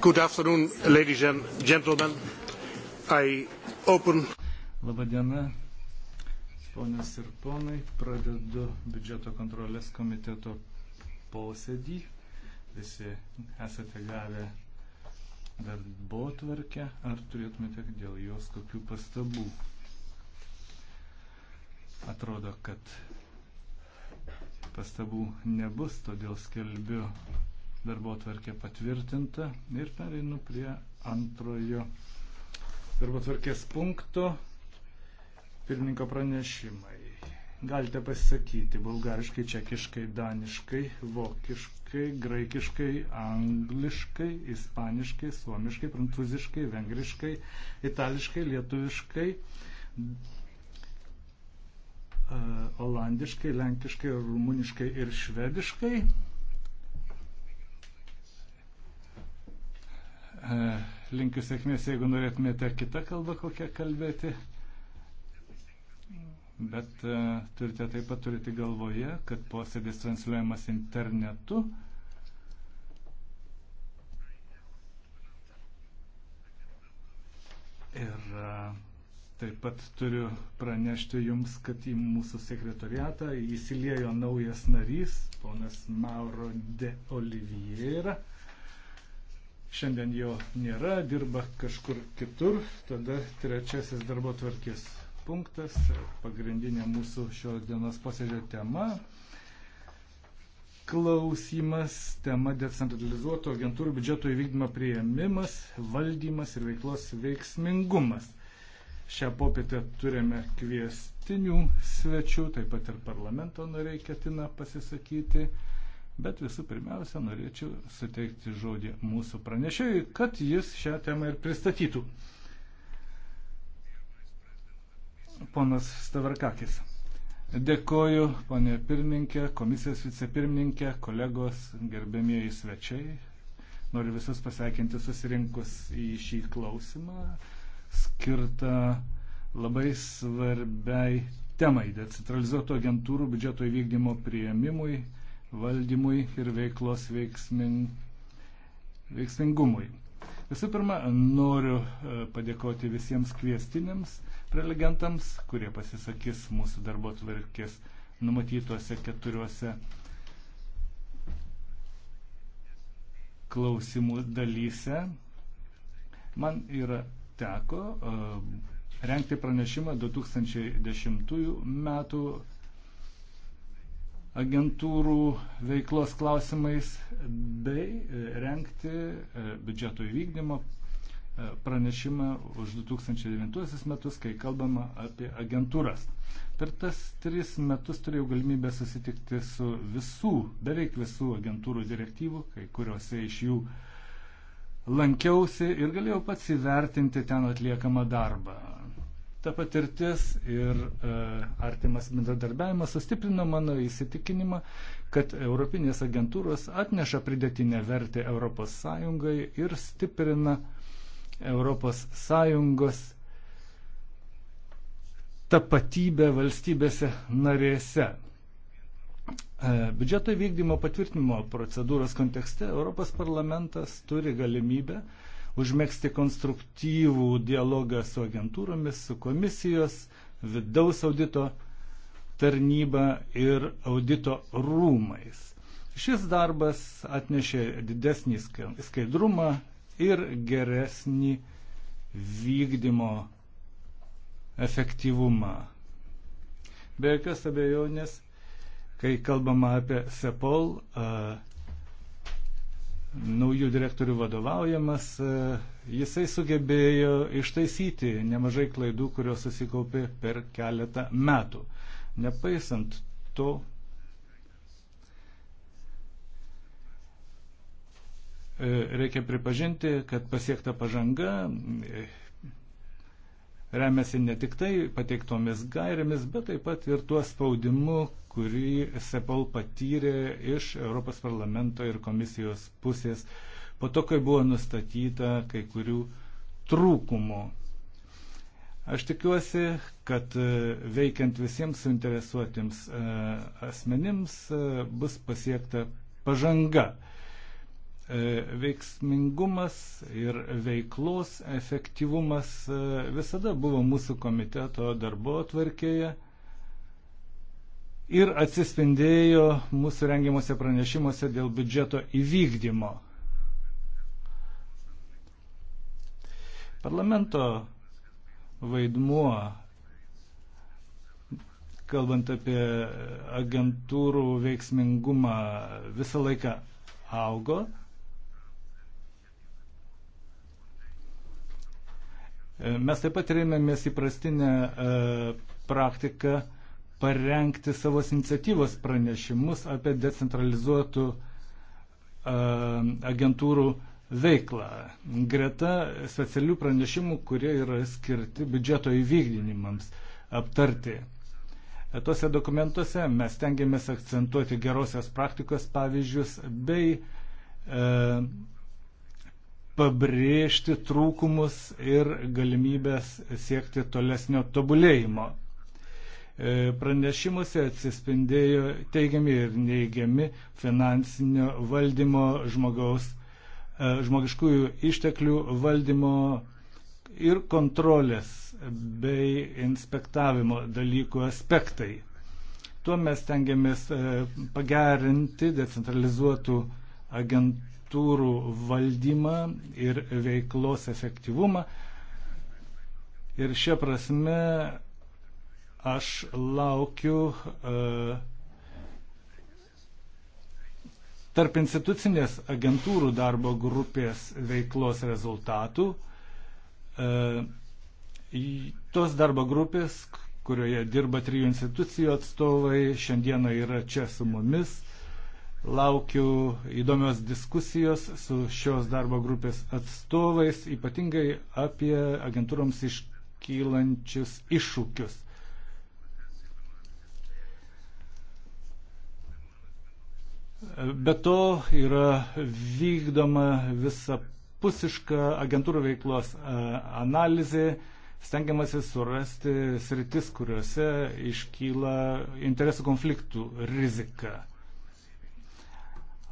Good afternoon, ladies and gentlemen. I open. Labadiena, ponios ir ponai. Pradedu biudžeto kontrolės komiteto posėdį. Visi esate gavę darbo tvarkę. Ar turėtumėte dėl jos kokių pastabų? Atrodo, kad pastabų nebus, todėl skelbiu darbo tvarkė patvirtinta ir pereinu prie antrojo darbo tvarkės punkto pirmininko pranešimai. Galite pasisakyti bulgariškai, čekiškai, daniškai, vokiškai, graikiškai, angliškai, ispaniškai, suomiškai, prancūziškai, vengriškai, itališkai, lietuviškai, e, olandiškai, lenkiškai, rumuniškai ir švediškai. E, linkiu sėkmės, jeigu norėtumėte kitą kalbą kokią kalbėti. Bet e, turite taip pat turėti galvoje, kad posėdis transliuojamas internetu. Ir e, taip pat turiu pranešti Jums, kad į mūsų sekretoriatą įsiliejo naujas narys, ponas Mauro de Oliviera šiandien jo nėra, dirba kažkur kitur. Tada trečiasis darbo tvarkės punktas, pagrindinė mūsų šios dienos posėdžio tema. Klausimas, tema decentralizuoto agentūrų biudžeto įvykdymo prieimimas, valdymas ir veiklos veiksmingumas. Šią popietę turime kviestinių svečių, taip pat ir parlamento nariai ketina pasisakyti. Bet visų pirmiausia, norėčiau suteikti žodį mūsų pranešėjui, kad jis šią temą ir pristatytų. Ponas Stavarkakis. Dėkoju, ponė pirmininkė, komisijos vicepirmininkė, kolegos, gerbėmieji svečiai. Noriu visus pasveikinti susirinkus į šį klausimą, skirtą labai svarbiai temai - decentralizuotų agentūrų biudžeto įvykdymo prieimimui valdymui ir veiklos veiksmin, veiksmingumui. Visų pirma, noriu e, padėkoti visiems kviestiniams prelegentams, kurie pasisakys mūsų darbo tvarkės numatytuose keturiuose klausimų dalyse. Man yra teko uh, e, renkti pranešimą 2010 metų agentūrų veiklos klausimais bei e, renkti e, biudžeto įvykdymo e, pranešimą už 2009 metus, kai kalbama apie agentūras. Per tas tris metus turėjau galimybę susitikti su visų, beveik visų agentūrų direktyvų, kai kuriuose iš jų lankiausi ir galėjau pats įvertinti ten atliekamą darbą. Ta patirtis ir e, artimas bendradarbiavimas sustiprino mano įsitikinimą, kad Europinės agentūros atneša pridėtinę vertę ES ir stiprina ES tapatybę valstybėse narėse. E, biudžeto vykdymo patvirtinimo procedūros kontekste Europos parlamentas turi galimybę užmėgsti konstruktyvų dialogą su agentūromis, su komisijos, vidaus audito tarnyba ir audito rūmais. Šis darbas atnešė didesnį skaidrumą ir geresnį vykdymo efektyvumą. Be jokios abejonės, kai kalbama apie SEPOL, uh, naujų direktorių vadovaujamas, e, jisai sugebėjo ištaisyti nemažai klaidų, kurios susikaupė per keletą metų. Nepaisant to, e, reikia pripažinti, kad pasiekta pažanga remiasi ne tik tai pateiktomis gairėmis, bet taip pat ir tuo spaudimu, kurį Sepol patyrė iš Europos parlamento ir komisijos pusės po to, kai buvo nustatyta kai kurių trūkumų. Aš tikiuosi, kad e, veikiant visiems suinteresuotiems e, asmenims e, bus pasiekta pažanga. E, veiksmingumas ir veiklos efektyvumas e, visada buvo mūsų komiteto darbo atvarkėje ir atsispindėjo mūsų rengiamuose pranešimuose dėl biudžeto įvykdymo. Parlamento vaidmuo, kalbant apie agentūrų veiksmingumą, visą laiką augo. E, mes taip pat rėmėmės įprastinę e, praktiką parengti savos iniciatyvos pranešimus apie decentralizuotų e, agentūrų veiklą. Greta specialių pranešimų, kurie yra skirti biudžeto įvykdinimams aptarti. Tuose dokumentuose mes tengiamės akcentuoti gerosios praktikos pavyzdžius bei e, pabrėžti trūkumus ir galimybės siekti tolesnio tobulėjimo. E, pranešimuose atsispindėjo teigiami ir neigiami finansinio valdymo žmogaus, e, žmogiškųjų išteklių valdymo ir kontrolės bei inspektavimo dalykų aspektai. Tuo mes tengiamės e, pagerinti decentralizuotų agentų struktūrų valdymą ir veiklos efektyvumą. Ir šia prasme aš laukiu e, tarp institucinės agentūrų darbo grupės veiklos rezultatų. E, tos darbo grupės, kurioje dirba trijų institucijų atstovai, šiandieną yra čia su mumis. Laukiu įdomios diskusijos su šios darbo grupės atstovais, ypatingai apie agentūroms iškylančius iššūkius. Be to yra vykdoma visapusiška agentūrų veiklos e, analizė, stengiamasi surasti sritis, kuriuose iškyla interesų konfliktų rizika.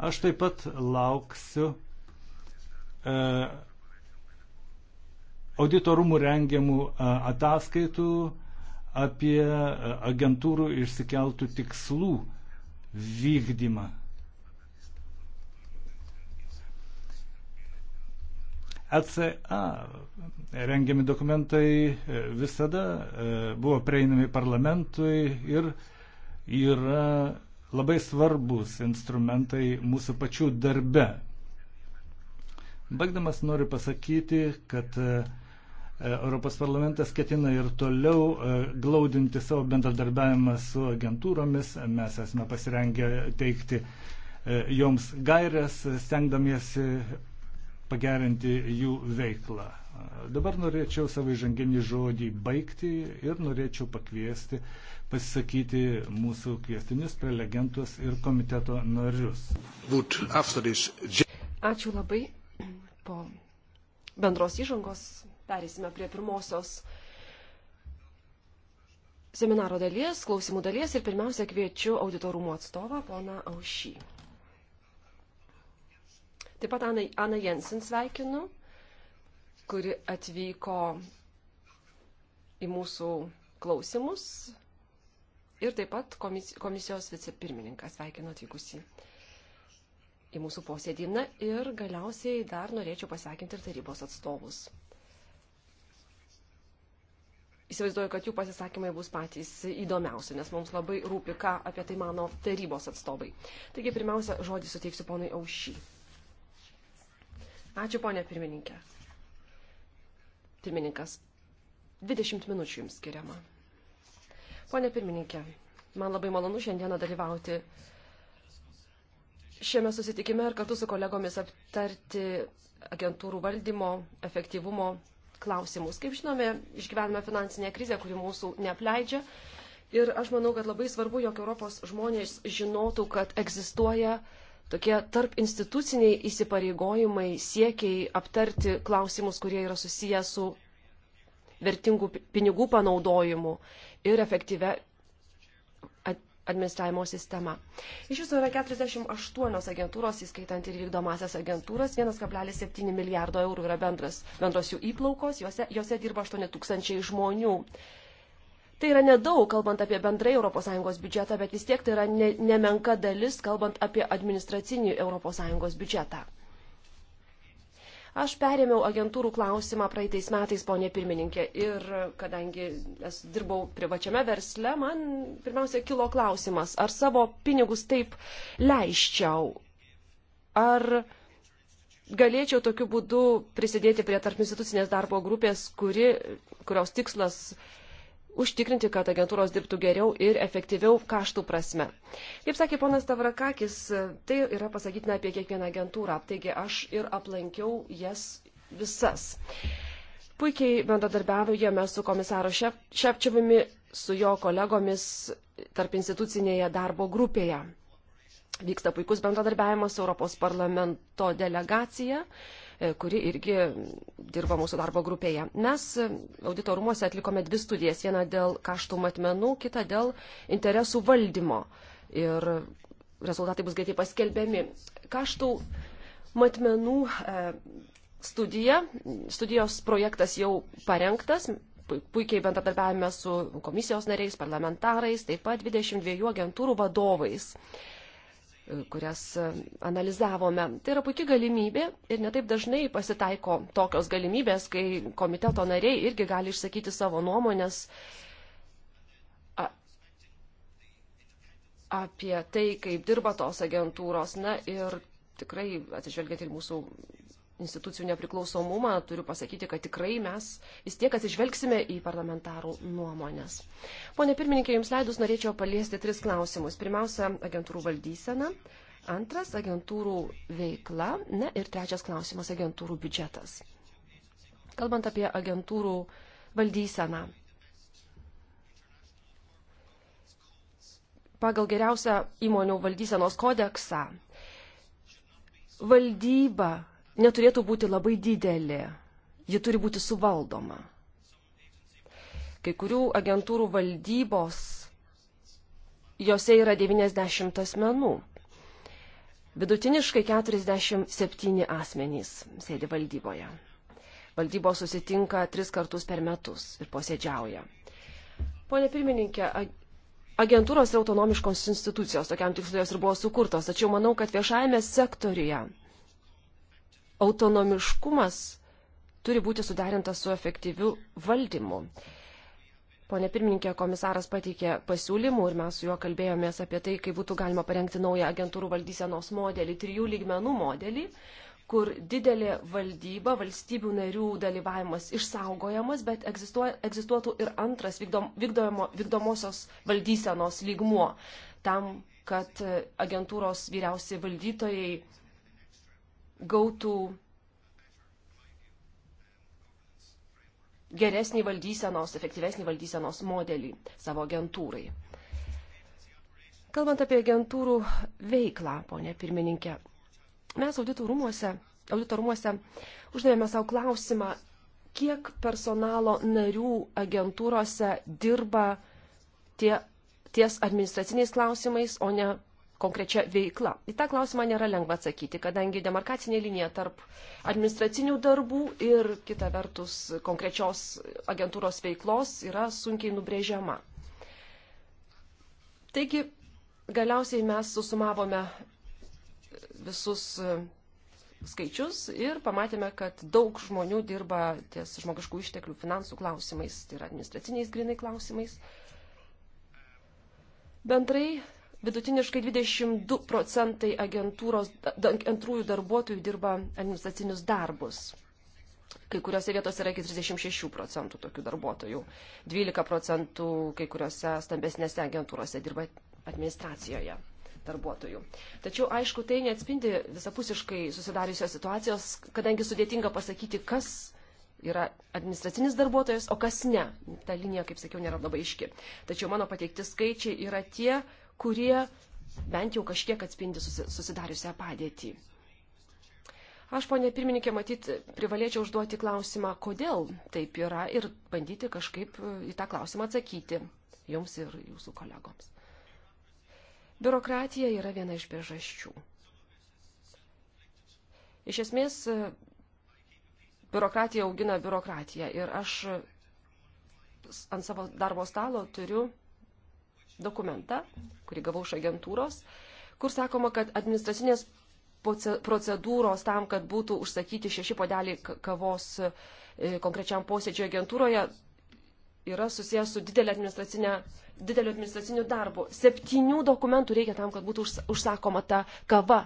Aš taip pat lauksiu e, auditorumų rengiamų e, ataskaitų apie e, agentūrų išsikeltų tikslų vykdymą. ECA rengiami dokumentai e, visada buvo prieinami parlamentui ir yra labai svarbus instrumentai mūsų pačių darbe. Baigdamas noriu pasakyti, kad e, Europos parlamentas ketina ir toliau e, glaudinti savo bendradarbiavimą su agentūromis. Mes esame pasirengę teikti e, joms gairias, stengdamiesi pagerinti jų veiklą. Dabar norėčiau savo įžanginį žodį baigti ir norėčiau pakviesti pasisakyti mūsų kviestinius prelegentus ir komiteto narius. Ačiū labai. Po bendros įžangos perėsime prie pirmosios seminaro dalies, klausimų dalies ir pirmiausia kviečiu auditorumo atstovą, poną Aušį. Taip pat Ana Jensin sveikinu, kuri atvyko į mūsų klausimus ir taip pat komisijos vicepirmininkas sveikino atvykusį į mūsų posėdį. Na ir galiausiai dar norėčiau pasveikinti ir tarybos atstovus. Įsivaizduoju, kad jų pasisakymai bus patys įdomiausi, nes mums labai rūpi, ką apie tai mano tarybos atstovai. Taigi pirmiausia, žodį suteiksiu ponui Aušy. Ačiū, ponė pirmininkė. Pirmininkas, 20 minučių jums skiriama. Pone pirmininkė, man labai malonu šiandieną dalyvauti šiame susitikime ir kartu su kolegomis aptarti agentūrų valdymo, efektyvumo klausimus. Kaip žinome, išgyvename finansinę krizę, kuri mūsų neapleidžia. Ir aš manau, kad labai svarbu, jog Europos žmonės žinotų, kad egzistuoja tokie tarp instituciniai įsipareigojimai siekiai aptarti klausimus, kurie yra susiję su vertingų pinigų panaudojimu ir efektyvę administravimo sistema. Iš viso yra 48 agentūros, įskaitant ir vykdomasias agentūras, 1,7 milijardo eurų yra bendras, bendros jų įplaukos, juose, juose dirba 8 tūkstančiai žmonių. Tai yra nedaug, kalbant apie bendrai ES biudžetą, bet vis tiek tai yra ne, nemenka dalis, kalbant apie administracinį ES biudžetą. Aš perėmiau agentūrų klausimą praeitais metais, ponė pirmininkė, ir kadangi aš dirbau privačiame versle, man pirmiausia kilo klausimas, ar savo pinigus taip leiščiau, ar galėčiau tokiu būdu prisidėti prie tarp institucinės darbo grupės, kuri, kurios tikslas užtikrinti, kad agentūros dirbtų geriau ir efektyviau kaštų prasme. Kaip sakė ponas Tavrakakis, tai yra pasakytina apie kiekvieną agentūrą, taigi aš ir aplankiau jas visas. Puikiai bendradarbiavome su komisaro Šep, Šepčiavimi, su jo kolegomis tarp institucinėje darbo grupėje. Vyksta puikus bendradarbiavimas Europos parlamento delegacija. Uh, E, kuri irgi dirba mūsų darbo grupėje. Mes auditorumuose atlikome dvi studijas, vieną dėl kaštų matmenų, kitą dėl interesų valdymo. Ir rezultatai bus greitai paskelbiami. Kaštų matmenų e, studija, studijos projektas jau parengtas, puikiai bendradarbiavime su komisijos nariais, parlamentarais, taip pat 22 agentūrų vadovais kurias e, analizavome. Tai yra puikia galimybė ir netaip dažnai pasitaiko tokios galimybės, kai komiteto nariai irgi gali išsakyti savo nuomonės apie tai, kaip dirba tos agentūros. Na ir tikrai atsižvelgiant ir mūsų institucijų nepriklausomumą, turiu pasakyti, kad tikrai mes vis tiek atsižvelgsime į parlamentarų nuomonės. Pone pirmininkė, Jums leidus norėčiau paliesti tris klausimus. Pirmiausia, agentūrų valdysena, antras, agentūrų veikla, na ir trečias klausimas, agentūrų biudžetas. Kalbant apie agentūrų valdyseną. Pagal geriausią įmonių valdysenos kodeksą valdyba neturėtų būti labai didelė, ji turi būti suvaldoma. Kai kurių agentūrų valdybos, jose yra 90 asmenų. Vidutiniškai 47 asmenys sėdi valdyboje. Valdybos susitinka tris kartus per metus ir posėdžiauja. Pone pirmininkė, agentūros yra autonomiškos institucijos, tokiam tikslui jos ir buvo sukurtos, tačiau manau, kad viešajame sektoriuje autonomiškumas turi būti sudarintas su efektyviu valdymu. Pone pirmininkė, komisaras pateikė pasiūlymų ir mes su juo kalbėjomės apie tai, kaip būtų galima parengti naują agentūrų valdysenos modelį, trijų lygmenų modelį, kur didelė valdyba, valstybių narių dalyvavimas išsaugojamas, bet egzistuoja, egzistuotų ir antras vykdom, vykdomo, vykdomosios valdysenos lygmuo, tam, kad agentūros vyriausi valdytojai gautų geresnį valdysenos, efektyvesnį valdysenos modelį savo agentūrai. Kalbant apie agentūrų veiklą, ponė pirmininkė, mes audito rūmuose, audito rūmuose uždavėme savo klausimą, kiek personalo narių agentūrose dirba tie, ties administraciniais klausimais, o ne konkrečia veikla. Į tą klausimą nėra lengva atsakyti, kadangi demarkacinė linija tarp administracinių darbų ir kita vertus konkrečios agentūros veiklos yra sunkiai nubrėžiama. Taigi, galiausiai mes susumavome visus skaičius ir pamatėme, kad daug žmonių dirba ties žmogiškų išteklių finansų klausimais, tai yra administraciniais grinai klausimais. Bendrai Vidutiniškai 22 procentai agentūrų darbuotojų dirba administracinius darbus. Kai kuriuose vietose yra iki 36 procentų tokių darbuotojų. 12 procentų kai kuriuose stambesnėse agentūrose dirba administracijoje darbuotojų. Tačiau, aišku, tai neatspindi visapusiškai susidariusios situacijos, kadangi sudėtinga pasakyti, kas yra administracinis darbuotojas, o kas ne. Ta linija, kaip sakiau, nėra labai iški. Tačiau mano pateikti skaičiai yra tie, kurie bent jau kažkiek atspindi susidariusią padėtį. Aš, ponė pirmininkė, matyt, privalėčiau užduoti klausimą, kodėl taip yra ir bandyti kažkaip į tą klausimą atsakyti jums ir jūsų kolegoms. Biurokratija yra viena iš priežasčių. Iš esmės, biurokratija augina biurokratiją ir aš ant savo darbo stalo turiu dokumentą, kurį gavau iš agentūros, kur sakoma, kad administracinės procedūros tam, kad būtų užsakyti šeši podeliai kavos e, konkrečiam posėdžio agentūroje, yra susijęs su didelė administracinė, dideliu administraciniu darbu. Septynių dokumentų reikia tam, kad būtų užsakoma ta kava.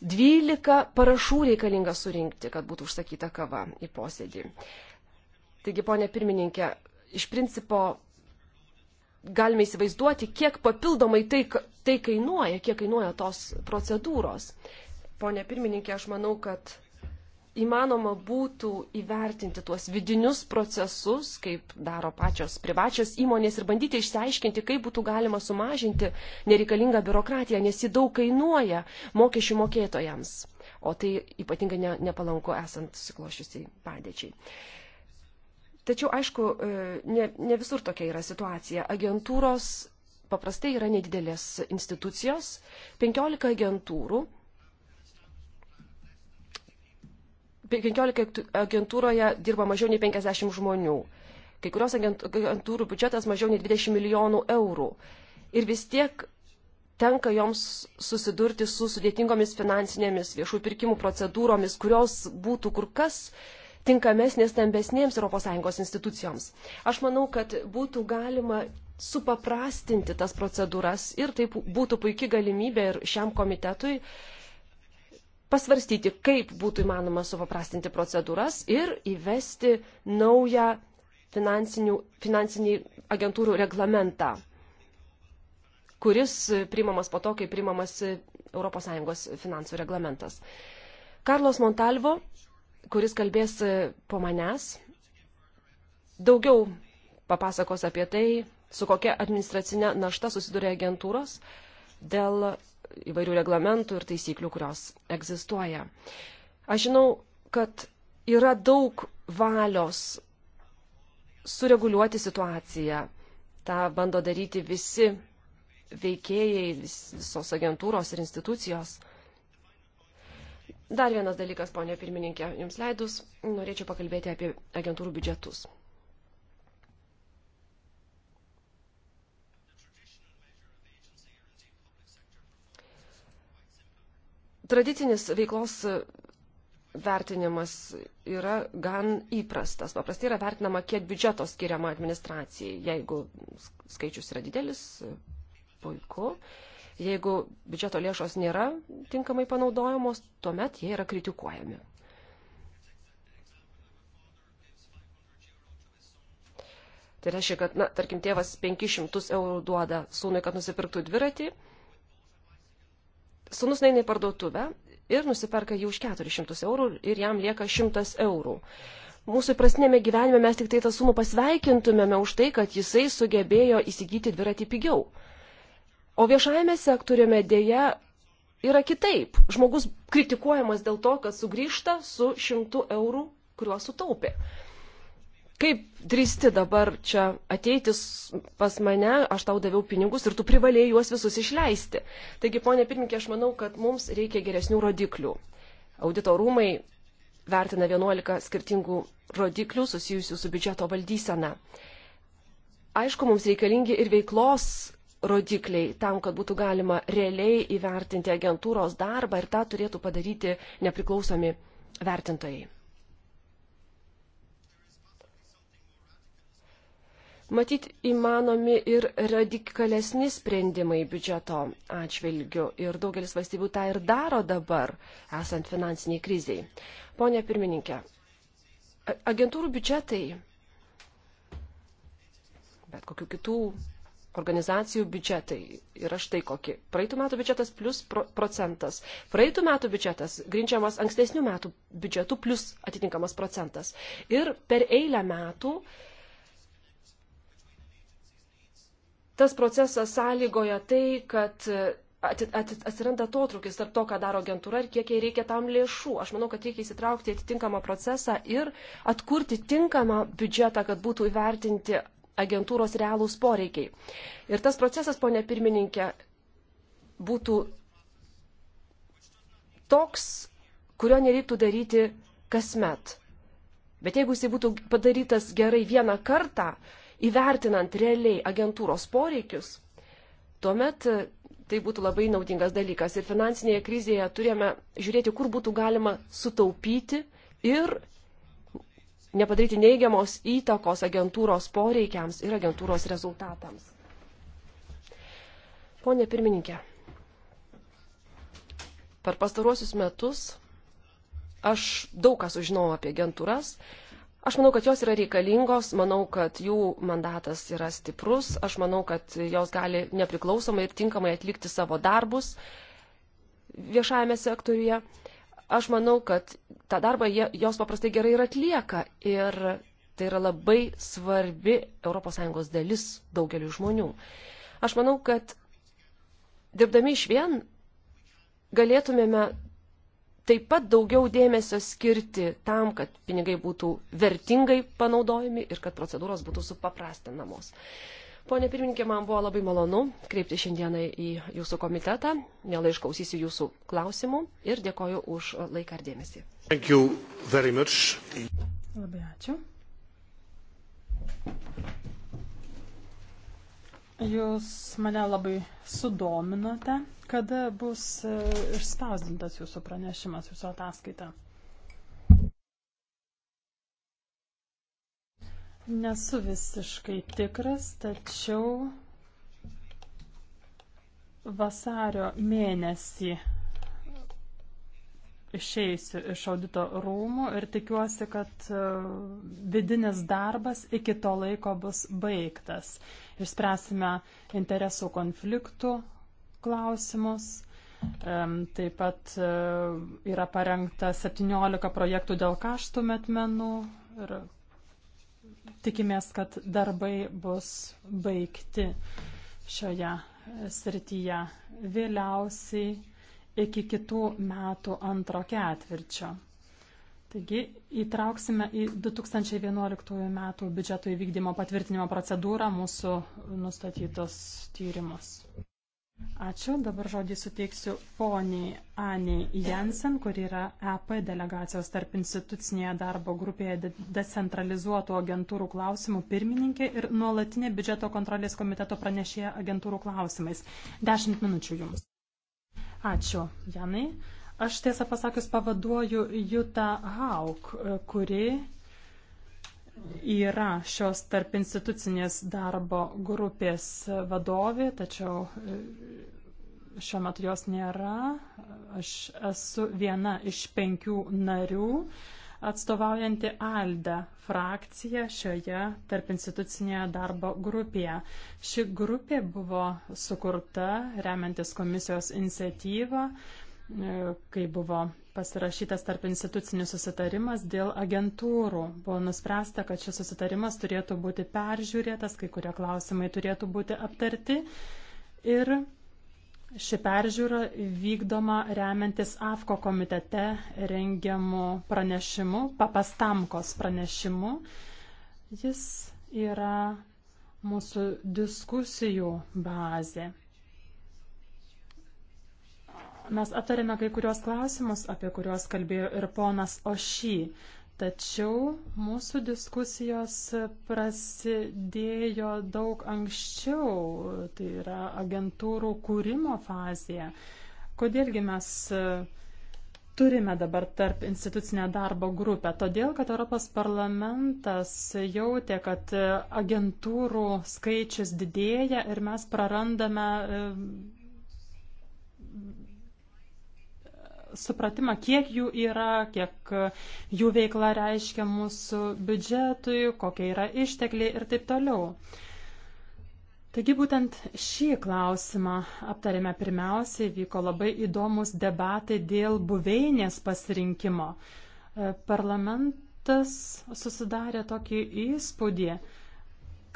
Dvylika parašų reikalinga surinkti, kad būtų užsakyta kava į posėdį. Taigi, ponė pirmininkė, iš principo galime įsivaizduoti, kiek papildomai tai, tai kainuoja, kiek kainuoja tos procedūros. Pone pirmininkė, aš manau, kad įmanoma būtų įvertinti tuos vidinius procesus, kaip daro pačios privačios įmonės ir bandyti išsiaiškinti, kaip būtų galima sumažinti nereikalingą biurokratiją, nes ji daug kainuoja mokesčių mokėtojams. O tai ypatingai ne, nepalanku esant susiklošiusiai padėčiai. Uh, Tačiau, aišku, e, ne, ne visur tokia yra situacija. Agentūros paprastai yra nedidelės institucijos, 15 agentūrų. 15 agentūroje dirba mažiau nei 50 žmonių. Kai kurios agentūrų biudžetas mažiau nei 20 milijonų eurų. Ir vis tiek tenka joms susidurti su sudėtingomis finansinėmis viešų pirkimų procedūromis, kurios būtų kur kas tinkamesnė stambesnėms ES institucijoms. Aš manau, kad būtų galima supaprastinti tas procedūras ir tai būtų puikia galimybė ir šiam komitetui pasvarstyti, kaip būtų įmanoma supaprastinti procedūras ir įvesti naują finansinį agentūrų reglamentą, kuris priimamas po to, kai priimamas ES finansų reglamentas. Karlos Montalvo kuris kalbės e, po manęs, daugiau papasakos apie tai, su kokia administracinė našta susiduria agentūros dėl įvairių reglamentų ir taisyklių, kurios egzistuoja. Aš žinau, kad yra daug valios sureguliuoti situaciją. Ta bando daryti visi veikėjai, visos agentūros ir institucijos. Dar vienas dalykas, ponė pirmininkė, jums leidus, norėčiau pakalbėti apie agentūrų biudžetus. Tradicinis veiklos vertinimas yra gan įprastas. Paprastai yra vertinama, kiek biudžeto skiriama administracijai. Jeigu skaičius yra didelis, puiku. Uh, Jeigu biudžeto lėšos nėra tinkamai panaudojamos, tuomet jie yra kritikuojami. Tai reiškia, kad, na, tarkim, tėvas 500 eurų duoda sūnui, kad nusipirktų dviratį. Sūnus neina į parduotuvę ir nusiperka jį už 400 eurų ir jam lieka 100 eurų. Mūsų įprastinėme gyvenime mes tik tai tą sumą pasveikintumėme už tai, kad jisai sugebėjo įsigyti dviratį pigiau. O viešajame sektoriume dėja yra kitaip. Žmogus kritikuojamas dėl to, kad sugrįžta su šimtu eurų, kuriuos sutaupė. Kaip drįsti dabar čia ateitis pas mane, aš tau daviau pinigus ir tu privalėjai juos visus išleisti. Taigi, ponė pirmininkė, aš manau, kad mums reikia geresnių rodiklių. Audito rūmai vertina 11 skirtingų rodiklių susijusių su biudžeto valdysena. Aišku, mums reikalingi ir veiklos rodikliai tam, kad būtų galima realiai įvertinti agentūros darbą ir tą turėtų padaryti nepriklausomi vertintojai. Matyt, įmanomi ir radikalesni sprendimai biudžeto atžvilgiu ir daugelis valstybių tą ir daro dabar, esant finansiniai kriziai. Pone pirmininkė, agentūrų biudžetai, bet kokių kitų organizacijų biudžetai yra štai kokie. Praeitų metų biudžetas plus pro procentas. Praeitų metų biudžetas grindžiamas ankstesnių metų biudžetų plus atitinkamas procentas. Ir per eilę metų tas procesas sąlygoja tai, kad atsiranda atotrukis tarp to, ką daro agentūra ir kiek jai reikia tam lėšų. Aš manau, kad reikia įsitraukti atitinkamą procesą ir atkurti tinkamą biudžetą, kad būtų įvertinti agentūros realūs poreikiai. Ir tas procesas, ponė pirmininkė, būtų toks, kurio nereiktų daryti kasmet. Bet jeigu jisai būtų padarytas gerai vieną kartą, įvertinant realiai agentūros poreikius, tuomet e, tai būtų labai naudingas dalykas. Ir finansinėje krizėje turėjome žiūrėti, kur būtų galima sutaupyti ir nepadaryti neigiamos įtakos agentūros poreikiams ir agentūros rezultatams. Pone pirmininkė, per pastaruosius metus aš daug ką sužinojau apie agentūras. Aš manau, kad jos yra reikalingos, manau, kad jų mandatas yra stiprus, aš manau, kad jos gali nepriklausomai ir tinkamai atlikti savo darbus viešajame sektoriuje. Aš manau, kad tą darbą jie, jos paprastai gerai ir atlieka ir tai yra labai svarbi ES dalis daugeliu žmonių. Aš manau, kad dirbdami iš vien galėtumėme taip pat daugiau dėmesio skirti tam, kad pinigai būtų vertingai panaudojami ir kad procedūros būtų supaprastinamos. Uh, Pone pirmininkė, man buvo labai malonu kreipti šiandieną į jūsų komitetą. Mielai išklausysiu jūsų klausimų ir dėkoju už laiką ir dėmesį. Labai ačiū. Jūs mane labai sudominote, kada bus e, išspausdintas jūsų pranešimas, jūsų ataskaita. Nesu visiškai tikras, tačiau vasario mėnesį išeisiu iš audito rūmų ir tikiuosi, kad e, vidinis darbas iki to laiko bus baigtas. Išspręsime interesų konfliktų klausimus. Taip pat e, yra parengta 17 projektų dėl kaštų metmenų ir tikimės, kad darbai bus baigti šioje e, srityje vėliausiai iki kitų metų antro ketvirčio. Taigi įtrauksime į 2011 metų biudžeto įvykdymo patvirtinimo procedūrą mūsų nustatytos tyrimus. Ačiū. Dabar žodį suteiksiu poniai Aniai Jensen, kur yra EP delegacijos tarp institucinėje darbo grupėje decentralizuotų agentūrų klausimų pirmininkė ir nuolatinė biudžeto kontrolės komiteto pranešėja agentūrų klausimais. Dešimt minučių jums. Ačiū, Janai. Aš tiesą pasakius pavaduoju Jutą Hauk, kuri yra šios tarp institucinės darbo grupės vadovė, tačiau e, šiuo metu jos nėra. Aš esu viena iš penkių narių atstovaujanti ALDE frakciją šioje tarp institucinėje darbo grupėje. Ši grupė buvo sukurta remiantis komisijos iniciatyvą E, kai buvo pasirašytas tarp institucinis susitarimas dėl agentūrų. Buvo nuspręsta, kad šis susitarimas turėtų būti peržiūrėtas, kai kurie klausimai turėtų būti aptarti. Ir ši peržiūra vykdoma remiantis AFKO komitete rengiamu pranešimu, papastamkos pranešimu. Jis yra mūsų diskusijų bazė. Mes aptarėme kai kurios klausimus, apie kuriuos kalbėjo ir ponas Ošy. Tačiau mūsų diskusijos prasidėjo daug anksčiau, tai yra agentūrų kūrimo fazėje. Kodėlgi mes e, turime dabar tarp institucinę darbo grupę. Todėl, kad Europos parlamentas jautė, kad e, agentūrų skaičius didėja ir mes prarandame e, supratimą, kiek jų yra, kiek jų veikla reiškia mūsų biudžetui, kokie yra ištekliai ir taip toliau. Taigi būtent šį klausimą aptarėme pirmiausiai, vyko labai įdomus debatai dėl buveinės pasirinkimo. E, parlamentas susidarė tokį įspūdį,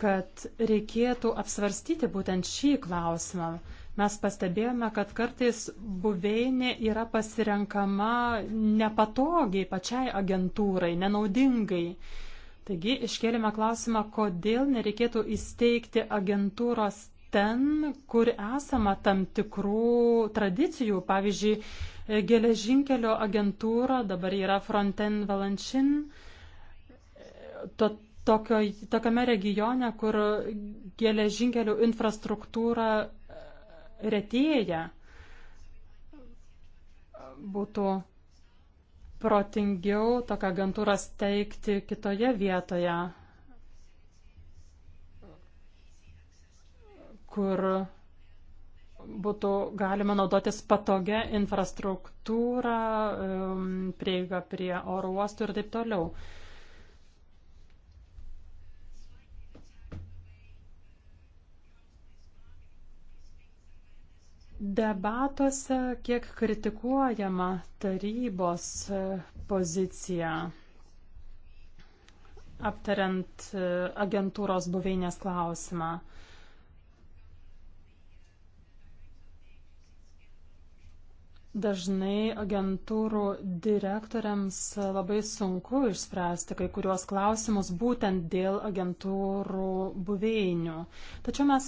kad reikėtų apsvarstyti būtent šį klausimą mes pastebėjome, kad kartais buveinė yra pasirenkama nepatogiai pačiai agentūrai, nenaudingai. Taigi iškėlėme klausimą, kodėl nereikėtų įsteigti agentūros ten, kur esama tam tikrų tradicijų. Pavyzdžiui, geležinkelio agentūra dabar yra Fronten Valančin. To, tokio, tokiame regione, kur geležinkelių infrastruktūra retėja. Būtų protingiau tokią agentūrą steigti kitoje vietoje, kur būtų galima naudotis patogią infrastruktūrą, um, prieiga prie oro uostų ir taip toliau. Debatuose kiek kritikuojama tarybos e, pozicija, aptariant e, agentūros buveinės klausimą. Dažnai agentūrų direktoriams labai sunku išspręsti kai kuriuos klausimus būtent dėl agentūrų buveinių. Tačiau mes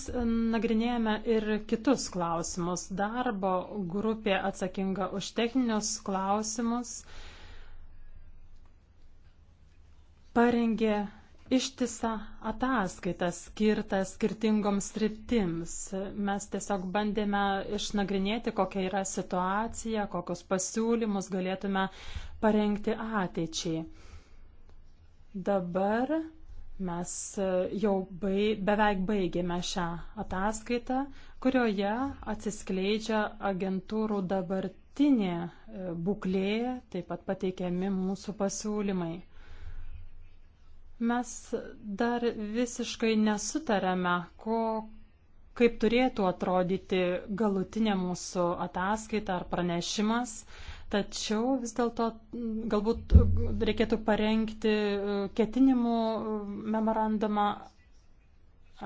nagrinėjame ir kitus klausimus. Darbo grupė atsakinga už techninius klausimus parengė ištisą ataskaitą skirtą skirtingoms sritims. Mes tiesiog bandėme išnagrinėti, kokia yra situacija, kokius pasiūlymus galėtume parengti ateičiai. Dabar mes jau bai, beveik baigėme šią ataskaitą, kurioje atsiskleidžia agentūrų dabartinė būklė, taip pat pateikiami mūsų pasiūlymai. Mes dar visiškai nesutarėme, ko, kaip turėtų atrodyti galutinė mūsų ataskaita ar pranešimas, tačiau vis dėlto mm, galbūt reikėtų parengti e, ketinimų e, memorandumą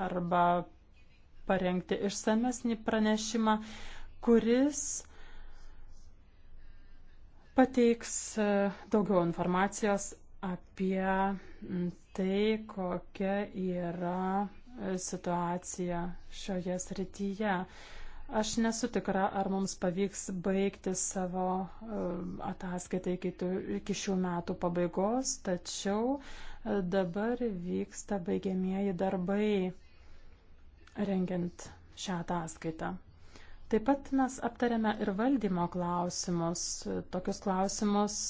arba parengti išsamesnį pranešimą, kuris pateiks e, daugiau informacijos apie mm, tai, kokia yra e, situacija šioje srityje. Aš nesu tikra, ar mums pavyks baigti savo e, ataskaitą iki, iki šių metų pabaigos, tačiau e, dabar vyksta baigiamieji darbai rengiant šią ataskaitą. Taip pat mes aptarėme ir valdymo klausimus, tokius klausimus,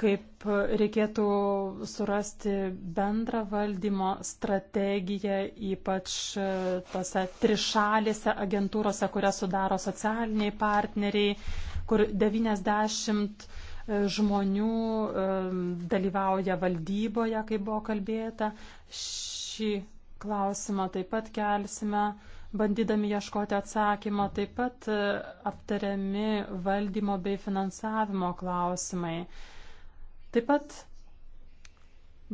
kaip reikėtų surasti bendrą valdymo strategiją, ypač e, tose trišalėse agentūrose, kurias sudaro socialiniai partneriai, kur 90 e, žmonių e, dalyvauja valdyboje, kaip buvo kalbėta. Šį klausimą taip pat kelsime bandydami ieškoti atsakymo, taip pat aptariami valdymo bei finansavimo klausimai. Taip pat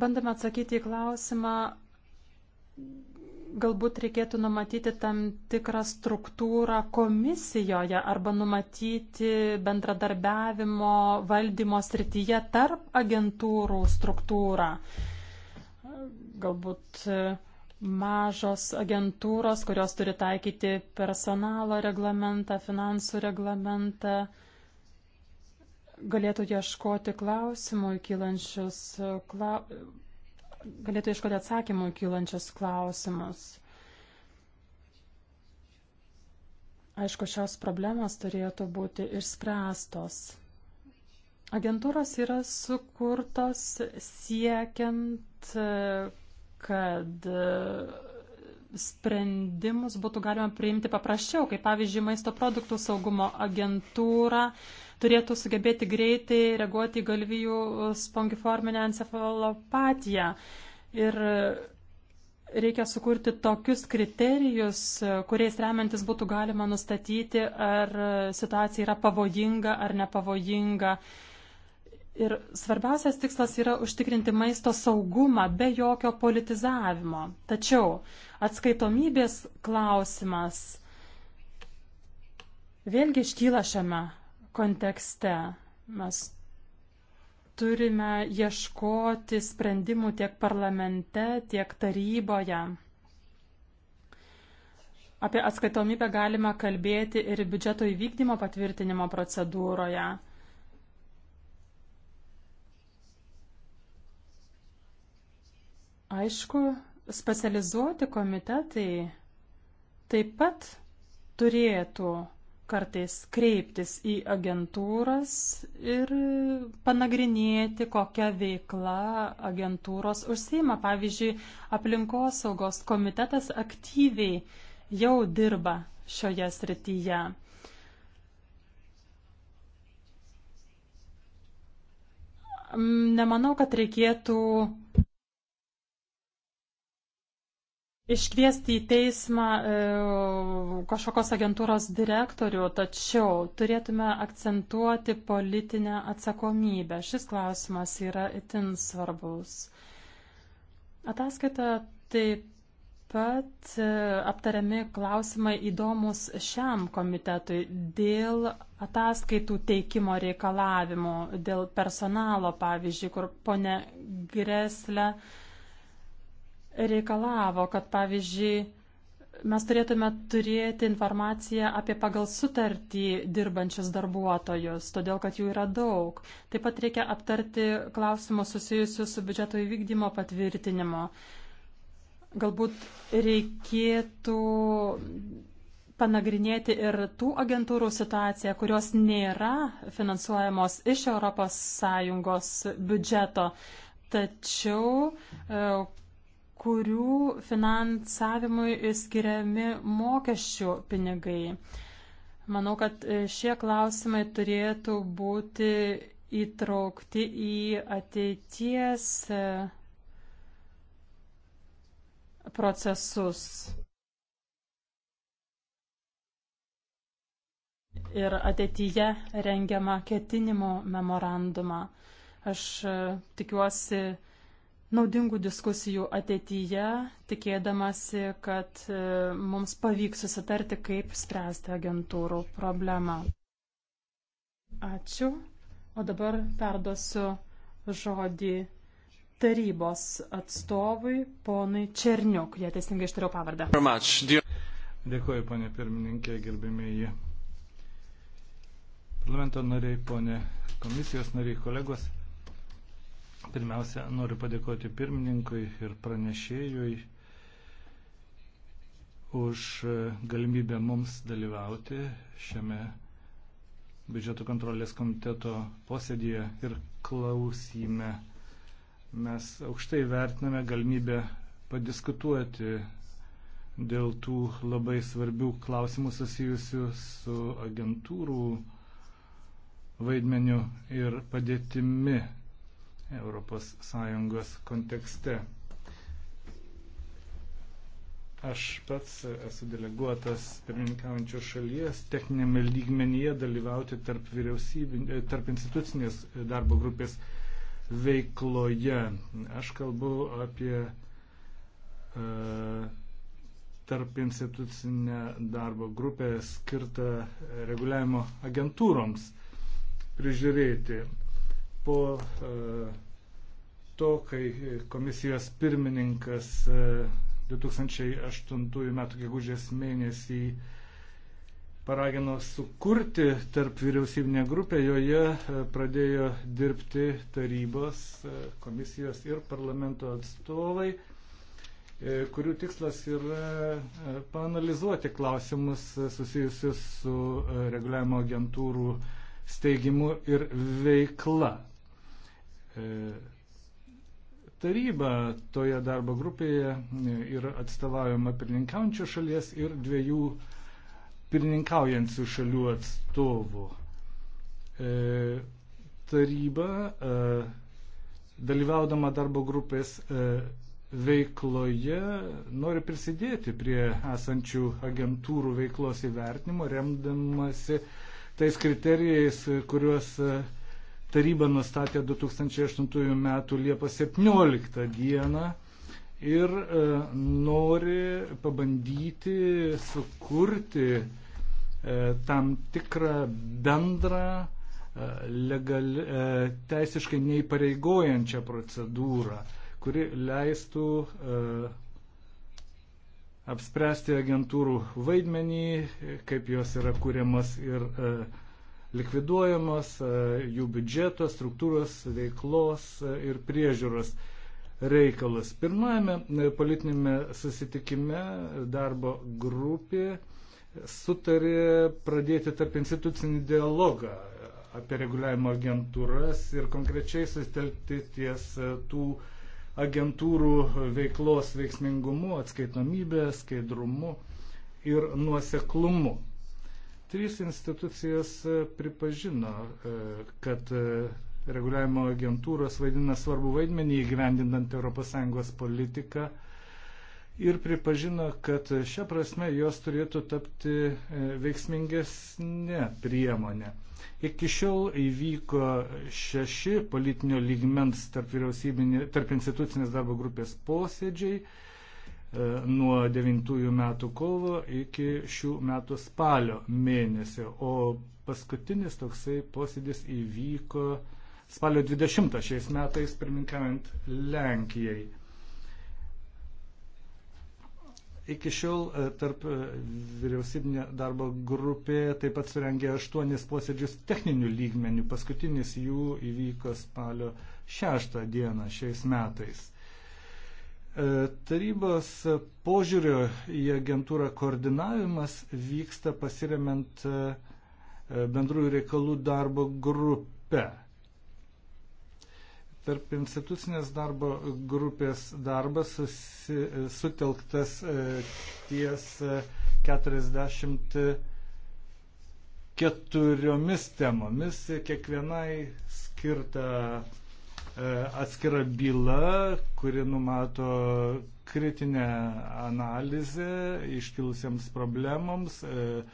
bandome atsakyti į klausimą, galbūt reikėtų numatyti tam tikrą struktūrą komisijoje arba numatyti bendradarbiavimo valdymo srityje tarp agentūrų struktūrą. Galbūt e, mažos agentūros, kurios turi taikyti personalo reglamentą, finansų reglamentą galėtų ieškoti klausimų įkylančius, kla... galėtų ieškoti atsakymų įkylančius klausimus. Aišku, šios problemos turėtų būti išspręstos. Agentūros yra sukurtos siekiant, kad sprendimus būtų galima priimti paprasčiau, kaip pavyzdžiui, maisto produktų saugumo agentūra turėtų sugebėti greitai reaguoti į galvijų spongiforminę encefalopatiją. Ir reikia sukurti tokius kriterijus, kuriais remiantis būtų galima nustatyti, ar situacija yra pavojinga ar nepavojinga. Ir svarbiausias tikslas yra užtikrinti maisto saugumą be jokio politizavimo. Tačiau atskaitomybės klausimas vėlgi iškyla šiame kontekste. Mes turime ieškoti sprendimų tiek parlamente, tiek taryboje. Apie atskaitomybę galima kalbėti ir biudžeto įvykdymo patvirtinimo procedūroje. Aišku, specializuoti komitetai taip pat turėtų kartais kreiptis į agentūras ir panagrinėti, kokia veikla agentūros užsima. Pavyzdžiui, aplinkosaugos komitetas aktyviai jau dirba šioje srityje. Nemanau, kad reikėtų iškviesti į teismą e, kažkokios agentūros direktorių, tačiau turėtume akcentuoti politinę atsakomybę. Šis klausimas yra itin svarbus. Ataskaita taip pat e, aptariami klausimai įdomus šiam komitetui dėl ataskaitų teikimo reikalavimų, dėl personalo, pavyzdžiui, kur ponė Greslė e, reikalavo, kad pavyzdžiui, mes turėtume turėti informaciją apie pagal sutartį dirbančius darbuotojus, todėl kad jų yra daug. Taip pat reikia aptarti klausimus susijusius su biudžeto įvykdymo patvirtinimu. Galbūt reikėtų panagrinėti ir tų agentūrų situaciją, kurios nėra finansuojamos iš ES biudžeto, tačiau e, kurių finansavimui skiriami mokesčių pinigai. Manau, kad e, šie klausimai turėtų būti įtraukti į ateities e, procesus. Ir ateityje rengiamą ketinimo memorandumą. Aš e, tikiuosi, naudingų diskusijų ateityje, tikėdamasi, kad e, mums pavyks susitarti, kaip spręsti agentūrų problemą. Ačiū. O dabar perduosiu žodį tarybos atstovui, ponui Černiuk. Jie teisingai ištariau pavardę. Dėkuoju, ponė pirmininkė, gerbėmėji. Parlamento nariai, ponė komisijos nariai, kolegos. Pirmiausia, noriu padėkoti pirmininkui ir pranešėjui už galimybę mums dalyvauti šiame biudžeto kontrolės komiteto posėdėje ir klausime. Mes aukštai vertiname galimybę padiskutuoti dėl tų labai svarbių klausimų susijusių su agentūrų vaidmeniu ir padėtimi ES kontekste. Aš pats esu deleguotas pirmininkaujančios šalies techninėme lygmenyje dalyvauti tarp, tarp institucinės darbo grupės veikloje. Aš kalbu apie uh, tarp institucinę darbo grupę skirtą reguliavimo agentūroms prižiūrėti po e, to, kai komisijos pirmininkas 2008 e, m. gegužės mėnesį paragino sukurti tarp vyriausybinę grupę, joje e, pradėjo dirbti tarybos, komisijos ir parlamento atstovai, kurių tikslas yra panalizuoti klausimus susijusius su reguliavimo agentūrų steigimu ir veikla. E, taryba toje darbo grupėje e, yra atstovaujama pirmininkaujančių šalies ir dviejų pirmininkaujančių šalių atstovų. E, taryba dalyvaudama darbo grupės veikloje nori prisidėti prie esančių agentūrų veiklos įvertinimo, remdamasi tais kriterijais, kuriuos taryba nustatė 2008 m. Liepos 17 d. ir e, nori pabandyti sukurti e, tam tikrą bendrą e, legal, teisiškai neįpareigojančią procedūrą, kuri leistų apspręsti agentūrų vaidmenį, kaip jos yra kūriamas ir uh, likviduojamos, e, jų biudžeto, struktūros, veiklos e, ir priežiūros reikalus. Pirmajame e, politinėme susitikime darbo grupė sutarė pradėti tarp institucinį dialogą apie reguliavimo agentūras ir konkrečiai sustelkti ties tų agentūrų veiklos veiksmingumu, atskaitomybė, skaidrumu ir nuoseklumu. Trys institucijos e, pripažino, e, kad e, reguliavimo agentūros vaidina svarbu vaidmenį įgyvendinant ES politiką ir pripažino, kad šią prasme jos turėtų tapti veiksmingesnė priemonė. Iki šiol įvyko šeši politinio lygmens tarp, tarp institucinės darbo grupės posėdžiai E, nuo 9 metų kovo iki šių metų spalio mėnesio, o paskutinis toksai posėdis įvyko spalio 20 šiais metais, pirminkaujant Lenkijai. Iki šiol e, tarp e, vyriausybinė darbo grupė taip pat surengė aštuonis posėdžius techninių lygmenių. Paskutinis jų įvyko spalio šeštą dieną šiais metais. E, tarybos požiūrio į agentūrą koordinavimas vyksta pasiremiant e, bendrųjų reikalų darbo grupę. Tarp institucinės darbo grupės darbas susi, sutelktas e, ties 44 temomis, kiekvienai skirta E, atskira byla, kuri numato kritinę analizę iškilusiems problemams, e,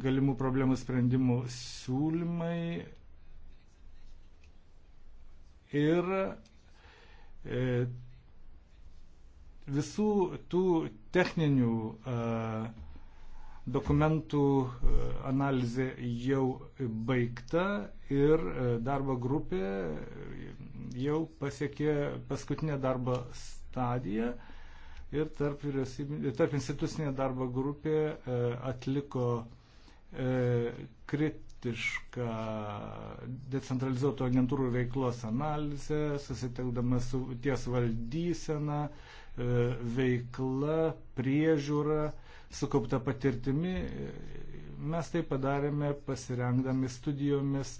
galimų problemų sprendimų siūlymai ir e, visų tų techninių uh, Dokumentų e, analizė jau baigta ir e, darbo grupė jau pasiekė paskutinę darbo stadiją ir tarp, tarp institucinė darbo grupė e, atliko kritišką decentralizuotų agentūrų veiklos analizę, susitelkdama su ties valdysena, veikla, priežiūra sukaupta patirtimi. Mes tai padarėme pasirengdami studijomis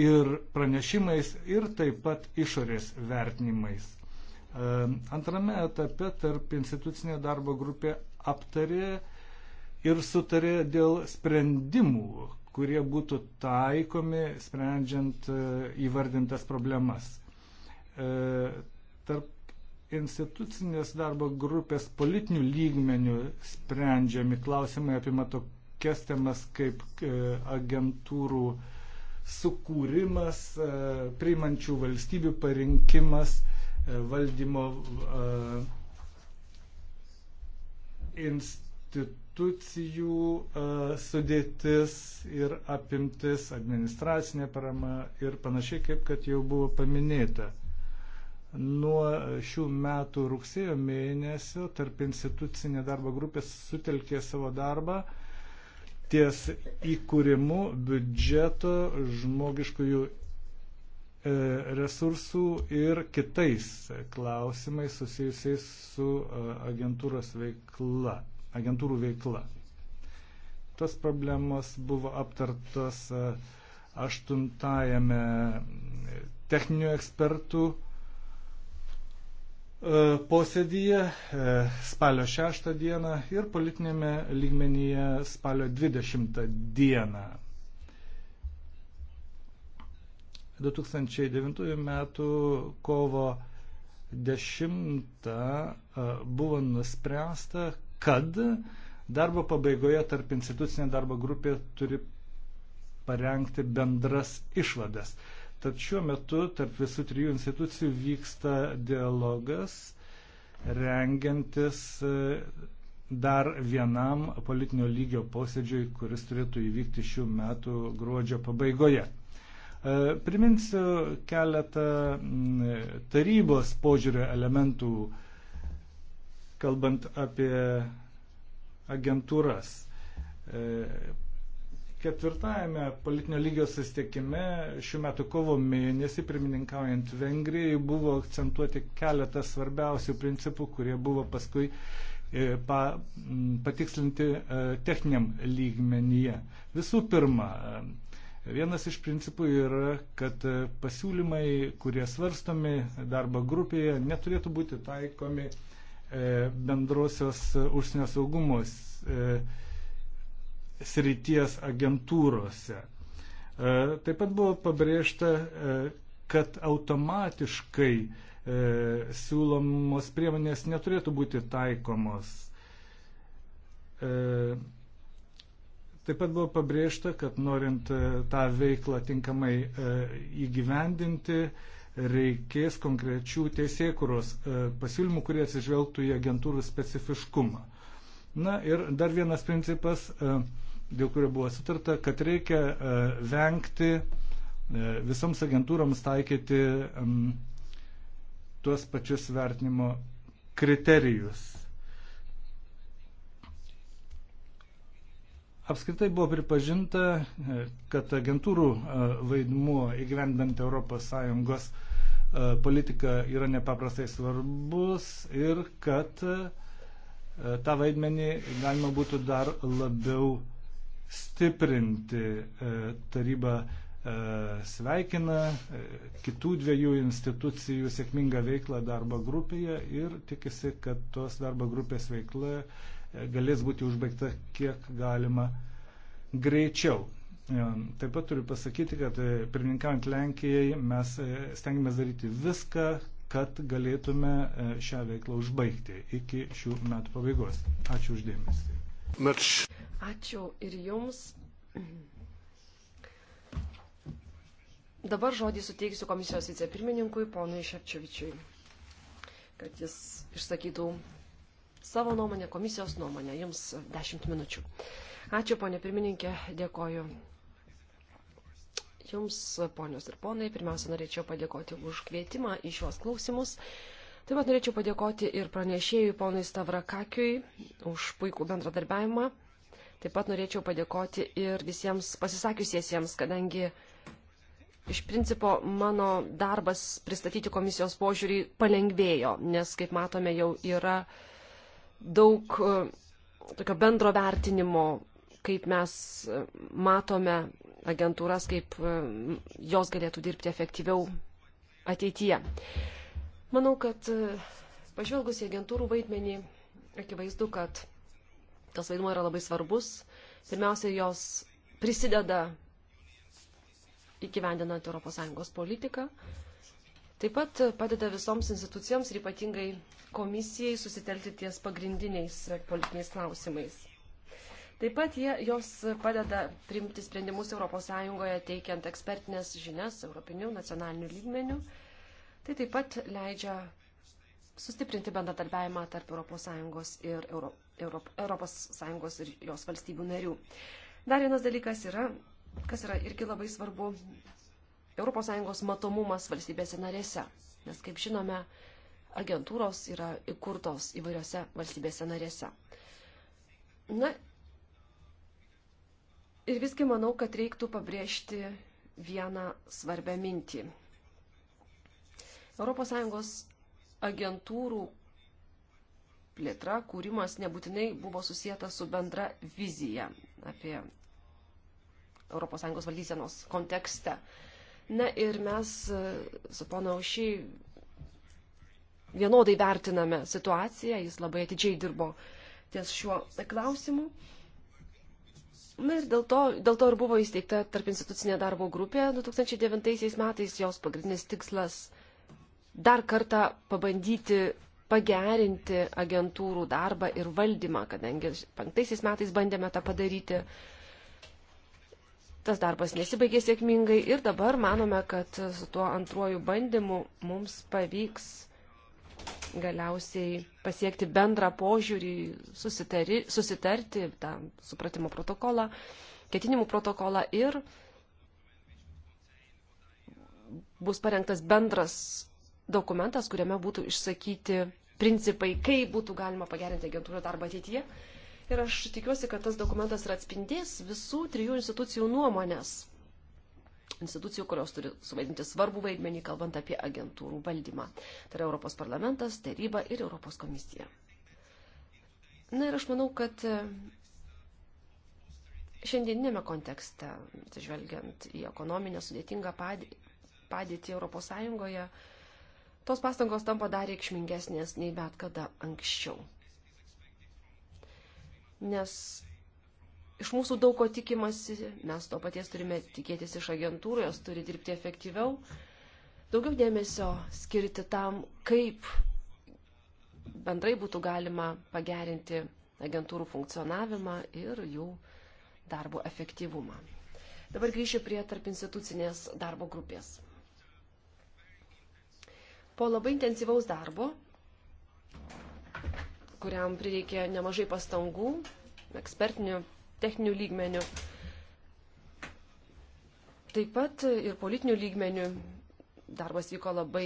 ir pranešimais ir taip pat išorės vertinimais. E, antrame etape tarp institucinė darbo grupė aptarė ir sutarė dėl sprendimų, kurie būtų taikomi sprendžiant e, įvardintas problemas. E, tarp institucinės darbo grupės politinių lygmenių sprendžiami klausimai apima tokias temas kaip e, agentūrų sukūrimas, e, priimančių valstybių parinkimas, e, valdymo institucijų sudėtis ir apimtis, administracinė parama ir panašiai, kaip kad jau buvo paminėta. Nuo šių metų rugsėjo mėnesio tarp institucinė darbo grupė sutelkė savo darbą ties įkūrimu biudžeto žmogiškųjų e, resursų ir kitais klausimais susijusiais su e, agentūros veikla, agentūrų veikla. Tos problemos buvo aptartos e, aštuntajame techninių ekspertų E, posėdyje e, spalio 6 dieną ir politinėme lygmenyje spalio 20 dieną. 2009 m. kovo 10 e, buvo nuspręsta, kad darbo pabaigoje tarp institucinė darbo grupė turi parengti bendras išvadas. Tad šiuo metu tarp visų trijų institucijų vyksta dialogas, rengiantis e, dar vienam politinio lygio posėdžiui, kuris turėtų įvykti šių metų gruodžio pabaigoje. E, priminsiu keletą tarybos požiūrio elementų, kalbant apie agentūras. E, Ketvirtajame politinio lygio susitikime šių metų kovo mėnesį, pirmininkaujant Vengrijai, buvo akcentuoti keletas svarbiausių principų, kurie buvo paskui e, pa, patikslinti e, techniniam lygmenyje. Visų pirma, e, vienas iš principų yra, kad pasiūlymai, kurie svarstomi darbo grupėje, neturėtų būti taikomi bendrosios užsienio saugumos srities agentūrose. E, taip pat buvo pabrėžta, e, kad automatiškai e, siūlomos priemonės neturėtų būti taikomos. Taip pat buvo pabrėžta, kad norint tą veiklą tinkamai įgyvendinti, reikės konkrečių teisėkuros pasiūlymų, kurie atsižvelgtų į agentūrų specifiškumą. Na ir dar vienas principas dėl kurio buvo sutarta, kad reikia e, vengti e, visoms agentūroms taikyti tuos pačius vertinimo kriterijus. Apskritai buvo pripažinta, e, kad agentūrų vaidmuo įgyvendant ES politiką yra nepaprastai svarbus ir kad tą vaidmenį galima būtų dar labiau stiprinti. E, Taryba e, sveikina e, kitų dviejų institucijų sėkmingą veiklą darbo grupėje ir tikisi, kad tos darbo grupės veikla galės būti užbaigta kiek galima greičiau. Taip pat turiu pasakyti, kad pirmininkant Lenkijai mes stengiamės daryti viską, kad galėtume šią veiklą užbaigti iki šių metų pabaigos. Ačiū uždėmesį. Much. Ačiū ir jums. Dabar žodį suteiksiu komisijos vicepirmininkui, ponui Šepčiovičiui, kad jis išsakytų savo nuomonę, komisijos nuomonę. Jums 10 minučių. Ačiū, ponė pirmininkė, dėkoju Jums, ponios ir ponai, pirmiausia, norėčiau padėkoti už kvietimą į šiuos klausimus. Taip pat norėčiau padėkoti ir pranešėjui ponui Stavrakakiui už puikų bendradarbiavimą. Taip pat norėčiau padėkoti ir visiems pasisakiusiesiems, kadangi iš principo mano darbas pristatyti komisijos požiūrį palengvėjo, nes, kaip matome, jau yra daug e, tokio bendro vertinimo, kaip mes e, matome agentūras, kaip e, jos galėtų dirbti efektyviau ateityje. Manau, kad e, pažvelgus į agentūrų vaidmenį, akivaizdu, kad tas vaidmuo yra labai svarbus. Pirmiausia, jos prisideda įgyvendinant ES politiką. Taip pat padeda visoms institucijoms ir ypatingai komisijai susitelkti ties pagrindiniais politiniais klausimais. Taip pat jie, jos padeda priimti sprendimus ES teikiant ekspertinės žinias europinių nacionalinių lygmenių. Tai taip pat leidžia sustiprinti bendradarbiavimą tarp ES ir Euro, Euro, ES ir jos valstybių narių. Dar vienas dalykas yra, kas yra irgi labai svarbu, ES matomumas valstybėse narėse. Nes, kaip žinome, agentūros yra įkurtos įvairiose valstybėse narėse. Na, ir visgi manau, kad reiktų pabrėžti vieną svarbę mintį. ES agentūrų plėtra, kūrimas nebūtinai buvo susijęta su bendra vizija apie ES valdysenos kontekste. Na ir mes su pono Aušy vienodai vertiname situaciją, jis labai atidžiai dirbo ties šiuo klausimu. Na ir dėl to, dėl to ir buvo įsteigta tarp institucinė darbo grupė 2009 metais, jos pagrindinis tikslas – dar kartą pabandyti pagerinti agentūrų darbą ir valdymą, kadangi penktaisiais metais bandėme tą padaryti. Tas darbas nesibaigė sėkmingai ir dabar manome, kad su tuo antruoju bandymu mums pavyks galiausiai pasiekti bendrą požiūrį, susitari, susitarti tą supratimo protokolą, ketinimų protokolą ir bus parengtas bendras dokumentas, kuriame būtų išsakyti principai, kaip būtų galima pagerinti agentūrų darbą ateityje. Ir aš tikiuosi, kad tas dokumentas ir atspindės visų trijų institucijų nuomonės. Institucijų, kurios turi suvaidinti svarbų vaidmenį, kalbant apie agentūrų valdymą. Tai yra Europos parlamentas, taryba ir Europos komisija. Na ir aš manau, kad e, šiandieninėme kontekste, atsižvelgiant į ekonominę sudėtingą padėtį Europos Sąjungoje, tos pastangos tampa dar reikšmingesnės nei bet kada anksčiau. Nes iš mūsų daug ko tikimasi, mes to paties turime tikėtis iš agentūrų, jos turi dirbti efektyviau, daugiau dėmesio skirti tam, kaip bendrai būtų galima pagerinti agentūrų funkcionavimą ir jų darbo efektyvumą. Dabar grįšiu prie tarp institucinės darbo grupės. Po labai intensyvaus darbo, kuriam prireikė nemažai pastangų, ekspertinių, techninių lygmenių, taip pat ir politinių lygmenių darbas vyko labai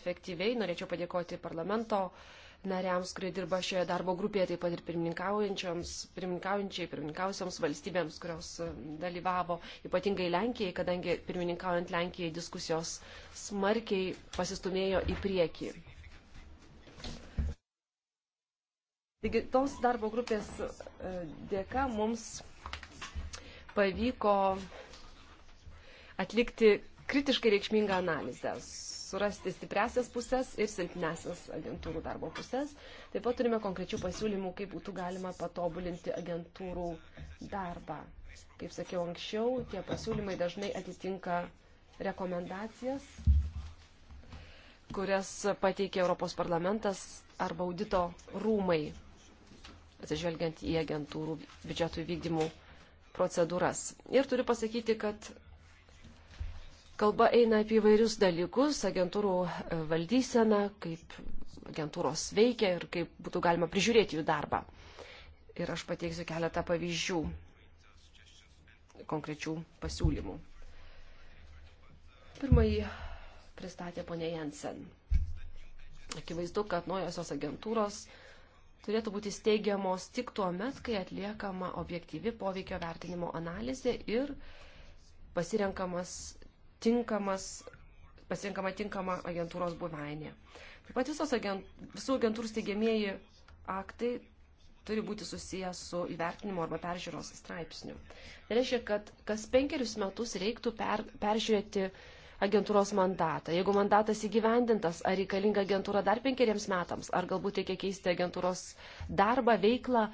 efektyviai. Norėčiau padėkoti parlamento uh, nariams, kurie dirba šioje darbo grupėje, taip pat ir pirmininkaujančiai, pirmininkausiams valstybėms, kurios e, dalyvavo, ypatingai Lenkijai, kadangi pirmininkaujant Lenkijai diskusijos smarkiai pasistumėjo į priekį. Taigi tos darbo grupės e, dėka mums pavyko atlikti kritiškai reikšmingą analizę surasti stipresias pusės ir silpnesias agentūrų darbo pusės. Taip pat turime konkrečių pasiūlymų, kaip būtų galima patobulinti agentūrų darbą. Kaip sakiau anksčiau, tie pasiūlymai dažnai atitinka rekomendacijas, kurias pateikė Europos parlamentas arba audito rūmai, atsižvelgiant į agentūrų biudžetų vykdymų procedūras. Ir turiu pasakyti, kad Kalba eina apie įvairius dalykus, agentūrų e, valdyseną, kaip agentūros veikia ir kaip būtų galima prižiūrėti jų darbą. Ir aš pateiksiu keletą pavyzdžių, konkrečių pasiūlymų. Pirmąjį pristatė ponė Jensen. Akivaizdu, kad naujosios agentūros turėtų būti steigiamos tik tuo met, kai atliekama objektyvi poveikio vertinimo analizė ir pasirenkamas tinkamas, pasirinkama tinkama agentūros buveinė. Taip pat visos agent, visų agentūrų steigiamieji aktai turi būti susijęs su įvertinimo arba peržiūros straipsniu. Tai reiškia, kad kas penkerius metus reiktų per, peržiūrėti uh, agentūros mandatą. Jeigu mandatas įgyvendintas, ar reikalinga agentūra dar penkeriems metams, ar galbūt reikia keisti agentūros darbą, veiklą,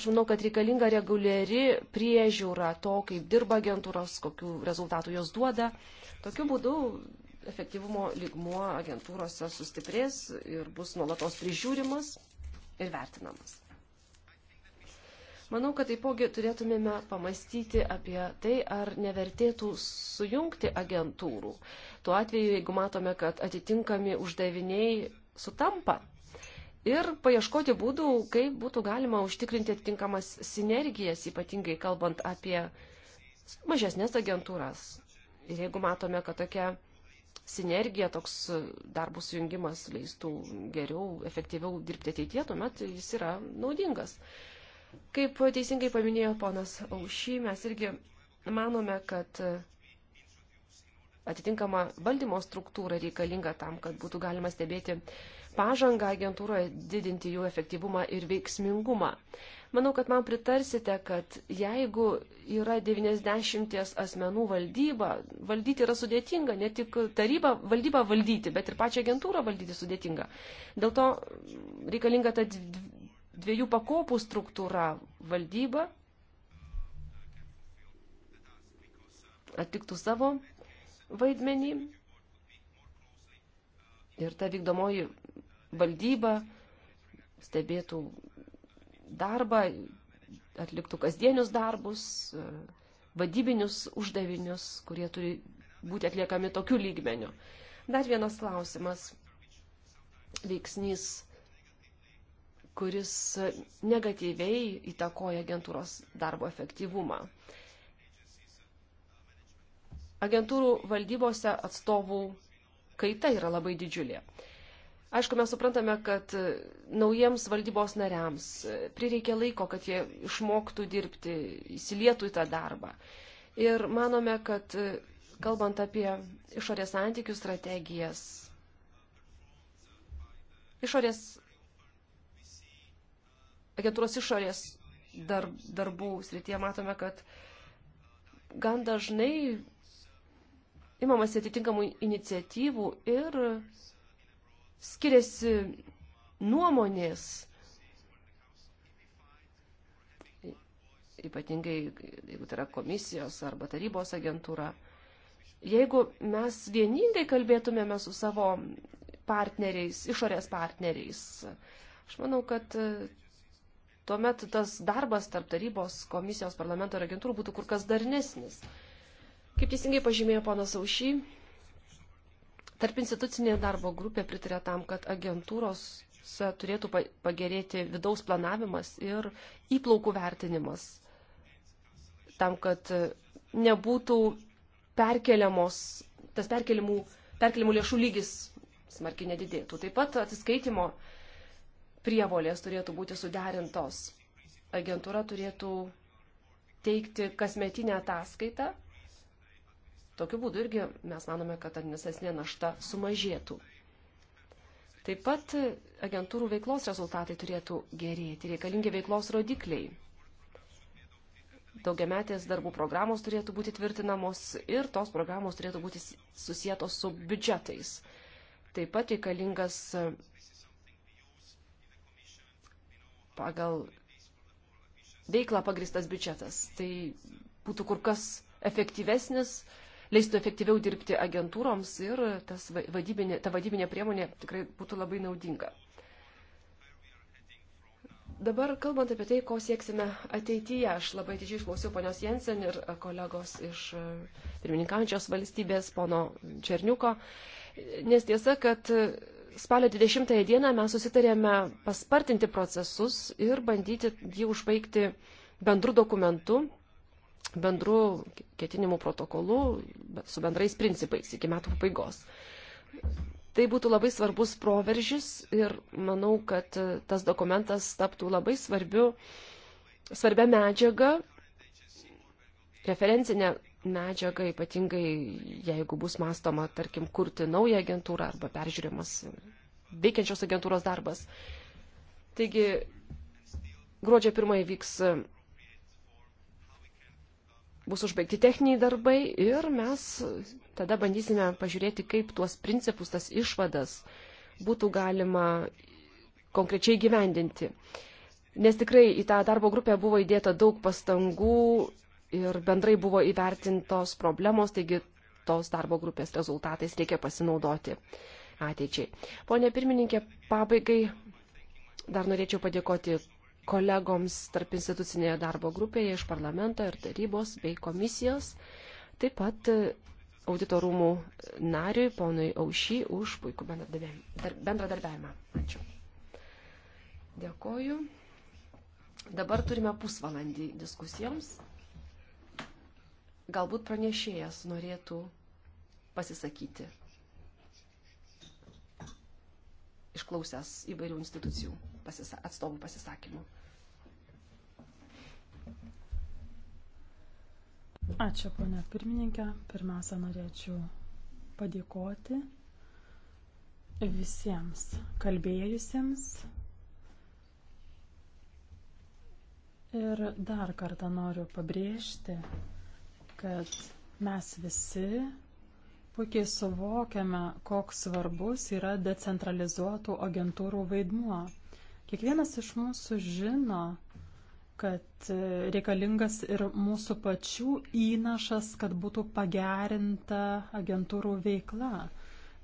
aš manau, kad reikalinga reguliari priežiūra to, kaip dirba agentūros, kokiu rezultatu jos duoda. Tokiu būdu efektyvumo lygmuo agentūrose sustiprės ir bus nuolatos prižiūrimas ir vertinamas. Manau, kad taipogi turėtumėme pamastyti apie tai, ar nevertėtų sujungti agentūrų. Tuo atveju, jeigu matome, kad atitinkami uždaviniai sutampa. Ir paieškoti būdų, kaip būtų galima užtikrinti atitinkamas sinergijas, ypatingai kalbant apie mažesnės agentūras. Ir jeigu matome, kad tokia sinergija, toks darbų sujungimas leistų geriau, efektyviau dirbti ateityje, tuomet jis yra naudingas. Kaip teisingai paminėjo ponas Aušy, mes irgi manome, kad atitinkama valdymo struktūra reikalinga tam, kad būtų galima stebėti pažangą agentūroje, didinti jų efektyvumą ir veiksmingumą. Manau, kad man pritarsite, kad jeigu yra 90 asmenų valdyba, valdyti yra sudėtinga, ne tik tarybą valdybą valdyti, bet ir pačią agentūrą valdyti sudėtinga. Dėl to reikalinga ta dviejų pakopų struktūra valdyba atliktų savo vaidmenį ir ta vykdomoji valdyba stebėtų darbą, atliktų kasdienius darbus, vadybinius uždavinius, kurie turi būti atliekami tokiu lygmeniu. Dar vienas klausimas. Veiksnys kuris negatyviai įtakoja agentūros darbo efektyvumą. Agentūrų valdybose atstovų kaita yra labai didžiulė. Aišku, mes suprantame, kad naujiems valdybos nariams prireikia laiko, kad jie išmoktų dirbti, įsilietų į tą darbą. Ir manome, kad kalbant apie išorės santykių strategijas, išorės agentūros išorės dar, darbų srityje matome, kad gan dažnai imamasi atitinkamų iniciatyvų ir skiriasi nuomonės, ypatingai jeigu tai yra komisijos arba tarybos agentūra. Jeigu mes vieningai kalbėtumėme su savo partneriais, išorės partneriais, aš manau, kad tuomet tas darbas tarp tarybos, komisijos, parlamento ir agentūrų būtų kur kas darnesnis. Kaip teisingai pažymėjo ponas Aušy, tarp institucinė darbo grupė pritarė tam, kad agentūros turėtų pagerėti vidaus planavimas ir įplaukų vertinimas, tam, kad e, nebūtų perkeliamos, tas perkelimų, perkelimų lėšų lygis smarkiai nedidėtų. Taip pat atsiskaitimo uh, prievolės turėtų būti suderintos. Agentūra turėtų teikti kasmetinę ataskaitą. Tokiu būdu irgi mes manome, kad administracinė našta sumažėtų. Taip pat agentūrų veiklos rezultatai turėtų gerėti, reikalingi veiklos rodikliai. Daugiametės darbų programos turėtų būti tvirtinamos ir tos programos turėtų būti susijėtos su biudžetais. Taip pat reikalingas pagal veiklą pagristas biudžetas. Tai būtų kur kas efektyvesnis, leistų efektyviau dirbti agentūroms ir tas vadybinė, ta vadybinė priemonė tikrai būtų labai naudinga. Dabar kalbant apie tai, ko sieksime ateityje, aš labai didžiai išklausiau ponios Jensen ir kolegos iš e, pirmininkaujančios valstybės, pono Černiuko, nes tiesa, kad spalio 20 dieną mes susitarėme paspartinti procesus ir bandyti jį užbaigti bendru dokumentu, bendru ketinimų protokolu, su bendrais principais iki metų pabaigos. Tai būtų labai svarbus proveržis ir manau, kad tas dokumentas taptų labai svarbiu, svarbia medžiaga, referencinė medžiagą, ypatingai jeigu bus mąstoma, tarkim, kurti naują agentūrą arba peržiūrimas veikiančios agentūros darbas. Taigi, gruodžio pirmąjį vyks, bus užbaigti techniniai darbai ir mes tada bandysime pažiūrėti, kaip tuos principus, tas išvadas būtų galima konkrečiai gyvendinti. Nes tikrai į tą darbo grupę buvo įdėta daug pastangų, ir bendrai buvo įvertintos problemos, taigi tos darbo grupės rezultatais reikia pasinaudoti ateičiai. Pone pirmininkė, pabaigai dar norėčiau padėkoti kolegoms tarp institucinėje darbo grupėje iš parlamento ir tarybos bei komisijos, taip pat auditorumų nariui, ponui Aušy, už puikų bendradarbiavimą. Ačiū. Dėkoju. Dabar turime pusvalandį diskusijoms. Galbūt pranešėjas norėtų pasisakyti, išklausęs įvairių institucijų pasisa atstovų pasisakymų. Ačiū, ponia pirmininkė. Pirmiausia, norėčiau padėkoti visiems kalbėjusiems. Ir dar kartą noriu pabrėžti, kad mes visi puikiai suvokiame, koks svarbus yra decentralizuotų agentūrų vaidmuo. Kiekvienas iš mūsų žino, kad e, reikalingas ir mūsų pačių įnašas, kad būtų pagerinta agentūrų veikla.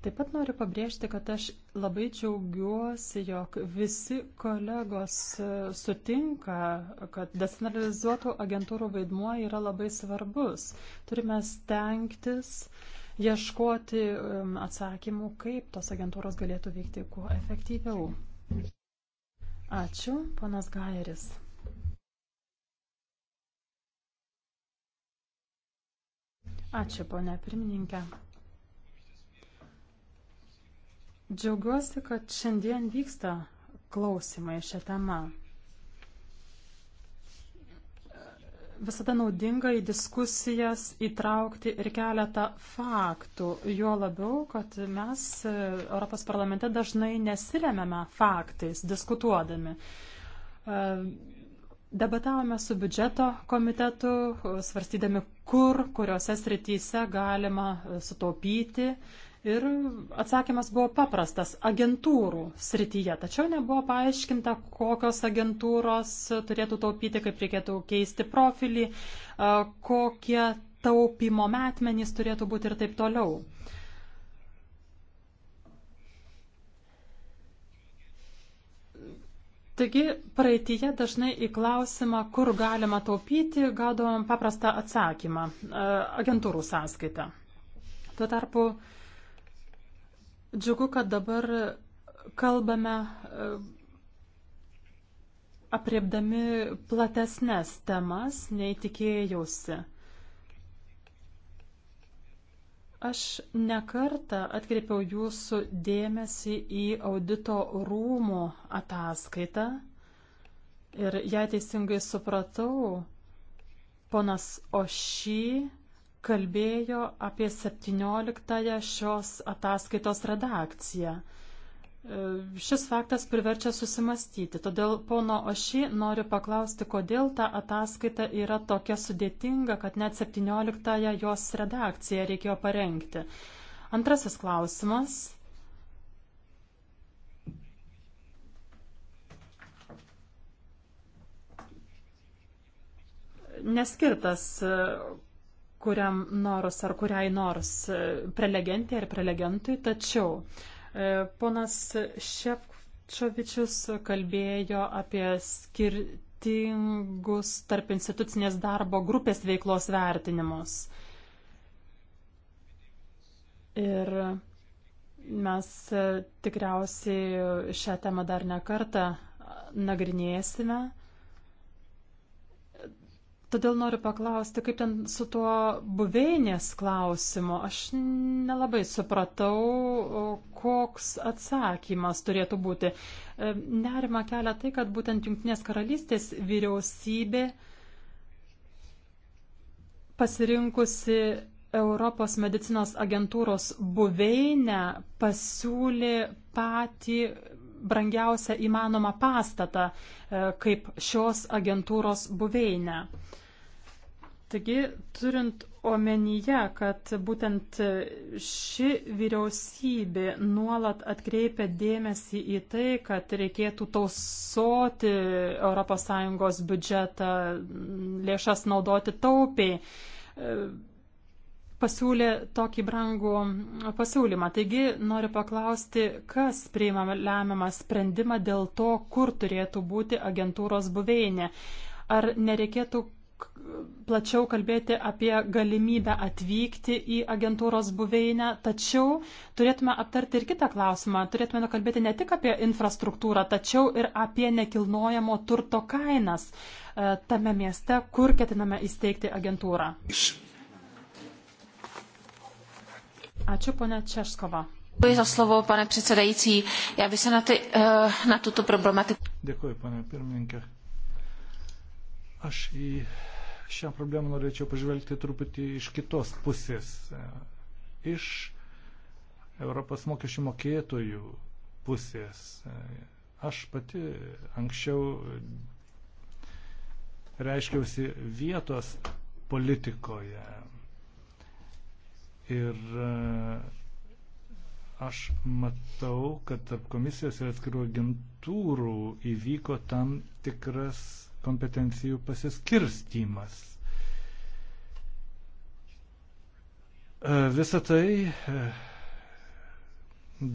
Taip pat noriu pabrėžti, kad aš labai džiaugiuosi, jog visi kolegos e, sutinka, kad decentralizuotų agentūrų vaidmuo yra labai svarbus. Turime stengtis ieškoti atsakymų, kaip tos agentūros galėtų veikti kuo efektyviau. Ačiū, ponas Gajeris. Ačiū, ponia pirmininkė. Džiaugiuosi, kad šiandien vyksta klausimai šią temą. Visada naudinga į diskusijas įtraukti ir keletą faktų, juo labiau, kad mes Europos parlamente dažnai nesiremiame faktais, diskutuodami. Debatavome su biudžeto komitetu, svarstydami, kur, kuriuose srityse galima sutaupyti, Ir atsakymas buvo paprastas - agentūrų srityje, tačiau nebuvo paaiškinta, kokios agentūros turėtų taupyti, kaip reikėtų keisti profilį, kokie taupimo metmenys turėtų būti ir taip toliau. Taigi praeitie dažnai į klausimą, kur galima taupyti, gaudavom paprastą atsakymą - agentūrų sąskaitą. Tuo tarpu Džiugu, kad dabar kalbame e, apriepdami platesnės temas, nei tikėjausi. Aš nekartą atkreipiau jūsų dėmesį į audito rūmų ataskaitą ir ją teisingai supratau, ponas Ošy kalbėjo apie 17-ąją šios ataskaitos redakciją. E, šis faktas priverčia susimastyti, todėl pono Oši noriu paklausti, kodėl ta ataskaita yra tokia sudėtinga, kad net 17-ąją jos redakciją reikėjo parengti. Antrasis klausimas. Neskirtas kuriam nors ar kuriai nors e, prelegentė ar prelegentui, tačiau e, ponas Šepčovičius kalbėjo apie skirtingus tarp institucinės darbo grupės veiklos vertinimus. Ir mes e, tikriausiai šią temą dar ne kartą nagrinėsime. Todėl noriu paklausti, kaip ten su tuo buveinės klausimu. Aš nelabai supratau, koks atsakymas turėtų būti. E, nerima kelia tai, kad būtent Junktinės karalystės vyriausybė pasirinkusi Europos medicinos agentūros buveinę pasiūlė patį brangiausią įmanomą pastatą e, kaip šios agentūros buveinę. Taigi, turint omenyje, kad būtent ši vyriausybė nuolat atkreipia dėmesį į tai, kad reikėtų tausoti ES biudžetą, lėšas naudoti taupiai, pasiūlė tokį brangų pasiūlymą. Taigi, noriu paklausti, kas priima lemiamą sprendimą dėl to, kur turėtų būti agentūros buveinė. Ar nereikėtų plačiau kalbėti apie galimybę atvykti į agentūros buveinę, tačiau turėtume aptarti ir kitą klausimą. Turėtume kalbėti ne tik apie infrastruktūrą, tačiau ir apie nekilnojamo turto kainas e, tame mieste, kur ketiname įsteigti agentūrą. Ačiū, ponia Češkova. Děkuji za slovo, pane předsedající. Já bych se na, ty, e, na tuto problematiku. Děkuji, pane pirmininke. Aš į šią problemą norėčiau pažvelgti truputį iš kitos pusės, e, iš Europos mokesčių mokėtojų pusės. E, aš pati anksčiau reiškiausi vietos politikoje. Ir e, aš matau, kad tarp komisijos ir atskirų agentūrų įvyko tam tikras kompetencijų pasiskirstymas. E, Visą tai e,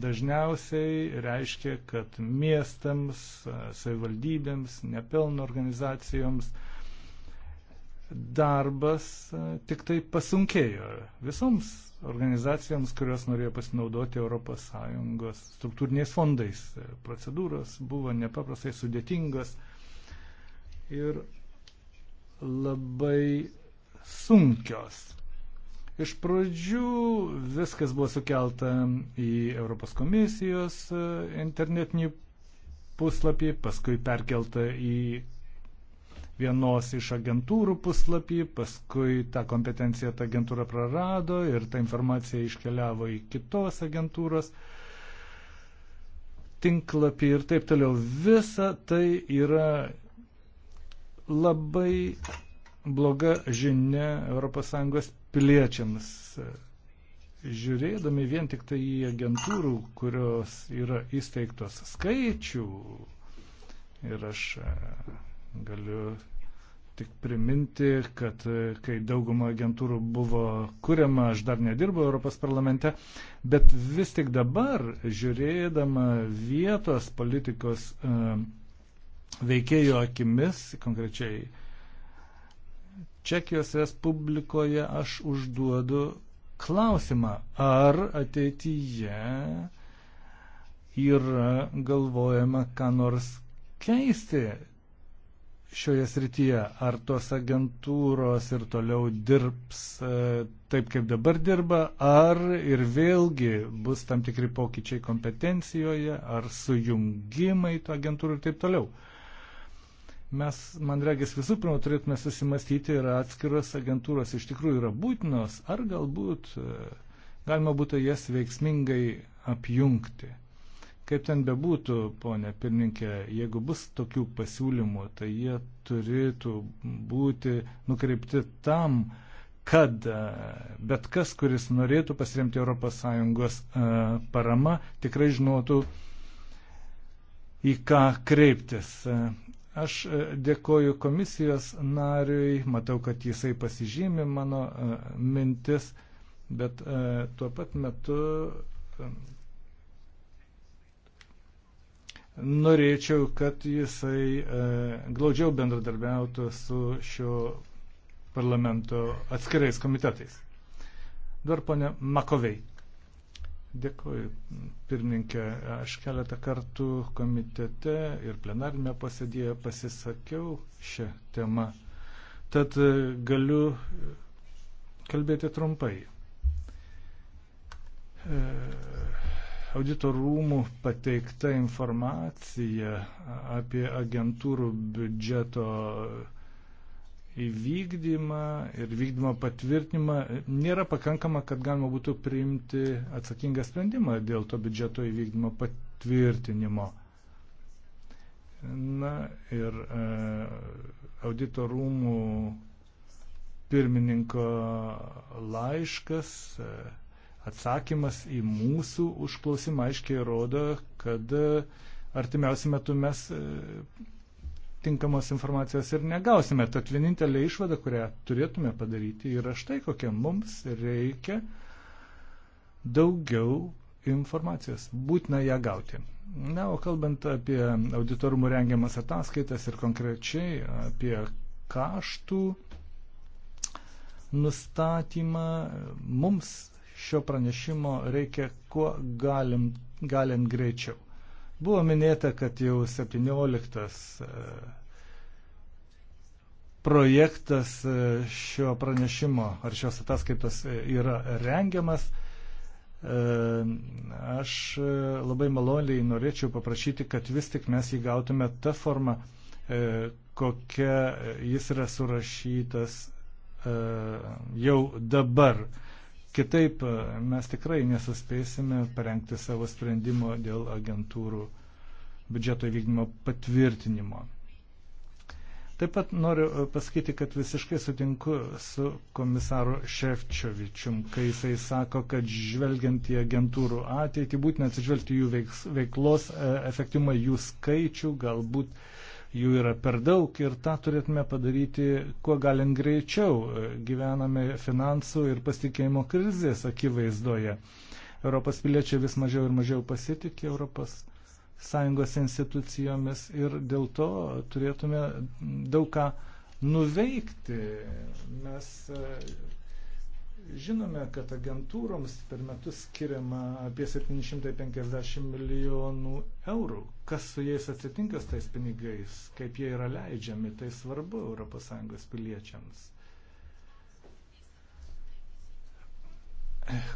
dažniausiai reiškia, kad miestams, e, savivaldybėms, nepelno organizacijoms darbas tik tai pasunkėjo visoms organizacijoms, kurios norėjo pasinaudoti ES struktūriniais fondais. Procedūros buvo nepaprastai sudėtingos ir labai sunkios. Iš pradžių viskas buvo sukelta į Europos komisijos e, internetinį puslapį, paskui perkelta į vienos iš agentūrų puslapį, paskui tą kompetenciją ta agentūra prarado ir ta informacija iškeliavo į kitos agentūros tinklapį ir taip toliau. Visa tai yra labai bloga žinia ES piliečiams. Žiūrėdami vien tik tai į agentūrų, kurios yra įsteigtos skaičių, ir aš e, galiu tik priminti, kad e, kai dauguma agentūrų buvo kuriama, aš dar nedirbau Europos parlamente, bet vis tik dabar, žiūrėdama vietos politikos uh, veikėjo akimis, konkrečiai Čekijos Respublikoje aš užduodu klausimą, ar ateityje yra galvojama, ką nors keisti šioje srityje, ar tos agentūros ir toliau dirbs e, taip, kaip dabar dirba, ar ir vėlgi bus tam tikri pokyčiai kompetencijoje, ar sujungimai tų agentūrų ir taip toliau mes, man regis, visų pirma turėtume susimastyti, ar atskiros agentūros iš tikrųjų yra būtinos, ar galbūt e, galima būtų jas veiksmingai apjungti. Kaip ten bebūtų, ponė pirmininkė, jeigu bus tokių pasiūlymų, tai jie turėtų būti nukreipti tam, kad e, bet kas, kuris norėtų pasiremti ES e, parama, tikrai žinotų, į ką kreiptis. Aš e, dėkoju komisijos nariui, matau, kad jisai pasižymi mano e, mintis, bet e, tuo pat metu norėčiau, kad jisai glaudžiau bendradarbiautų su šio parlamento atskirais komitetais. Dar ponia Makovei. Dėkuoju, pirmininkė. Aš keletą kartų komitete ir plenarinėme posėdėje pasisakiau šią temą. Tad e, galiu e, kalbėti trumpai. E, audito rūmų pateikta informacija apie agentūrų biudžeto įvykdymą ir vykdymo patvirtinimą nėra pakankama, kad galima būtų priimti atsakingą sprendimą dėl to biudžeto įvykdymo patvirtinimo. Na ir e, audito rūmų pirmininko laiškas, e, atsakymas į mūsų užklausimą aiškiai rodo, kad e, artimiausiu metu mes e, tinkamos informacijos ir negausime. Tad vienintelė išvada, kurią turėtume padaryti, yra štai kokia mums reikia daugiau informacijos. Būtina ją gauti. Na, o kalbant apie auditorumų rengiamas ataskaitas ir konkrečiai apie kaštų nustatymą, mums šio pranešimo reikia kuo galim, galint greičiau. Buvo minėta, kad jau 17 e, projektas e, šio pranešimo ar šios ataskaitos e, yra rengiamas. Aš labai maloniai norėčiau paprašyti, kad vis tik mes jį gautume tą formą, kokia jis yra surašytas jau dabar. Kitaip e, mes tikrai nesuspėsime parengti savo sprendimo dėl agentūrų biudžeto įvykdymo patvirtinimo. Taip pat noriu e, pasakyti, kad visiškai sutinku su komisaru Šefčiovičium, kai jisai sako, kad žvelgiant į agentūrų ateitį būtina atsižvelgti jų veiklos e, efektyvumą, jų skaičių, galbūt jų yra per daug ir tą turėtume padaryti kuo galim greičiau. Gyvename finansų ir pasitikėjimo krizės akivaizdoje. Europos piliečiai vis mažiau ir mažiau pasitikė Europos sąjungos institucijomis ir dėl to turėtume daug ką nuveikti. Mes Žinome, kad agentūroms per metus skiriama apie 750 milijonų eurų. Kas su jais atsitinka tais pinigais, kaip jie yra leidžiami, tai svarbu ES piliečiams.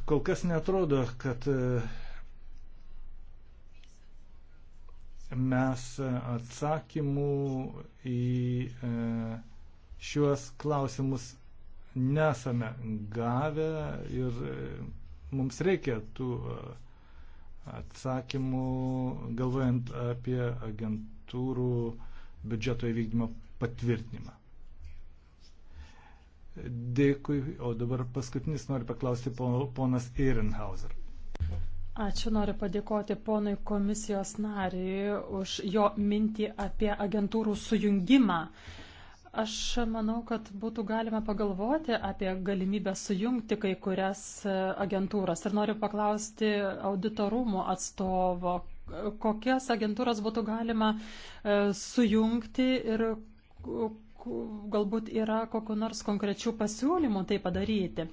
Kol kas netrodo, kad e, mes atsakymų į e, šiuos klausimus nesame gavę ir e, mums reikia tų e, atsakymų, galvojant apie agentūrų biudžeto įvykdymo patvirtinimą. Dėkui, o dabar paskutinis noriu paklausti ponas Ehrenhauser. Ačiū, noriu padėkoti ponui komisijos nariui už jo mintį apie agentūrų sujungimą. Aš manau, kad būtų galima pagalvoti apie galimybę sujungti kai kurias e, agentūras. Ir noriu paklausti auditorumo atstovo, kokias agentūras būtų galima e, sujungti ir galbūt yra kokiu nors konkrečių pasiūlymų tai padaryti.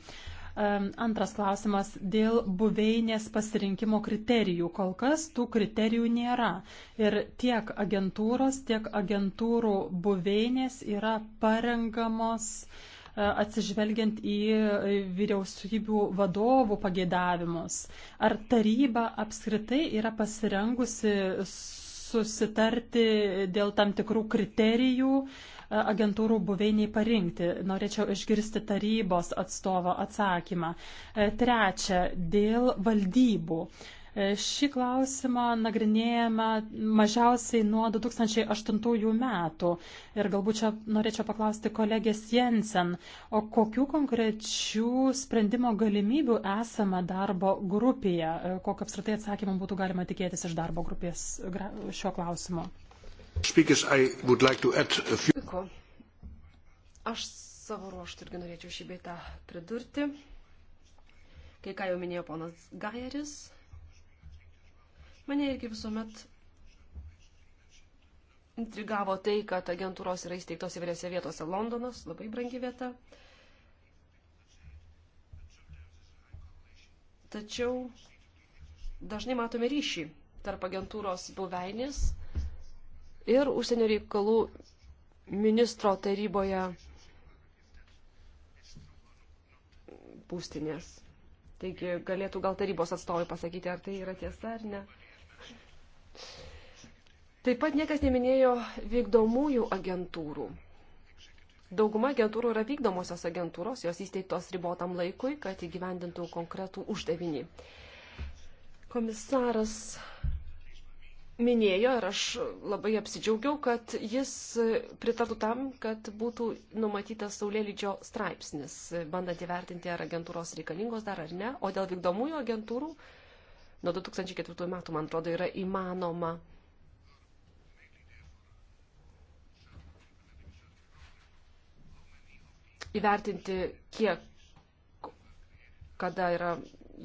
Antras klausimas dėl buveinės pasirinkimo kriterijų. Kol kas tų kriterijų nėra. Ir tiek agentūros, tiek agentūrų buveinės yra parengamos e, atsižvelgiant į e, vyriausybių vadovų pageidavimus. Ar taryba apskritai yra pasirengusi susitarti dėl tam tikrų kriterijų, uh, agentūrų buveiniai parinkti. Norėčiau išgirsti tarybos atstovo atsakymą. E, trečia, dėl valdybų. E, šį klausimą nagrinėjame mažiausiai nuo 2008 metų. Ir galbūt čia norėčiau paklausti kolegės Jensen, o kokių konkrečių sprendimo galimybių esame darbo grupėje? E, kokio apskritai atsakymą būtų galima tikėtis iš darbo grupės šiuo klausimu? Speakers, like few... Aš savo ruoštų irgi norėčiau šį beitą pridurti. Kai ką jau minėjo ponas Gajeris, mane irgi visuomet intrigavo tai, kad agentūros yra įsteigtos įvairiose vietose. Londonas, labai brangi vieta. Tačiau dažnai matome ryšį tarp agentūros buveinės ir užsienio reikalų ministro taryboje būstinės. Taigi galėtų gal tarybos atstovai pasakyti, ar tai yra tiesa ar ne. Taip pat niekas neminėjo vykdomųjų agentūrų. Dauguma agentūrų yra vykdomosios agentūros, jos įsteigtos ribotam laikui, kad įgyvendintų konkretų uždavinį. Komisaras minėjo ir aš labai apsidžiaugiau, kad jis pritartų tam, kad būtų numatytas Saulėlydžio straipsnis, bandant įvertinti, ar agentūros reikalingos dar ar ne. O dėl vykdomųjų agentūrų nuo 2004 metų, man atrodo, yra įmanoma. Įvertinti, kiek, kada yra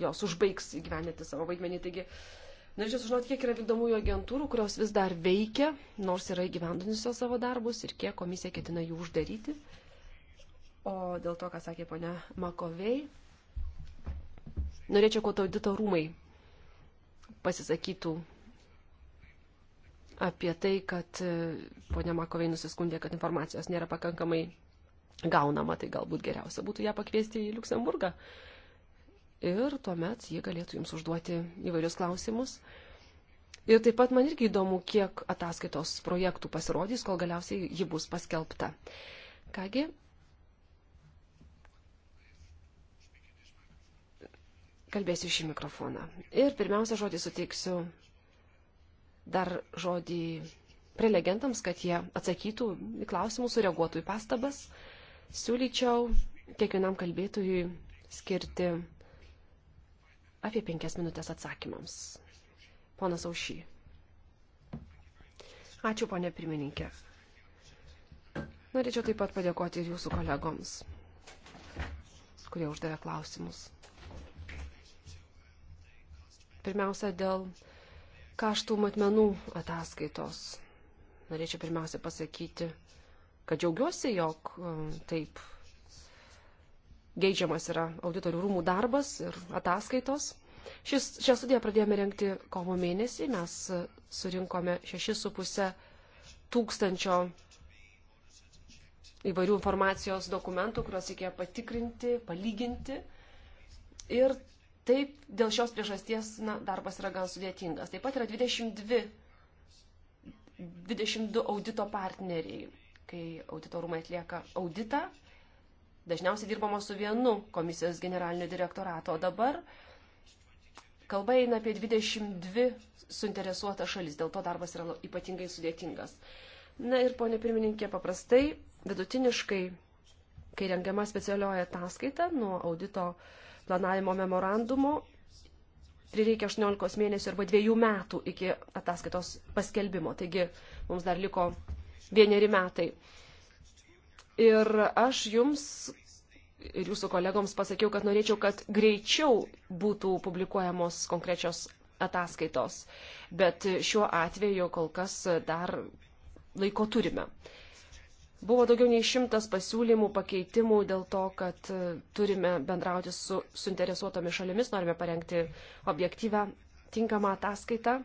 jos užbaigs įgyveninti savo vaidmenį. Taigi, uh, Norėčiau sužinoti, kiek yra vykdomųjų agentūrų, kurios vis dar veikia, nors yra įgyvendinusios savo darbus ir kiek komisija ketina jų uždaryti. O dėl to, ką sakė ponia Makovei, norėčiau, kad audito rūmai pasisakytų apie tai, kad e, ponia Makovei nusiskundė, kad informacijos nėra pakankamai gaunama, tai galbūt geriausia būtų ją pakviesti į Luksemburgą. Uh, ir tuomet jie galėtų jums užduoti įvairius klausimus. Ir taip pat man irgi įdomu, kiek ataskaitos projektų pasirodys, kol galiausiai ji bus paskelbta. Kągi, kalbėsiu šį mikrofoną. Ir pirmiausia žodį suteiksiu dar žodį prelegentams, kad jie atsakytų į klausimus, sureaguotų į pastabas. Siūlyčiau kiekvienam kalbėtojui skirti apie penkias minutės atsakymams. Ponas Aušy. Ačiū, ponė pirmininkė. Norėčiau taip pat padėkoti ir jūsų kolegoms, kurie uždavė klausimus. Pirmiausia, dėl kaštų matmenų ataskaitos. Norėčiau pirmiausia pasakyti, kad džiaugiuosi, jog um, taip geidžiamas yra auditorių rūmų darbas ir ataskaitos. Šis, šią studiją pradėjome renkti kovo mėnesį, mes e, surinkome 6,5 tūkstančio įvairių informacijos dokumentų, kuriuos reikėjo patikrinti, palyginti. Ir taip dėl šios priežasties na, darbas yra gan sudėtingas. Taip pat yra 22, 22 audito partneriai, kai auditorumai atlieka auditą dažniausiai dirbama su vienu komisijos generalinio direktorato, o dabar kalba eina apie 22 suinteresuotas šalis, dėl to darbas yra ypatingai sudėtingas. Na ir ponė pirmininkė, paprastai vidutiniškai, kai rengiama specialioja ataskaita nuo audito planavimo memorandumo, prireikia 18 mėnesių arba 2 metų iki ataskaitos paskelbimo. Taigi mums dar liko vieneri metai. Ir aš jums ir jūsų kolegoms pasakiau, kad norėčiau, kad greičiau būtų publikuojamos konkrečios ataskaitos. Bet šiuo atveju kol kas dar laiko turime. Buvo daugiau nei šimtas pasiūlymų, pakeitimų dėl to, kad turime bendrauti su suinteresuotomis šalimis, norime parengti objektyvę, tinkamą ataskaitą.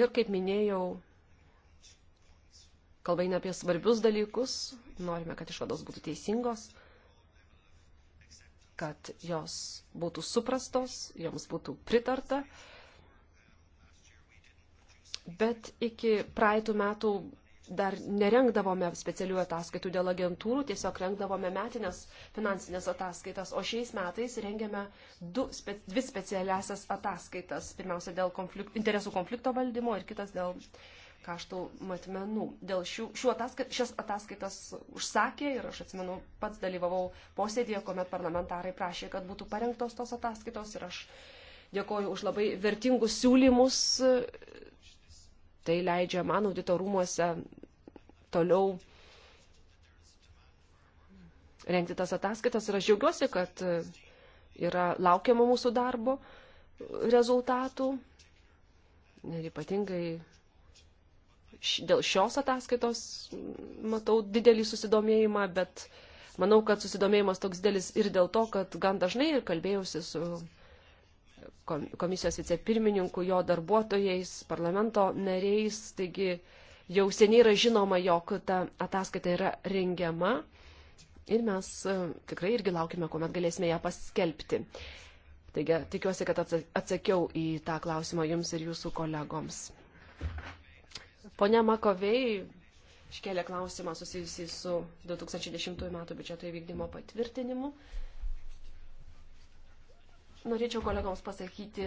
Ir, kaip minėjau, kalba eina apie svarbius dalykus, norime, kad išvados būtų teisingos, kad jos būtų suprastos, joms būtų pritarta. Bet iki praeitų metų dar nerengdavome specialių ataskaitų dėl agentūrų, tiesiog rengdavome metinės finansinės ataskaitas, o šiais metais rengiame du, spe, dvi specialiasias ataskaitas. Pirmiausia, dėl konflikt, interesų konflikto valdymo ir kitas dėl kaštų matmenų. Dėl šių, šių ataskait, šias ataskaitas užsakė ir aš atsimenu, pats dalyvavau posėdėje, kuomet parlamentarai prašė, kad būtų parengtos tos ataskaitos ir aš dėkoju už labai vertingus siūlymus. Tai leidžia man auditorumuose toliau rengti tas ataskaitas ir aš džiaugiuosi, kad yra laukiama mūsų darbo rezultatų. Ir ypatingai dėl šios ataskaitos matau didelį susidomėjimą, bet manau, kad susidomėjimas toks didelis ir dėl to, kad gan dažnai ir kalbėjausi su komisijos vicepirmininku, jo darbuotojais, parlamento nariais, taigi jau seniai yra žinoma, jog ta ataskaita yra rengiama ir mes e, tikrai irgi laukime, kuomet galėsime ją paskelbti. Taigi, tikiuosi, kad atsakiau į tą klausimą jums ir jūsų kolegoms. Pone Makovei iškėlė klausimą susijusį su 2010 m. biudžeto įvykdymo patvirtinimu. Norėčiau kolegoms pasakyti,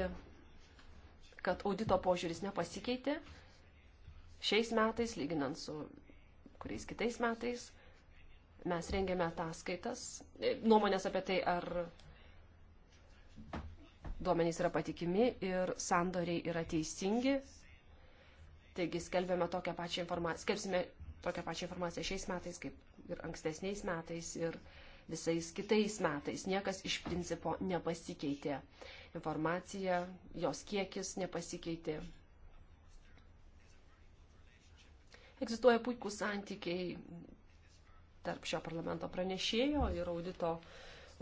kad audito požiūris nepasikeitė šiais metais, lyginant su kuriais kitais metais. Mes rengėme ataskaitas, e, nuomonės apie tai, ar duomenys yra patikimi ir sandoriai yra teisingi, Taigi skelbėme tokią pačią informaciją, skelbsime tokią pačią informaciją šiais metais, kaip ir ankstesniais metais ir visais kitais metais. Niekas iš principo nepasikeitė. Informacija, jos kiekis nepasikeitė. Egzistuoja puikūs santykiai tarp šio parlamento pranešėjo ir audito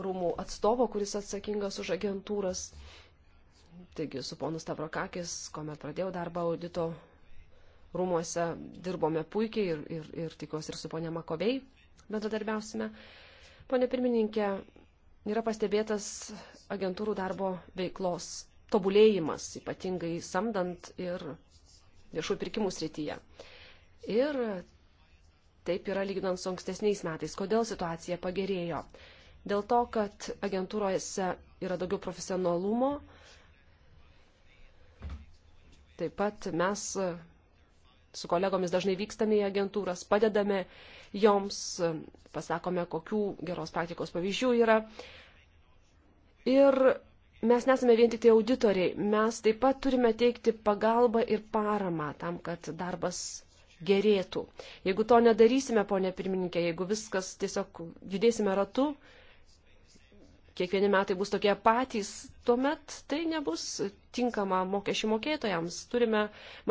rūmų atstovo, kuris atsakingas už agentūras. Taigi su ponu Stavrokakis, kuomet pradėjau darbą audito rūmuose dirbome puikiai ir, ir, ir tikiuosi ir su ponia Makovei bendradarbiausime. Pone pirmininkė, yra pastebėtas agentūrų darbo veiklos tobulėjimas, ypatingai samdant ir viešųjų pirkimų srityje. Ir taip yra lyginant su ankstesniais metais. Kodėl situacija pagerėjo? Dėl to, kad agentūrose yra daugiau profesionalumo. Taip pat mes su kolegomis dažnai vykstame į agentūras, padedame joms, pasakome, kokių geros praktikos pavyzdžių yra. Ir mes nesame vien tik tai auditoriai, mes taip pat turime teikti pagalbą ir paramą tam, kad darbas gerėtų. Jeigu to nedarysime, ponė pirmininkė, jeigu viskas tiesiog judėsime ratu, kiekvieni metai bus tokie patys, tuomet tai nebus tinkama mokesčių mokėtojams. Turime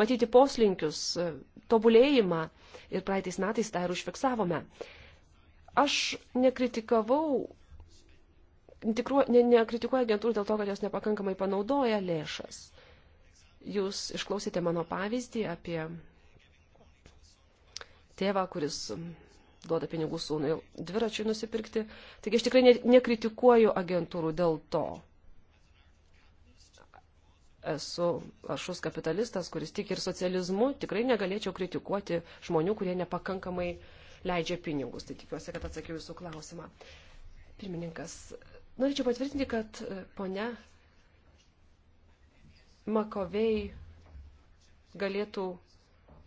matyti poslinkius, e, tobulėjimą ir praeitais metais tą ir užfiksavome. Aš nekritikavau, tikru, ne, nekritikuoju agentūrų dėl to, kad jos nepakankamai panaudoja lėšas. Jūs išklausėte mano pavyzdį apie tėvą, kuris duoda pinigų sūnui dviračiui nusipirkti. Taigi aš tikrai ne, nekritikuoju agentūrų dėl to. Esu aršus kapitalistas, kuris tik ir socializmu, tikrai negalėčiau kritikuoti žmonių, kurie nepakankamai leidžia pinigus. Tai tikiuosi, kad atsakiau jūsų klausimą. Pirmininkas, norėčiau patvirtinti, kad e, ponia Makovei galėtų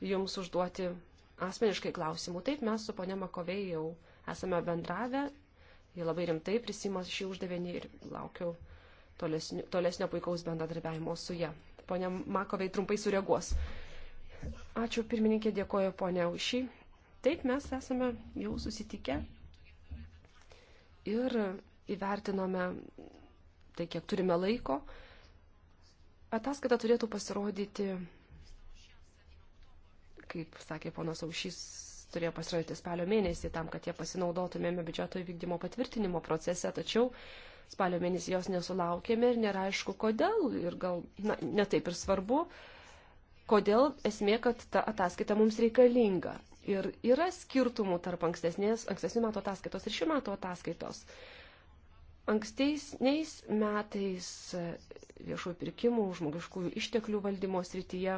jums užduoti asmeniškai klausimų. Taip, mes su ponia Makovei jau esame bendravę, ji labai rimtai prisima šį uždavinį ir laukiu tolesnio, tolesnio puikaus bendradarbiavimo su ja. Ponia Makovei trumpai sureaguos. Ačiū pirmininkė, dėkoju ponia Ušį. Taip, mes esame jau susitikę ir įvertinome tai, kiek turime laiko. Ataskaita turėtų pasirodyti kaip sakė ponas Aušys, turėjo pasirodyti spalio mėnesį tam, kad jie pasinaudotumėme biudžeto įvykdymo patvirtinimo procese, tačiau spalio mėnesį jos nesulaukėme ir nėra aišku kodėl ir gal na, netaip ir svarbu, kodėl esmė, kad ta ataskaita mums reikalinga. Ir yra skirtumų tarp ankstesnės, ankstesnių metų ataskaitos ir šių metų ataskaitos. Ankstesniais metais viešųjų pirkimų, žmogiškųjų išteklių valdymo srityje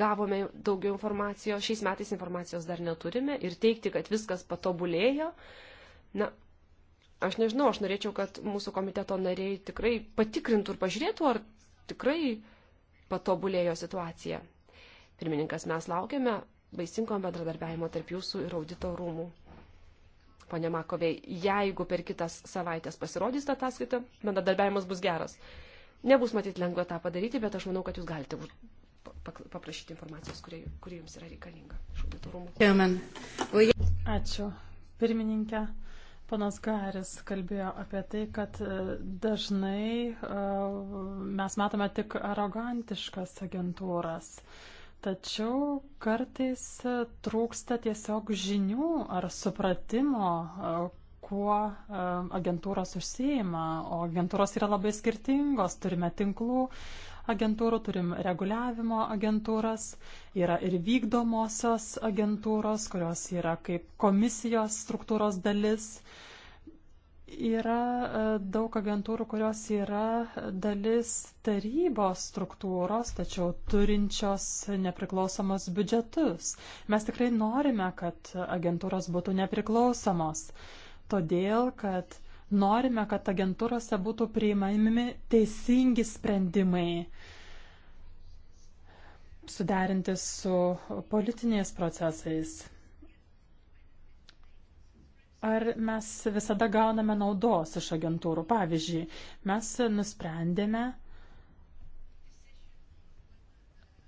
gavome daugiau informacijos, šiais metais informacijos dar neturime ir teikti, kad viskas patobulėjo, na, aš nežinau, aš norėčiau, kad mūsų komiteto nariai tikrai patikrintų ir pažiūrėtų, ar tikrai patobulėjo situacija. Pirmininkas, mes laukiame vaisingo bendradarbiavimo tarp jūsų ir audito rūmų. Pone Makovei, jeigu per kitas savaitės pasirodys tą ataskaitą, bendradarbiavimas bus geras. Nebus matyti lengva tą padaryti, bet aš manau, kad jūs galite paprašyti informacijos, kuri, kuri jums yra reikalinga iš audito rūmų. Ačiū. Pirmininkė, ponas Garis kalbėjo apie tai, kad e, dažnai e, mes matome tik arogantiškas agentūras. Tačiau kartais e, trūksta tiesiog žinių ar supratimo, kuo agentūros užsieima, o agentūros yra labai skirtingos, turime tinklų agentūrų, turim reguliavimo agentūras, yra ir vykdomosios agentūros, kurios yra kaip komisijos struktūros dalis. Yra e, daug agentūrų, kurios yra dalis tarybos struktūros, tačiau turinčios nepriklausomos biudžetus. Mes tikrai norime, kad agentūros būtų nepriklausomos, todėl kad Norime, kad agentūrose būtų priimami teisingi sprendimai, suderinti su politiniais procesais. Ar mes visada gauname naudos iš agentūrų? Pavyzdžiui, mes nusprendėme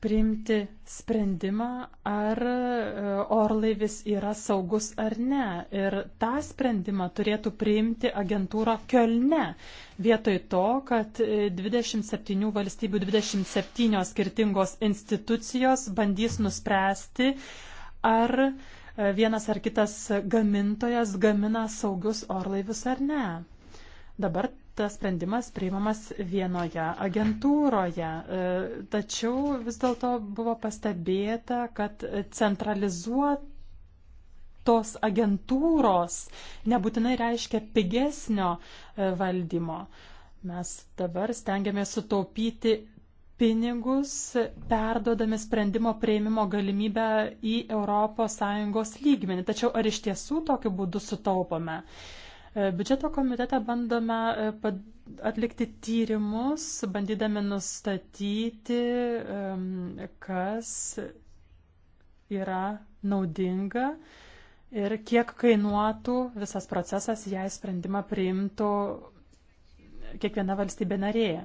priimti sprendimą, ar e, orlaivis yra saugus ar ne. Ir tą sprendimą turėtų priimti agentūra Kölne. Vietoj to, kad 27 e, valstybių 27 skirtingos institucijos bandys nuspręsti, ar e, vienas ar kitas gamintojas gamina saugius orlaivius ar ne. Dabar tas sprendimas priimamas vienoje agentūroje. E, tačiau vis dėlto buvo pastebėta, kad centralizuotos agentūros nebūtinai reiškia pigesnio e, valdymo. Mes dabar stengiamės sutaupyti pinigus, perdodami sprendimo prieimimo galimybę į ES lygmenį. Tačiau ar iš tiesų tokiu būdu sutaupome? Uh, Biudžeto komitete bandome e, atlikti tyrimus, bandydami nustatyti, kas yra naudinga ir kiek kainuotų visas procesas, jei sprendimą priimtų kiekviena valstybė narėje.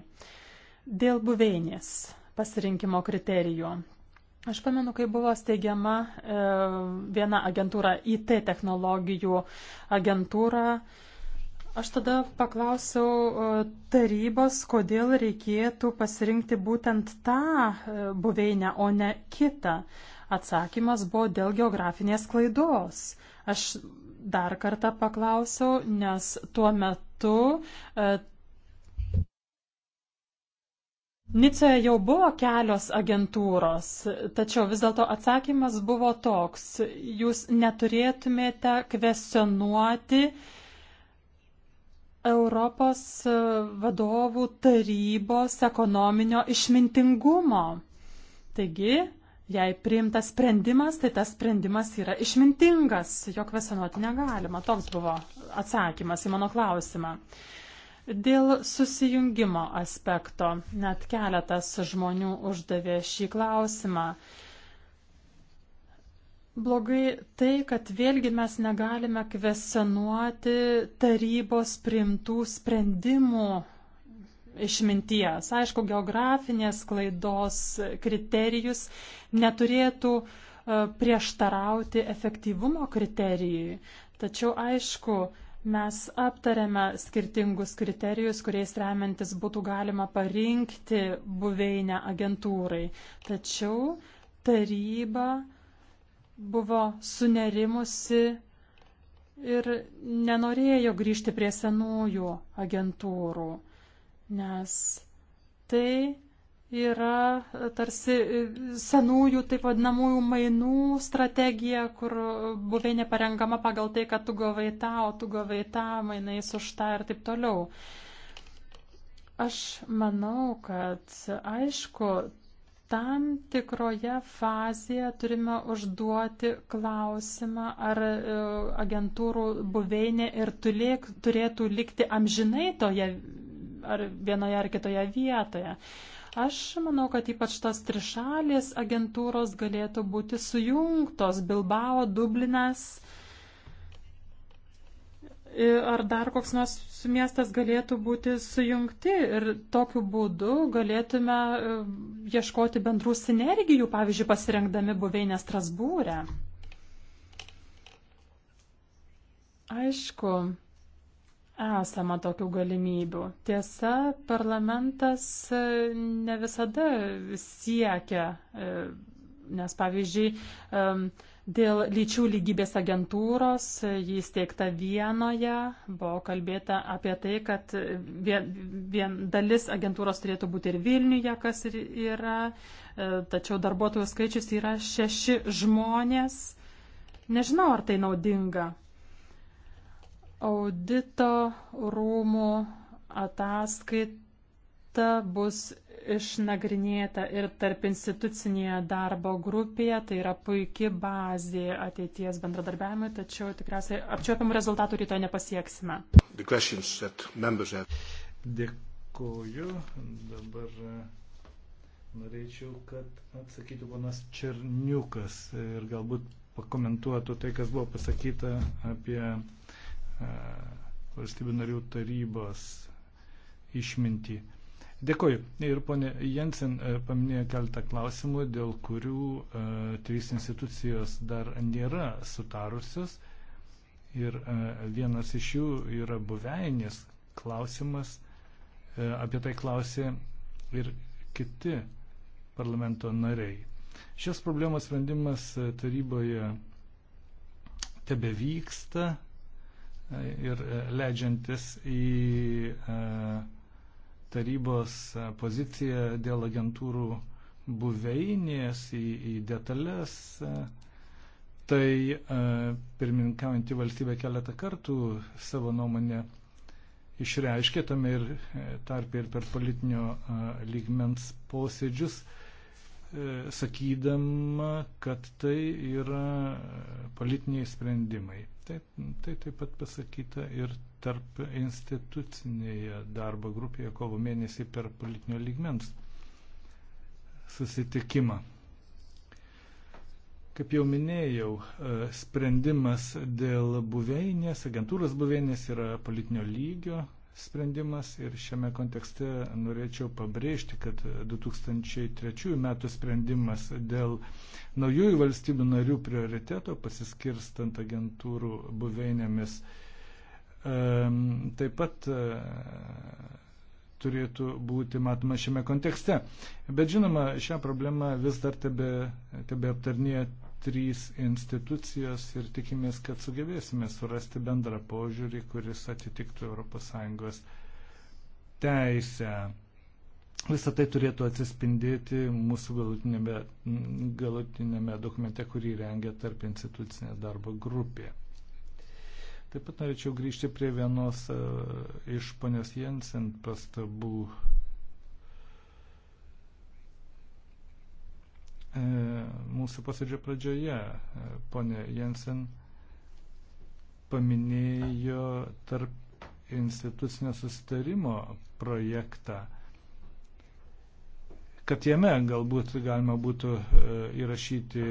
Dėl buveinės pasirinkimo kriterijų. Aš pamenu, kai buvo steigiama e, viena agentūra, IT technologijų agentūra. Aš tada paklausiau e, tarybos, kodėl reikėtų pasirinkti būtent tą e, buveinę, o ne kitą. Atsakymas buvo dėl geografinės klaidos. Aš dar kartą paklausiau, nes tuo metu e, Nicoje jau buvo kelios agentūros, tačiau vis dėlto atsakymas buvo toks. Jūs neturėtumėte kvesionuoti Europos vadovų tarybos ekonominio išmintingumo. Taigi, jei priimtas sprendimas, tai tas sprendimas yra išmintingas, jo kvesionuoti negalima. Toks buvo atsakymas į mano klausimą. Dėl susijungimo aspekto net keletas žmonių uždavė šį klausimą. Blogai tai, kad vėlgi mes negalime kvesenuoti tarybos primtų sprendimų išminties. Aišku, geografinės klaidos kriterijus neturėtų e, prieštarauti efektyvumo kriterijui. Tačiau, aišku, Mes aptarėme skirtingus kriterijus, kuriais remiantis būtų galima parinkti buveinę agentūrai. Tačiau taryba buvo sunerimusi ir nenorėjo grįžti prie senųjų agentūrų, nes tai yra e, tarsi e, senųjų taip vadinamųjų mainų strategija, kur buveinė parengama pagal tai, kad tu gavai tą, o tu gavai tą, mainais už tą ir taip toliau. Aš manau, kad aišku, tam tikroje fazėje turime užduoti klausimą, ar e, agentūrų buveinė ir turėtų likti amžinai toje ar vienoje ar kitoje vietoje. Aš manau, kad ypač tos trišalės agentūros galėtų būti sujungtos Bilbao, Dublinas ar dar koks nors miestas galėtų būti sujungti ir tokiu būdu galėtume e, ieškoti bendrų sinergijų, pavyzdžiui, pasirengdami buveinę Strasbūrę. Aišku, esama tokių galimybių. Tiesa, parlamentas e, ne visada siekia, e, nes pavyzdžiui, dėl lyčių lygybės agentūros, e, jį steigta vienoje, buvo kalbėta apie tai, kad vien, vien dalis agentūros turėtų būti ir Vilniuje, kas ir yra, tačiau darbuotojų skaičius yra šeši žmonės. Nežinau, ar tai naudinga. Audito rūmų ataskaita bus išnagrinėta ir tarp institucinėje darbo grupėje. Tai yra puikia bazė ateities bendradarbiavimui, tačiau tikriausiai apčiopiamų rezultatų rytoj nepasieksime. Dėkuoju. Dabar e, norėčiau, kad atsakytų ponas Černiukas ir galbūt pakomentuotų tai, kas buvo pasakyta apie valstybių narių tarybos išmintį. Dėkoju. Ir ponė Jensen e, paminėjo keltą klausimų, dėl kurių e, trys institucijos dar nėra sutarusios. Ir e, vienas iš jų yra buveinės klausimas. E, apie tai klausė ir kiti parlamento nariai. Šios problemos sprendimas e, taryboje tebe vyksta ir e, leidžiantis į e, tarybos e, poziciją dėl agentūrų buveinės, į, į detalės, tai pirmininkaujantį valstybę keletą kartų savo nuomonę išreiškė tame ir tarp ir per politinio lygmens posėdžius, sakydama, kad tai yra politiniai sprendimai. Tai, tai taip pat pasakyta ir tarp institucinėje darbo grupėje kovo mėnesį per politinio lygmens susitikimą. Kaip jau minėjau, e, sprendimas dėl buveinės, agentūros buveinės yra politinio lygio sprendimas ir šiame kontekste norėčiau pabrėžti, kad 2003 metų sprendimas dėl naujųjų valstybių narių prioriteto pasiskirstant agentūrų buveinėmis taip pat e, turėtų būti matoma šiame kontekste. Bet žinoma, šią problemą vis dar tebe, tebe aptarnėja trys institucijos ir tikimės, kad sugebėsime surasti bendrą požiūrį, kuris atitiktų ES teisę. Visą tai turėtų atsispindėti mūsų galutinėme, galutinėme dokumente, kurį rengia tarp institucinė darbo grupė. Taip pat norėčiau grįžti prie vienos e, iš ponios Jensen pastabų E, mūsų posėdžio pradžioje e, ponė Jensen paminėjo tarp institucinio susitarimo projektą, kad jame galbūt galima būtų e, įrašyti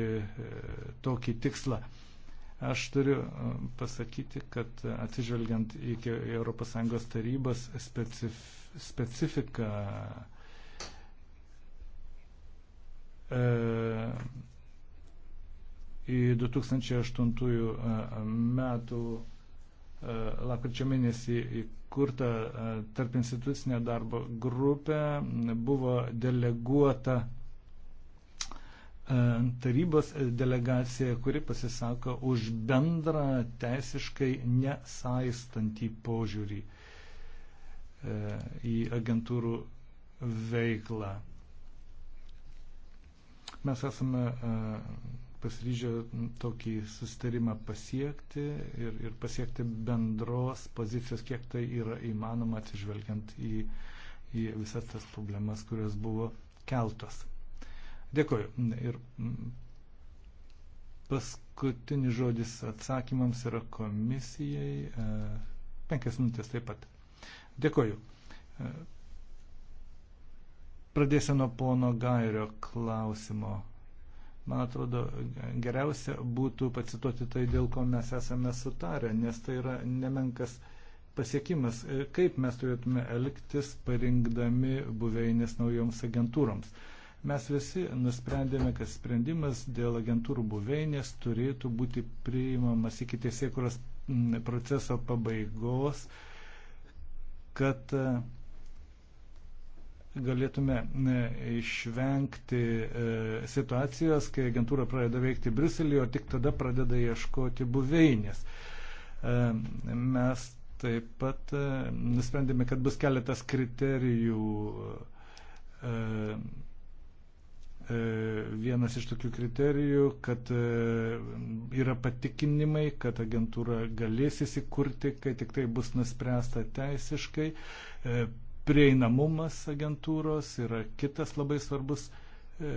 tokį tikslą. Aš turiu pasakyti, kad atsižvelgiant iki ES tarybos specif specifiką, E, į 2008 e, metų e, lapkričio mėnesį įkurta tarp institucinė darbo grupė, buvo deleguota tarybos delegacija, kuri pasisako už bendrą teisiškai nesaistantį požiūrį į agentūrų veiklą mes esame e, pasiryžę tokį susitarimą pasiekti ir, ir pasiekti bendros pozicijos, kiek tai yra įmanoma atsižvelgiant į, į visas tas problemas, kurios buvo keltos. Dėkoju. Ir paskutinis žodis atsakymams yra komisijai. E, penkias minutės taip pat. Dėkoju. E, Pradėsiu nuo pono Gairio klausimo. Man atrodo, geriausia būtų pacituoti tai, dėl ko mes esame sutarę, nes tai yra nemenkas pasiekimas, kaip mes turėtume elgtis, parinkdami buveinės naujoms agentūroms. Mes visi nusprendėme, kad sprendimas dėl agentūrų buveinės turėtų būti priimamas iki tiesiekuros mm, proceso pabaigos, kad galėtume e, išvengti e, situacijos, kai agentūra pradeda veikti Briuselį, o tik tada pradeda ieškoti buveinės. E, mes taip pat nusprendėme, kad bus keletas kriterijų. Vienas iš tokių kriterijų, kad yra patikinimai, kad agentūra galės įsikurti, kai tik tai bus nuspręsta teisiškai prieinamumas agentūros yra kitas labai svarbus e,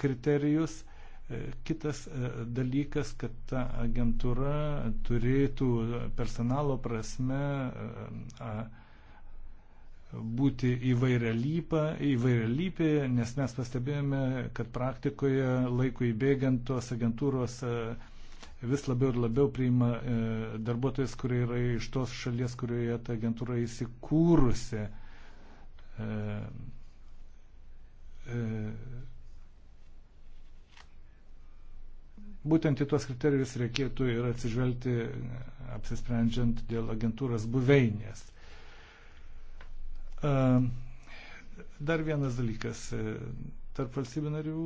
kriterijus. E, kitas e, dalykas, kad ta agentūra turėtų personalo prasme būti įvairialypė, nes mes pastebėjome, kad praktikoje laikui bėgant tos agentūros vis labiau ir labiau priima e, darbuotojus, kurie yra iš tos šalies, kurioje ta agentūra įsikūrusi. E, e, būtent į tuos kriterijus reikėtų ir atsižvelgti, apsisprendžiant dėl agentūros buveinės. Dar vienas dalykas. Tarp valstybių narių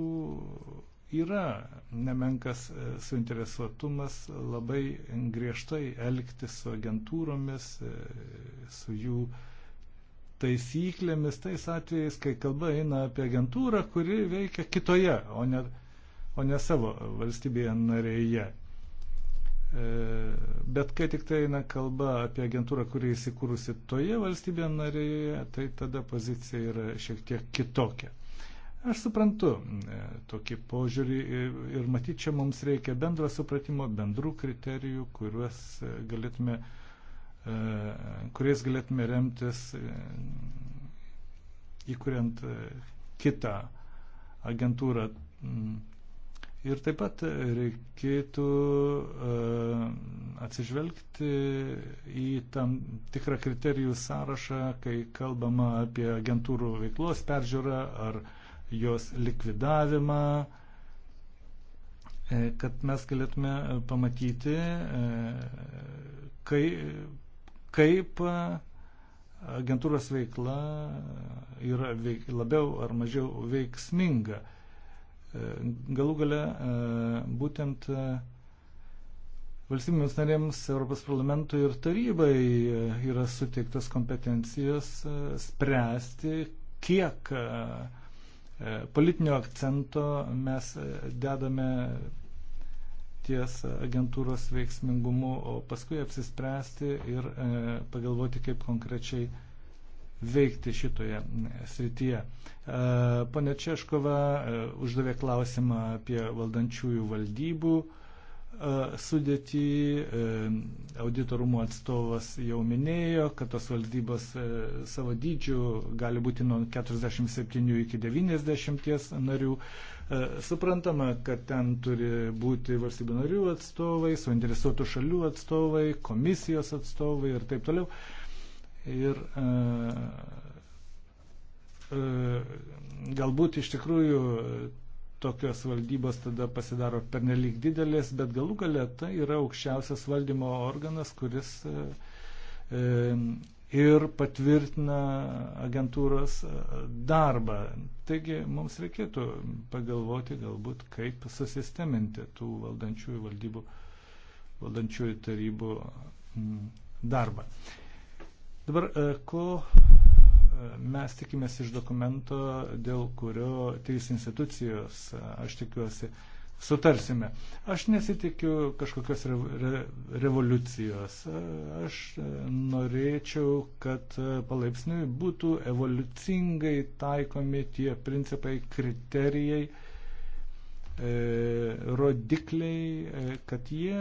yra nemenkas e, suinteresuotumas labai griežtai elgtis su agentūromis, e, su jų taisyklėmis, tais atvejais, kai kalba eina apie agentūrą, kuri veikia kitoje, o ne, o ne savo valstybėje narėje. E, bet kai tik tai eina kalba apie agentūrą, kuri įsikūrusi toje valstybėje narėje, tai tada pozicija yra šiek tiek kitokia. Aš suprantu e, tokį požiūrį ir matyt, čia mums reikia bendro supratimo, bendrų kriterijų, kuriuos galėtume, e, kuriais galėtume remtis e, įkuriant kitą agentūrą. Mm. Ir taip pat reikėtų atsižvelgti į tam tikrą kriterijų sąrašą, kai kalbama apie agentūrų veiklos peržiūrą ar uh, jos likvidavimą, e, kad mes galėtume e, pamatyti, e, kai, kaip agentūros veikla yra veik, labiau ar mažiau veiksminga. Galų gale būtent valstybėms narėms Europos parlamentui ir tarybai yra suteiktas kompetencijas spręsti, kiek uh, E, politinio akcento mes e, dedame ties agentūros veiksmingumu, o paskui apsispręsti ir e, pagalvoti, kaip konkrečiai veikti šitoje srityje. Pane Češkova uždavė klausimą apie valdančiųjų valdybų sudėtį. E, auditorumo atstovas jau minėjo, kad tos valdybos e, savo dydžių gali būti nuo 47 iki 90 narių. E, suprantama, kad ten turi būti valstybių narių atstovai, suinteresuotų šalių atstovai, komisijos atstovai ir taip toliau. Ir galbūt iš tikrųjų tokios valdybos tada pasidaro pernelyg didelės, bet galų gale tai yra aukščiausias valdymo organas, kuris e, e, ir patvirtina agentūros e, darbą. Taigi mums reikėtų pagalvoti galbūt, kaip susisteminti tų valdančiųjų valdybų, valdančiųjų tarybų darbą. Dabar ko Mes tikimės iš dokumento, dėl kurio trys institucijos, aš tikiuosi, sutarsime. Aš nesitikiu kažkokios re, revoliucijos. Aš norėčiau, kad palaipsniui būtų evoliucingai taikomi tie principai, kriterijai, E, rodikliai, e, kad jie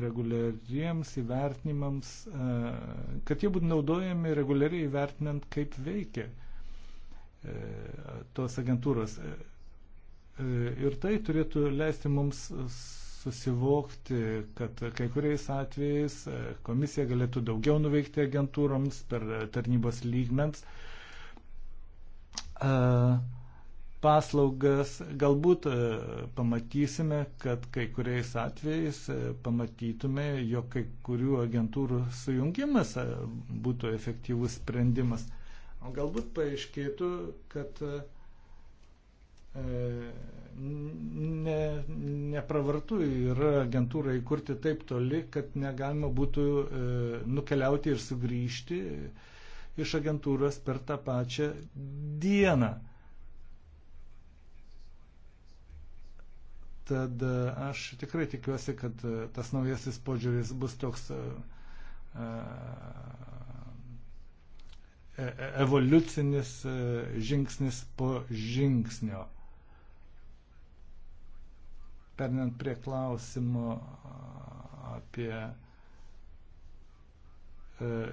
reguliariems įvertinimams, e, kad jie būtų naudojami reguliariai įvertinant, kaip veikia tos agentūros. Ir tai turėtų leisti mums susivokti, kad kai kuriais atvejais komisija galėtų daugiau nuveikti agentūroms per tarnybos lygmens. Uh, paslaugas, galbūt e, pamatysime, kad kai kuriais atvejais e, pamatytume, jog kai kurių agentūrų sujungimas e, būtų efektyvus sprendimas. O galbūt paaiškėtų, kad ne, nepravartu yra agentūrą įkurti taip toli, kad negalima būtų nukeliauti ir sugrįžti iš agentūros per tą pačią dieną. Tad e, aš tikrai tikiuosi, kad e, tas naujasis požiūris bus toks e, evoliucinis žingsnis po žingsnio. Pernant prie klausimo apie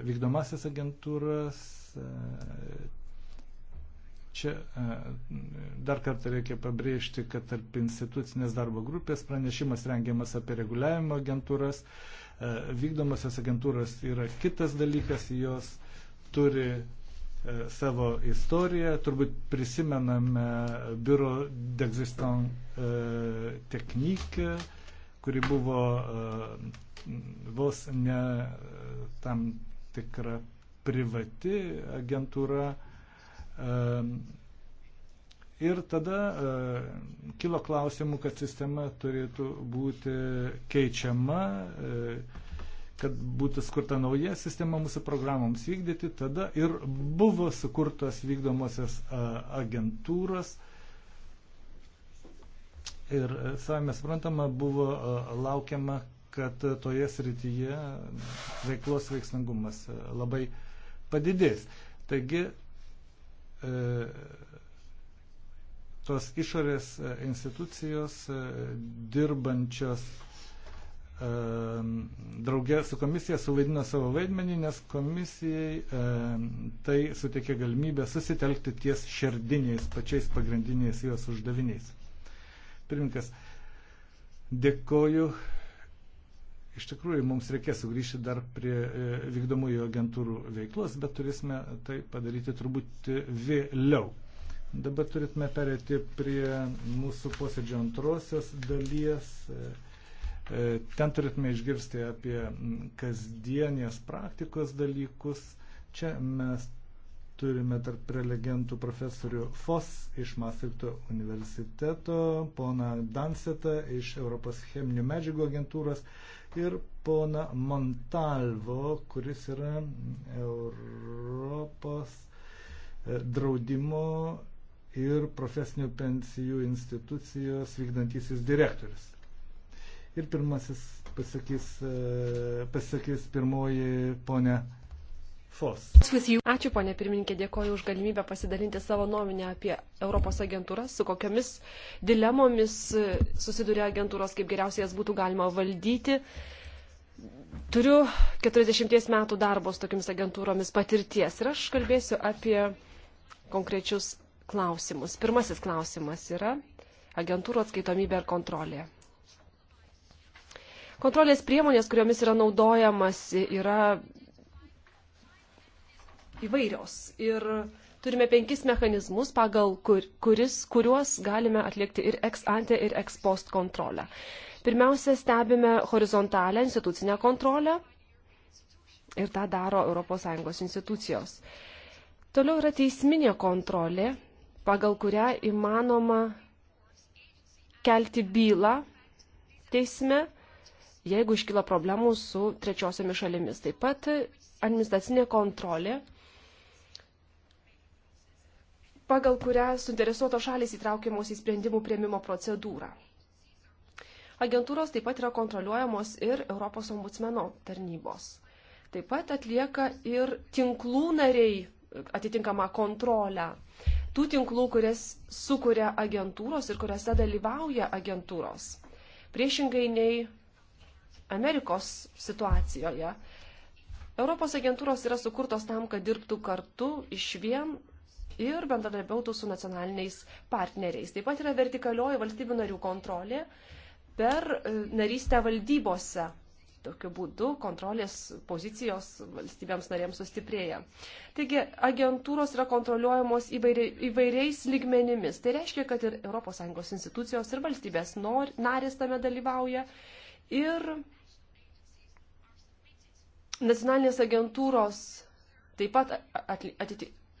vykdomasias agentūras, Čia e, dar kartą reikia pabrėžti, kad tarp institucinės darbo grupės pranešimas rengiamas apie reguliavimo agentūras, e, vykdomasios agentūros yra kitas dalykas, jos turi e, savo istoriją, turbūt prisimename biuro d'existant technique, kuri buvo vos ne tam tikra privati agentūra, Ir tada kilo klausimų, kad sistema turėtų būti keičiama, kad būtų skurta nauja sistema mūsų programoms vykdyti. Tada ir buvo sukurtos vykdomosios agentūros. Ir e, savame suprantama buvo laukiama, kad e, toje srityje veiklos veiksmingumas e, labai padidės. Taigi E, tos išorės e, institucijos e, dirbančios draugė su komisija suvaidino savo vaidmenį, nes komisijai tai suteikė galimybę susitelkti ties šerdiniais, pačiais pagrindiniais jos uždaviniais. Pirmininkas, dėkoju Iš tikrųjų, mums reikės sugrįžti dar prie e, vykdomųjų agentūrų veiklos, bet turėsime tai padaryti turbūt vėliau. Dabar turėtume perėti prie mūsų posėdžio antrosios dalies. E, e, ten turėtume išgirsti apie kasdienės praktikos dalykus. Čia mes turime tarp prelegentų profesorių Fos iš Mastrikto universiteto, pona Dansetą iš Europos cheminių medžiagų agentūros, ir pona Montalvo, kuris yra Europos e, draudimo ir profesinių pensijų institucijos vykdantisis direktorius. Ir pirmasis pasakys, e, pasakys pirmoji ponia Fos. Ačiū, ponė pirmininkė, dėkoju už galimybę pasidalinti savo nuomonę apie Europos agentūras, su kokiamis dilemomis susiduria agentūros, kaip geriausiai jas būtų galima valdyti. Turiu 40 metų darbos tokiamis agentūromis patirties ir aš kalbėsiu apie konkrečius klausimus. Pirmasis klausimas yra agentūrų atskaitomybė ir kontrolė. Kontrolės priemonės, kuriomis yra naudojamas, yra įvairios. Ir turime penkis mechanizmus, pagal kur, kuris, kuriuos galime atlikti ir ex ante, ir ex post kontrolę. Pirmiausia, stebime horizontalę institucinę kontrolę ir tą daro ES institucijos. Toliau yra teisminė kontrolė, pagal kurią įmanoma kelti bylą teisme, jeigu iškyla problemų su trečiosiomis šalimis. Taip pat administracinė kontrolė pagal kurią suinteresuotos šalis įtraukiamos į sprendimų prieimimo procedūrą. Agentūros taip pat yra kontroliuojamos ir Europos ombudsmeno tarnybos. Taip pat atlieka ir tinklų nariai atitinkamą kontrolę. Tų tinklų, kurias sukuria agentūros ir kuriuose dalyvauja agentūros. Priešingai nei Amerikos situacijoje, Europos agentūros yra sukurtos tam, kad dirbtų kartu iš vien ir bendradarbiautų su nacionaliniais partneriais. Taip pat yra vertikalioji valstybių narių kontrolė per e, narystę valdybose. Tokiu būdu kontrolės pozicijos valstybėms narėms sustiprėja. Taigi agentūros yra kontroliuojamos įvairiai, įvairiais lygmenimis. Tai reiškia, kad ir ES institucijos ir valstybės nor, narės tame dalyvauja. Ir nacionalinės agentūros taip pat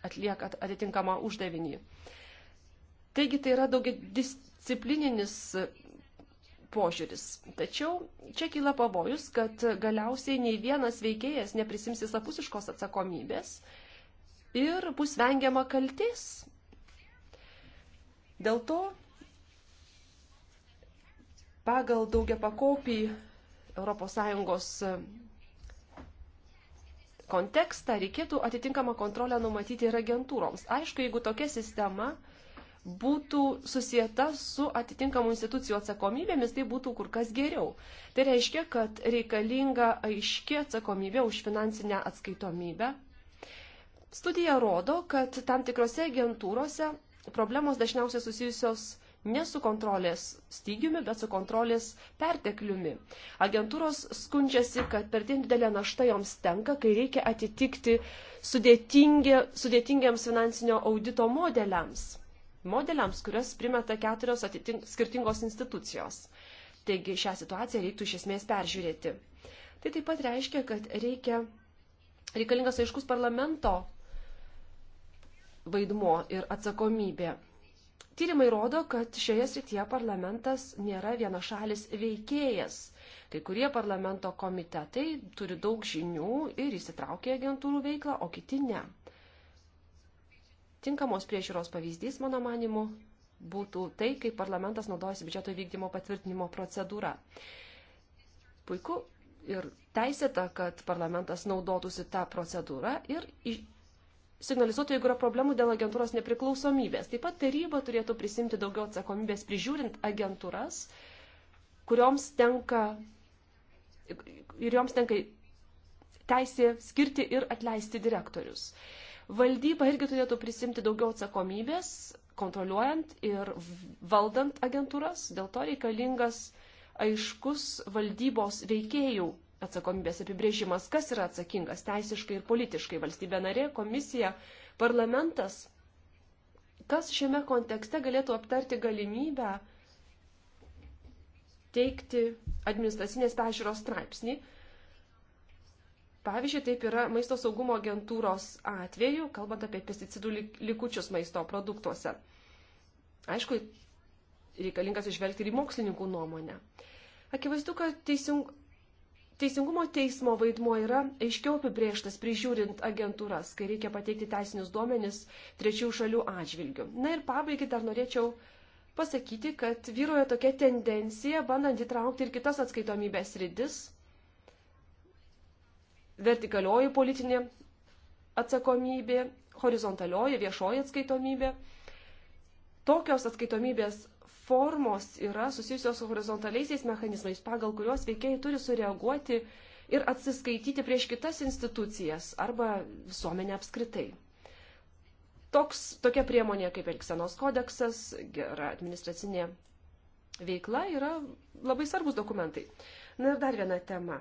atlieka atitinkamą uždavinį. Taigi tai yra daugia disciplininis požiūris. Tačiau čia kyla pavojus, kad galiausiai nei vienas veikėjas neprisimsi sapusiškos atsakomybės ir bus vengiama kaltis. Dėl to pagal daugia pakopį ES kontekstą reikėtų atitinkamą kontrolę numatyti ir agentūroms. Aišku, jeigu tokia sistema būtų susijęta su atitinkamų institucijų atsakomybėmis, tai būtų kur kas geriau. Tai reiškia, kad reikalinga aiški atsakomybė už finansinę atskaitomybę. Studija rodo, kad tam tikrose agentūrose problemos dažniausiai susijusios su ne su kontrolės stygiumi, bet su kontrolės pertekliumi. Agentūros skundžiasi, kad per dien didelę naštą joms tenka, kai reikia atitikti sudėtingiams finansinio audito modeliams. Modeliams, kurias primeta keturios atitink, skirtingos institucijos. Taigi šią situaciją reiktų iš esmės peržiūrėti. Tai taip pat reiškia, kad reikia reikalingas aiškus parlamento vaidmuo ir atsakomybė. Tyrimai rodo, kad šioje srityje parlamentas nėra vienašalis veikėjas. Kai kurie parlamento komitetai turi daug žinių ir įsitraukia agentūrų veiklą, o kiti ne. Tinkamos priežiūros pavyzdys, mano manimu, būtų tai, kaip parlamentas naudojasi biudžeto vykdymo patvirtinimo procedūra. Puiku ir teisėta, kad parlamentas naudotųsi tą procedūrą ir signalizuotų, jeigu yra problemų dėl agentūros nepriklausomybės. Taip pat taryba turėtų prisimti daugiau atsakomybės prižiūrint agentūras, kurioms tenka ir joms tenka teisė skirti ir atleisti direktorius. Valdyba irgi turėtų prisimti daugiau atsakomybės, kontroliuojant ir valdant agentūras, dėl to reikalingas aiškus valdybos veikėjų atsakomybės apibrėžimas, kas yra atsakingas teisiškai ir politiškai valstybė narė, komisija, parlamentas, kas šiame kontekste galėtų aptarti galimybę teikti administracinės pežiūros straipsnį. Pavyzdžiui, taip yra maisto saugumo agentūros atveju, kalbant apie pesticidų likučius maisto produktuose. Aišku, reikalingas išvelgti ir į mokslininkų nuomonę. Akivaizdu, kad teising... Teisingumo teismo vaidmuo yra aiškiau apibrieštas prižiūrint agentūras, kai reikia pateikti teisinius duomenis trečių šalių atžvilgių. Na ir pabaigai dar norėčiau pasakyti, kad vyroja tokia tendencija, bandant įtraukti ir kitas atskaitomybės rydis, vertikalioji politinė atsakomybė, horizontalioji viešoji atskaitomybė. Tokios atskaitomybės formos yra susijusios su horizontaliaisiais mechanizmais, pagal kuriuos veikėjai turi sureaguoti ir atsiskaityti prieš kitas institucijas arba visuomenę apskritai. Toks, tokia priemonė kaip Elksenos kodeksas, gera administracinė veikla yra labai svarbus dokumentai. Na ir dar viena tema.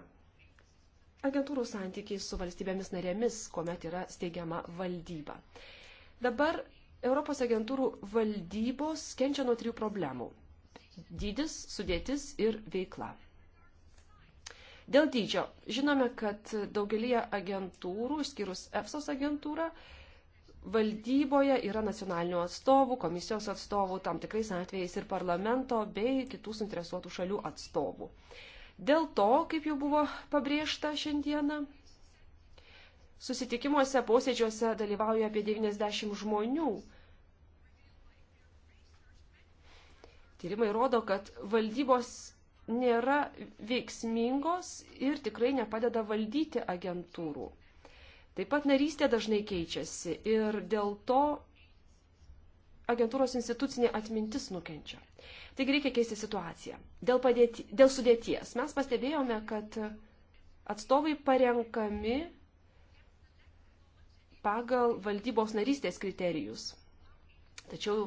Agentūrų santykiai su valstybėmis narėmis, kuomet yra steigiama valdyba. Dabar Europos agentūrų valdybos kenčia nuo trijų problemų - dydis, sudėtis ir veikla. Dėl dydžio žinome, kad daugelie agentūrų, išskyrus EFSOS agentūrą, valdyboje yra nacionalinių atstovų, komisijos atstovų, tam tikrais atvejais ir parlamento bei kitų suinteresuotų šalių atstovų. Dėl to, kaip jau buvo pabrėžta šiandieną, Susitikimuose, posėdžiuose dalyvauja apie 90 žmonių. Tyrimai rodo, kad valdybos nėra veiksmingos ir tikrai nepadeda valdyti agentūrų. Taip pat narystė dažnai keičiasi ir dėl to agentūros institucinė atmintis nukenčia. Taigi reikia keisti situaciją. Dėl, padėti, dėl sudėties mes pastebėjome, kad atstovai parenkami pagal valdybos narystės kriterijus. Tačiau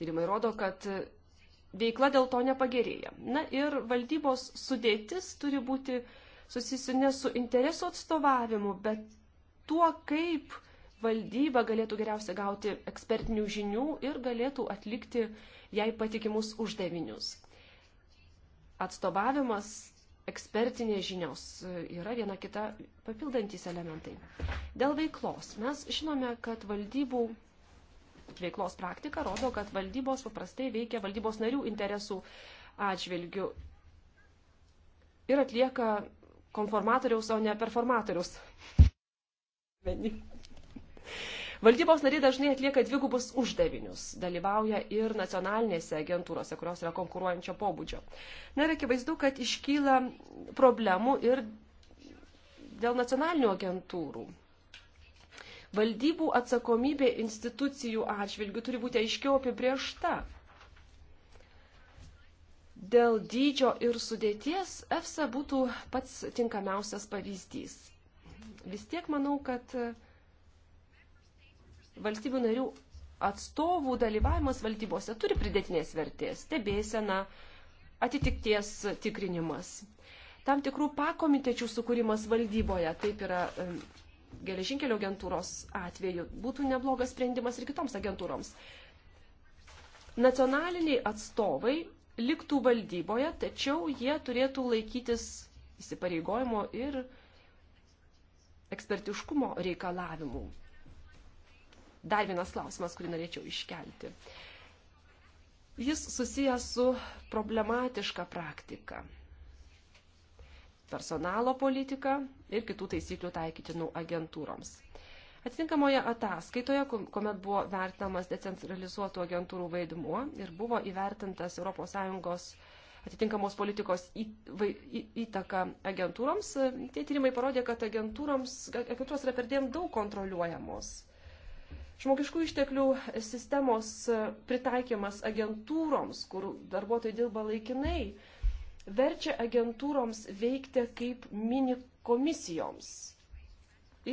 tyrimai rodo, kad veikla dėl to nepagerėja. Na ir valdybos sudėtis turi būti susijusi ne su interesų atstovavimu, bet tuo, kaip valdyba galėtų geriausiai gauti ekspertinių žinių ir galėtų atlikti jai patikimus uždavinius. Atstovavimas ekspertinės žinios e, yra viena kita papildantys elementai. Dėl veiklos. Mes žinome, kad valdybų veiklos praktika rodo, kad valdybos paprastai veikia valdybos narių interesų atžvilgių ir atlieka konformatoriaus, o ne performatoriaus. Valdybos nariai dažnai atlieka dvigubus uždavinius, dalyvauja ir nacionalinėse agentūrose, kurios yra konkuruojančio pobūdžio. Na ir akivaizdu, kad iškyla problemų ir dėl nacionalinių agentūrų. Valdybų atsakomybė institucijų atžvilgių turi būti aiškiau apibriešta. Dėl dydžio ir sudėties EFSA būtų pats tinkamiausias pavyzdys. Vis tiek manau, kad valstybių narių atstovų dalyvavimas valdybose turi pridėtinės vertės, stebėsena, atitikties tikrinimas. Tam tikrų pakomitečių sukūrimas valdyboje, taip yra geležinkelio agentūros atveju, būtų neblogas sprendimas ir kitoms agentūroms. Nacionaliniai atstovai liktų valdyboje, tačiau jie turėtų laikytis įsipareigojimo ir ekspertiškumo reikalavimų dar vienas klausimas, kurį norėčiau iškelti. Jis susijęs su problematiška praktika personalo politika ir kitų taisyklių taikytinų agentūroms. Atitinkamoje ataskaitoje, kuomet buvo vertinamas decentralizuotų agentūrų vaidmuo ir buvo įvertintas ES atitinkamos politikos į, vai, į, įtaka agentūroms, tie tyrimai parodė, kad agentūros yra perdėm daug kontroliuojamos. Žmogiškų išteklių sistemos e, pritaikymas agentūroms, kur darbuotojai dirba laikinai, verčia agentūroms veikti kaip mini komisijoms.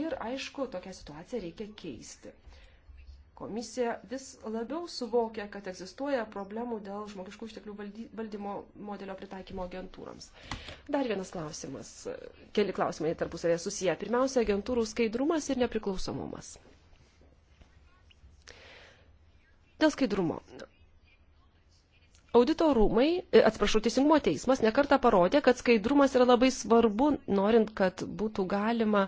Ir aišku, tokią situaciją reikia keisti. Komisija vis labiau suvokia, kad egzistuoja problemų dėl žmogiškų išteklių valdymo modelio pritaikymo agentūrams. Dar vienas klausimas. Keli klausimai tarpusavėje susiję. Pirmiausia, agentūrų skaidrumas ir nepriklausomumas. Dėl skaidrumo. Audito rūmai, e, atsiprašau, teisingumo teismas nekarta parodė, kad skaidrumas yra labai svarbu, norint, kad būtų galima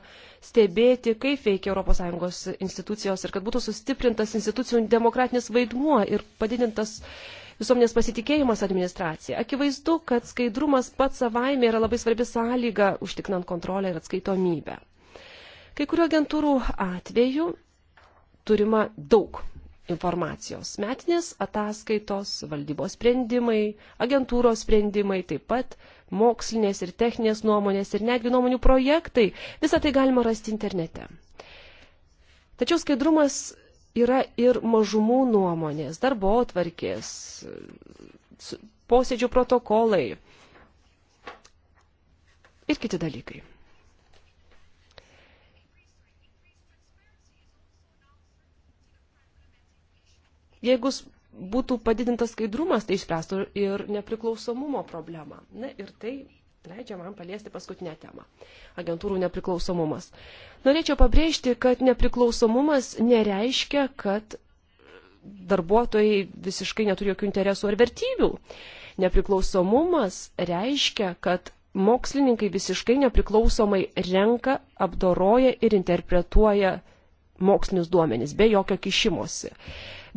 stebėti, kaip veikia ES institucijos ir kad būtų sustiprintas institucijų demokratinis vaidmuo ir padidintas visuomenės pasitikėjimas administracija. Akivaizdu, kad skaidrumas pats savaime yra labai svarbi sąlyga užtikrinant kontrolę ir atskaitomybę. Kai kurių agentūrų atveju turima daug informacijos. Metinės ataskaitos, valdybos sprendimai, agentūros sprendimai, taip pat mokslinės ir techninės nuomonės ir netgi nuomonių projektai. Visą tai galima rasti internete. Tačiau skaidrumas yra ir mažumų nuomonės, darbo atvarkės, posėdžių protokolai ir kiti dalykai. Jeigu būtų padidintas skaidrumas, tai išspręstų ir nepriklausomumo problemą. Na ir tai leidžia man paliesti paskutinę temą - agentūrų nepriklausomumas. Norėčiau pabrėžti, kad nepriklausomumas nereiškia, kad darbuotojai visiškai neturi jokių interesų ar vertybių. Nepriklausomumas reiškia, kad mokslininkai visiškai nepriklausomai renka, apdoroja ir interpretuoja mokslinius duomenis be jokio kišimosi.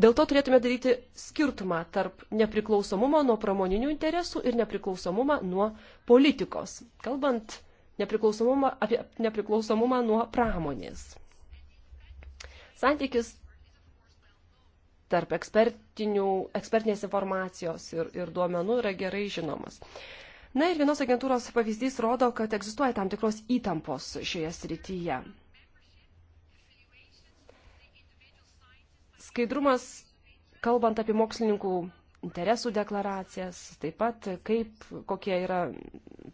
Dėl to turėtume daryti skirtumą tarp nepriklausomumo nuo pramoninių interesų ir nepriklausomumą nuo politikos, kalbant nepriklausomumą, apie nepriklausomumą nuo pramonės. Santykis tarp ekspertinės informacijos ir, ir duomenų yra gerai žinomas. Na ir vienos agentūros pavyzdys rodo, kad egzistuoja tam tikros įtampos šioje srityje. Skaidrumas, kalbant apie mokslininkų interesų deklaracijas, taip pat kaip, kokie yra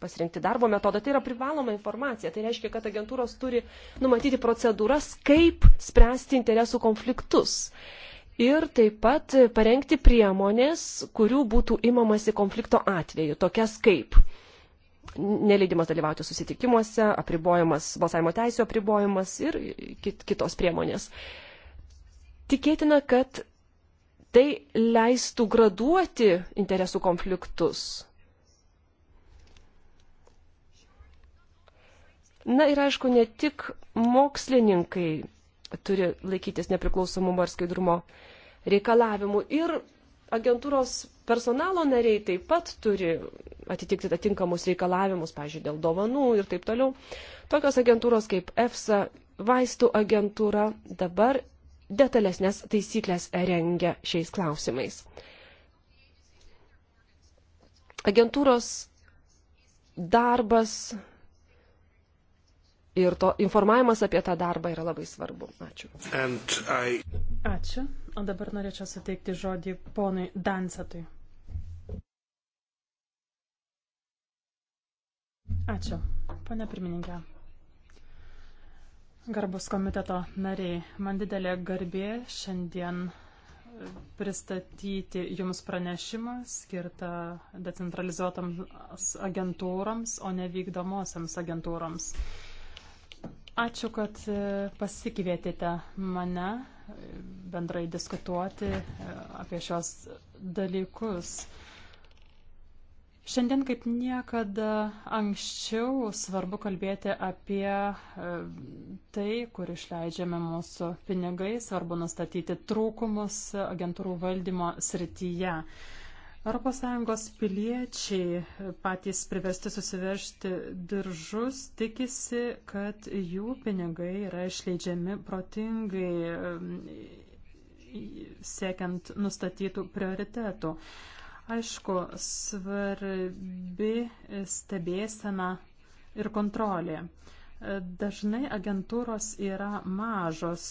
pasirinkti darbo metodai, tai yra privaloma informacija. Tai reiškia, kad agentūros turi numatyti procedūras, kaip spręsti interesų konfliktus. Ir taip pat parengti priemonės, kurių būtų imamasi konflikto atveju, tokias kaip neleidimas dalyvauti susitikimuose, apribojimas, balsavimo teisų apribojimas ir kitos priemonės. Uh, Tikėtina, kad tai leistų graduoti interesų konfliktus. Na ir aišku, ne tik mokslininkai turi laikytis nepriklausomumo ir skaidrumo reikalavimų. Ir agentūros personalo nariai taip pat turi atitikti atitinkamus reikalavimus, pažiūrėjau, dėl dovanų ir taip toliau. Tokios agentūros kaip EFSA, vaistų agentūra dabar detalesnės taisyklės rengia šiais klausimais. Agentūros darbas ir to informavimas apie tą darbą yra labai svarbu. Ačiū. And I... Ačiū. O dabar norėčiau suteikti žodį ponui Dansatui. Ačiū, pane pirmininkė. Garbus komiteto nariai, man didelė garbė šiandien e, pristatyti Jums pranešimą skirtą decentralizuotams agentūrams, o ne vykdomosiams agentūrams. Ačiū, kad e, pasikvietėte mane e, bendrai diskutuoti apie šios dalykus. Šiandien kaip niekada anksčiau svarbu kalbėti apie e, tai, kur išleidžiame mūsų pinigai, svarbu nustatyti trūkumus agentūrų valdymo srityje. ES piliečiai patys priversti susiveršti diržus tikisi, kad jų pinigai yra išleidžiami protingai e, siekiant nustatytų prioritetų. Aišku, svarbi stebėsena ir kontrolė. Dažnai agentūros yra mažos,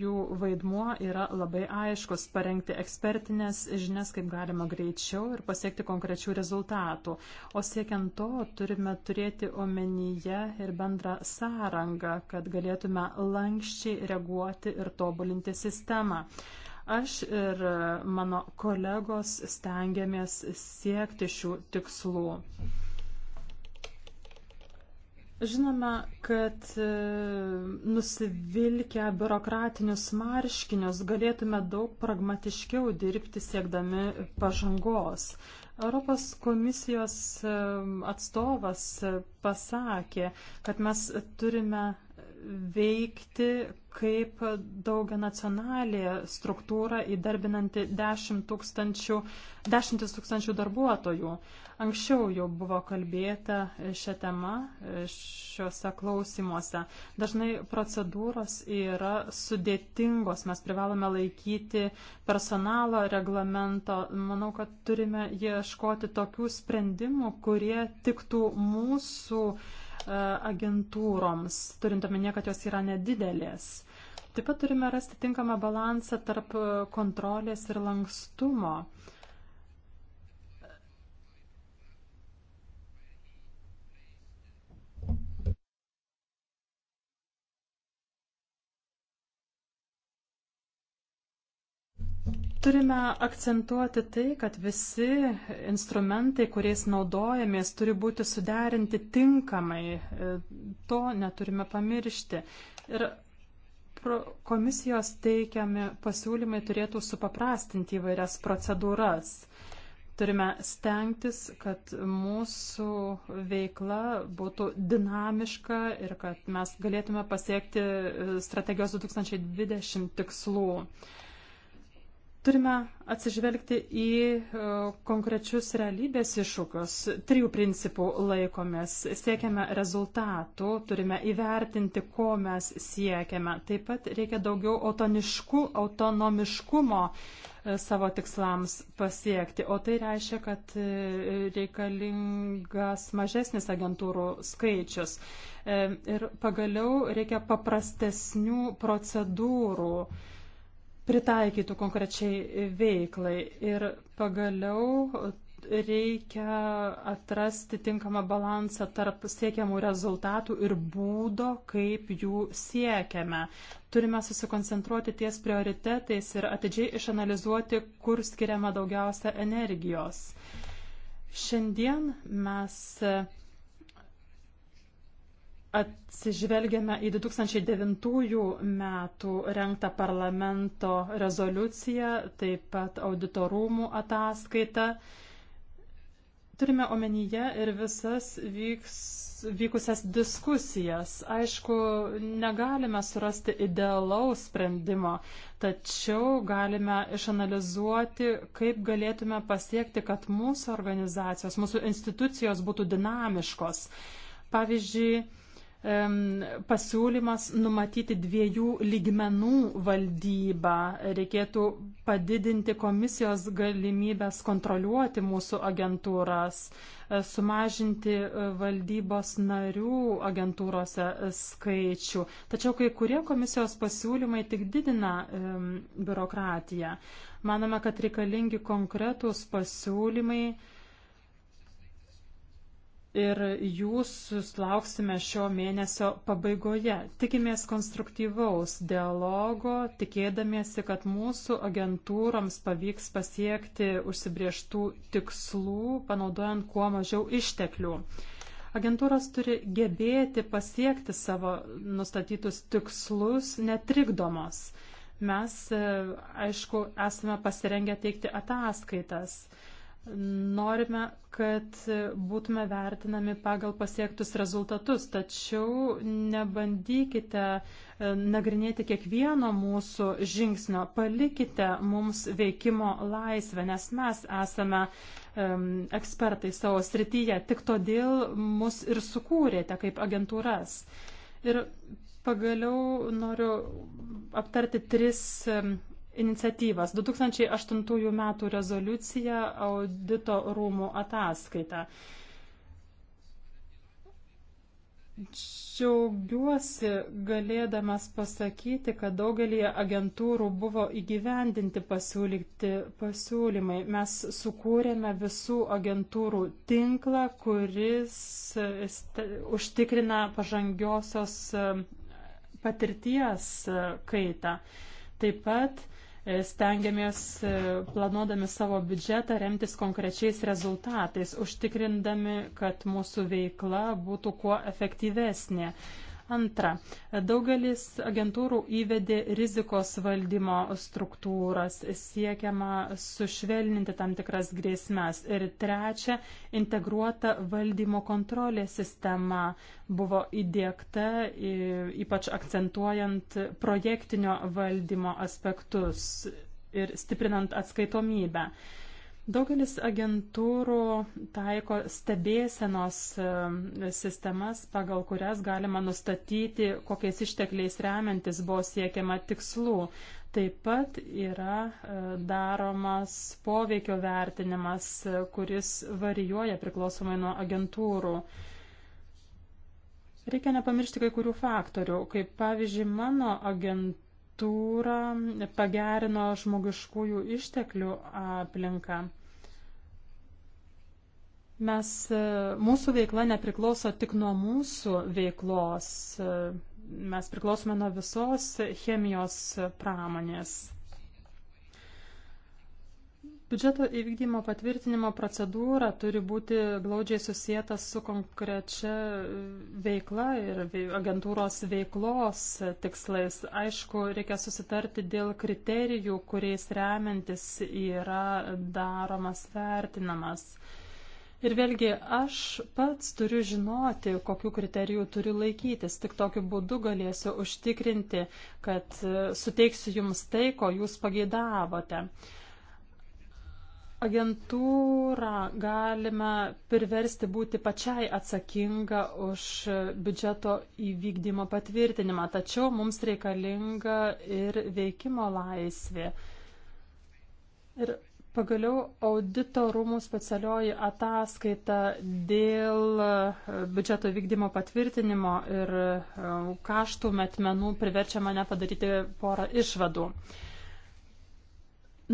jų vaidmuo yra labai aiškus - parengti ekspertinės žinias kaip galima greičiau ir pasiekti konkrečių rezultatų. O siekiant to turime turėti omenyje ir bendrą sąrangą, kad galėtume lankščiai reaguoti ir tobulinti sistemą. Aš ir mano kolegos stengiamės siekti šių tikslų. Žinome, kad e, nusivilkę biurokratinius marškinius galėtume daug pragmatiškiau dirbti siekdami pažangos. Europos komisijos e, atstovas e, pasakė, kad mes turime veikti kaip daugia nacionalė struktūra įdarbinanti 10 tūkstančių, 10 tūkstančių darbuotojų. Anksčiau jau buvo kalbėta šią temą e, šiuose klausimuose. Dažnai procedūros yra sudėtingos, mes privalome laikyti personalo reglamento. Manau, kad turime ieškoti tokių sprendimų, kurie tiktų mūsų uh, E, agentūroms, turint omenyje, kad jos yra nedidelės. Taip pat turime rasti tinkamą balansą tarp e, kontrolės ir lankstumo. Uh, Turime akcentuoti tai, kad visi instrumentai, kuriais naudojamės, turi būti suderinti tinkamai. E, to neturime pamiršti. Ir komisijos teikiami pasiūlymai turėtų supaprastinti įvairias procedūras. Turime stengtis, kad mūsų veikla būtų dinamiška ir kad mes galėtume pasiekti strategijos 2020 tikslų. Turime atsižvelgti į e, konkrečius realybės iššūkius. Trijų principų laikomės. Siekiame rezultatų, turime įvertinti, ko mes siekiame. Taip pat reikia daugiau autoniškų, autonomiškumo e, savo tikslams pasiekti. O tai reiškia, kad e, reikalingas mažesnis agentūrų skaičius. Ir pagaliau reikia paprastesnių procedūrų pritaikytų konkrečiai veiklai. Ir pagaliau reikia atrasti tinkamą balansą tarp siekiamų rezultatų ir būdo, kaip jų siekiame. Turime susikoncentruoti ties prioritetais ir atidžiai išanalizuoti, kur skiriama daugiausia energijos. Šiandien mes atsižvelgiame į 2009 metų renktą parlamento rezoliuciją, taip pat auditorumų ataskaitą. Turime omenyje ir visas vyks, vykusias diskusijas. Aišku, negalime surasti idealaus sprendimo, tačiau galime išanalizuoti, kaip galėtume pasiekti, kad mūsų organizacijos, mūsų institucijos būtų dinamiškos. Pavyzdžiui, pasiūlymas numatyti dviejų lygmenų valdybą. Reikėtų padidinti komisijos galimybės kontroliuoti mūsų agentūras, e, sumažinti e, valdybos narių agentūrose e, skaičių. Tačiau kai kurie komisijos pasiūlymai tik didina biurokratiją. Manome, kad reikalingi konkretūs pasiūlymai ir jūs sulauksime šio mėnesio pabaigoje. Tikimės konstruktyvaus dialogo, tikėdamiesi, kad mūsų agentūroms pavyks pasiekti užsibrieštų tikslų, panaudojant kuo mažiau išteklių. Agentūros turi gebėti pasiekti savo nustatytus tikslus netrikdomos. Mes, e, aišku, esame pasirengę teikti ataskaitas. Norime, kad būtume vertinami pagal pasiektus rezultatus, tačiau nebandykite e, nagrinėti kiekvieno mūsų žingsnio, palikite mums veikimo laisvę, nes mes esame um, ekspertai savo srityje, tik todėl mus ir sukūrėte kaip agentūras. Ir pagaliau noriu aptarti tris. Um, iniciatyvas. 2008 metų rezoliucija, audito rūmų ataskaita. Džiaugiuosi galėdamas pasakyti, kad daugelį agentūrų buvo įgyvendinti pasiūlyti pasiūlymai. Mes sukūrėme visų agentūrų tinklą, kuris užtikrina pažangiosios e, patirties e, kaitą. Taip pat stengiamės e, planuodami savo biudžetą remtis konkrečiais rezultatais, užtikrindami, kad mūsų veikla būtų kuo efektyvesnė. Antra, daugelis agentūrų įvedė rizikos valdymo struktūras, siekiama sušvelninti tam tikras grėsmes. Ir trečia, integruota valdymo kontrolės sistema buvo įdėkta, ypač akcentuojant projektinio valdymo aspektus ir stiprinant atskaitomybę. Daugelis agentūrų taiko stebėsenos e, sistemas, pagal kurias galima nustatyti, kokiais ištekliais remiantis buvo siekiama tikslų. Taip pat yra e, daromas poveikio vertinimas, e, kuris varijuoja priklausomai nuo agentūrų. Reikia nepamiršti kai kurių faktorių, kaip pavyzdžiui mano agentūra pagerino žmogiškųjų išteklių aplinką. Mes, e, mūsų veikla nepriklauso tik nuo mūsų veiklos, e, mes priklausome nuo visos chemijos pramonės. Biudžeto įvykdymo patvirtinimo procedūra turi būti glaudžiai susijęta su konkrečia veikla ir agentūros veiklos tikslais. Aišku, reikia susitarti dėl kriterijų, kuriais remiantis yra daromas vertinamas. Ir vėlgi aš pats turiu žinoti, kokiu kriteriju turiu laikytis. Tik tokiu būdu galėsiu užtikrinti, kad e, suteiksiu jums tai, ko jūs pageidavote. Agentūrą galime priversti būti pačiai atsakinga už biudžeto įvykdymo patvirtinimą, tačiau mums reikalinga ir veikimo laisvė. Ir Pagaliau audito rūmų specialioji ataskaita dėl e, biudžeto vykdymo patvirtinimo ir e, kaštų metmenų priverčia mane padaryti porą išvadų.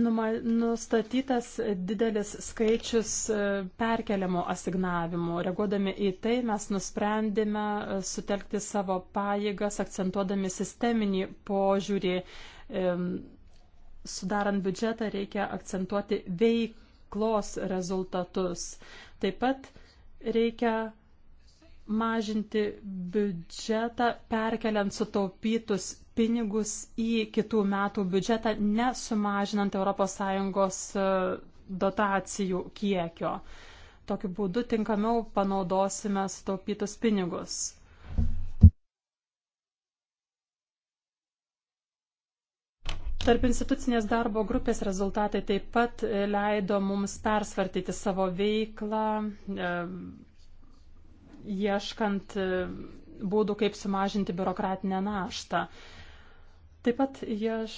Nustatytas didelis skaičius e, perkeliamų asignavimų. Reaguodami į tai, mes nusprendėme sutelkti savo pajėgas, akcentuodami sisteminį požiūrį sudarant biudžetą reikia akcentuoti veiklos rezultatus. Taip pat reikia mažinti biudžetą, perkeliant sutaupytus pinigus į kitų metų biudžetą, nesumažinant ES e, dotacijų kiekio. Tokiu būdu tinkamiau panaudosime sutaupytus pinigus. Tarp institucinės darbo grupės rezultatai taip pat e, leido mums persvartyti savo veiklą, e, ieškant e, būdų, kaip sumažinti biurokratinę naštą. Taip pat ieš,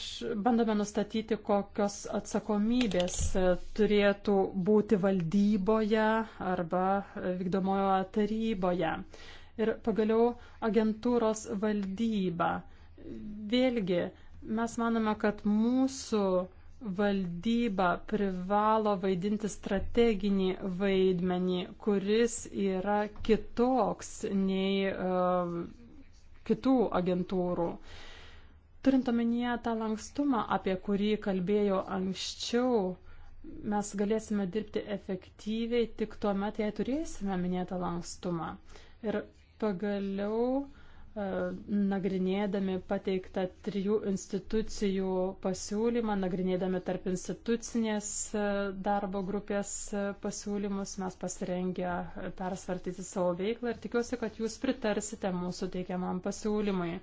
bandome nustatyti, kokios atsakomybės turėtų būti valdyboje arba vykdomojo taryboje. Ir pagaliau agentūros valdyba. Vėlgi, Mes manome, kad mūsų valdyba privalo vaidinti strateginį vaidmenį, kuris yra kitoks nei uh, kitų agentūrų. Turint omenyje tą lankstumą, apie kurį kalbėjau anksčiau, mes galėsime dirbti efektyviai tik tuo metu, jei turėsime minėtą lankstumą. Ir pagaliau uh, nagrinėdami pateiktą trijų institucijų pasiūlymą, nagrinėdami tarp institucinės e, darbo grupės e, pasiūlymus, mes pasirengę persvartyti savo veiklą ir tikiuosi, kad jūs pritarsite mūsų teikiamam pasiūlymui.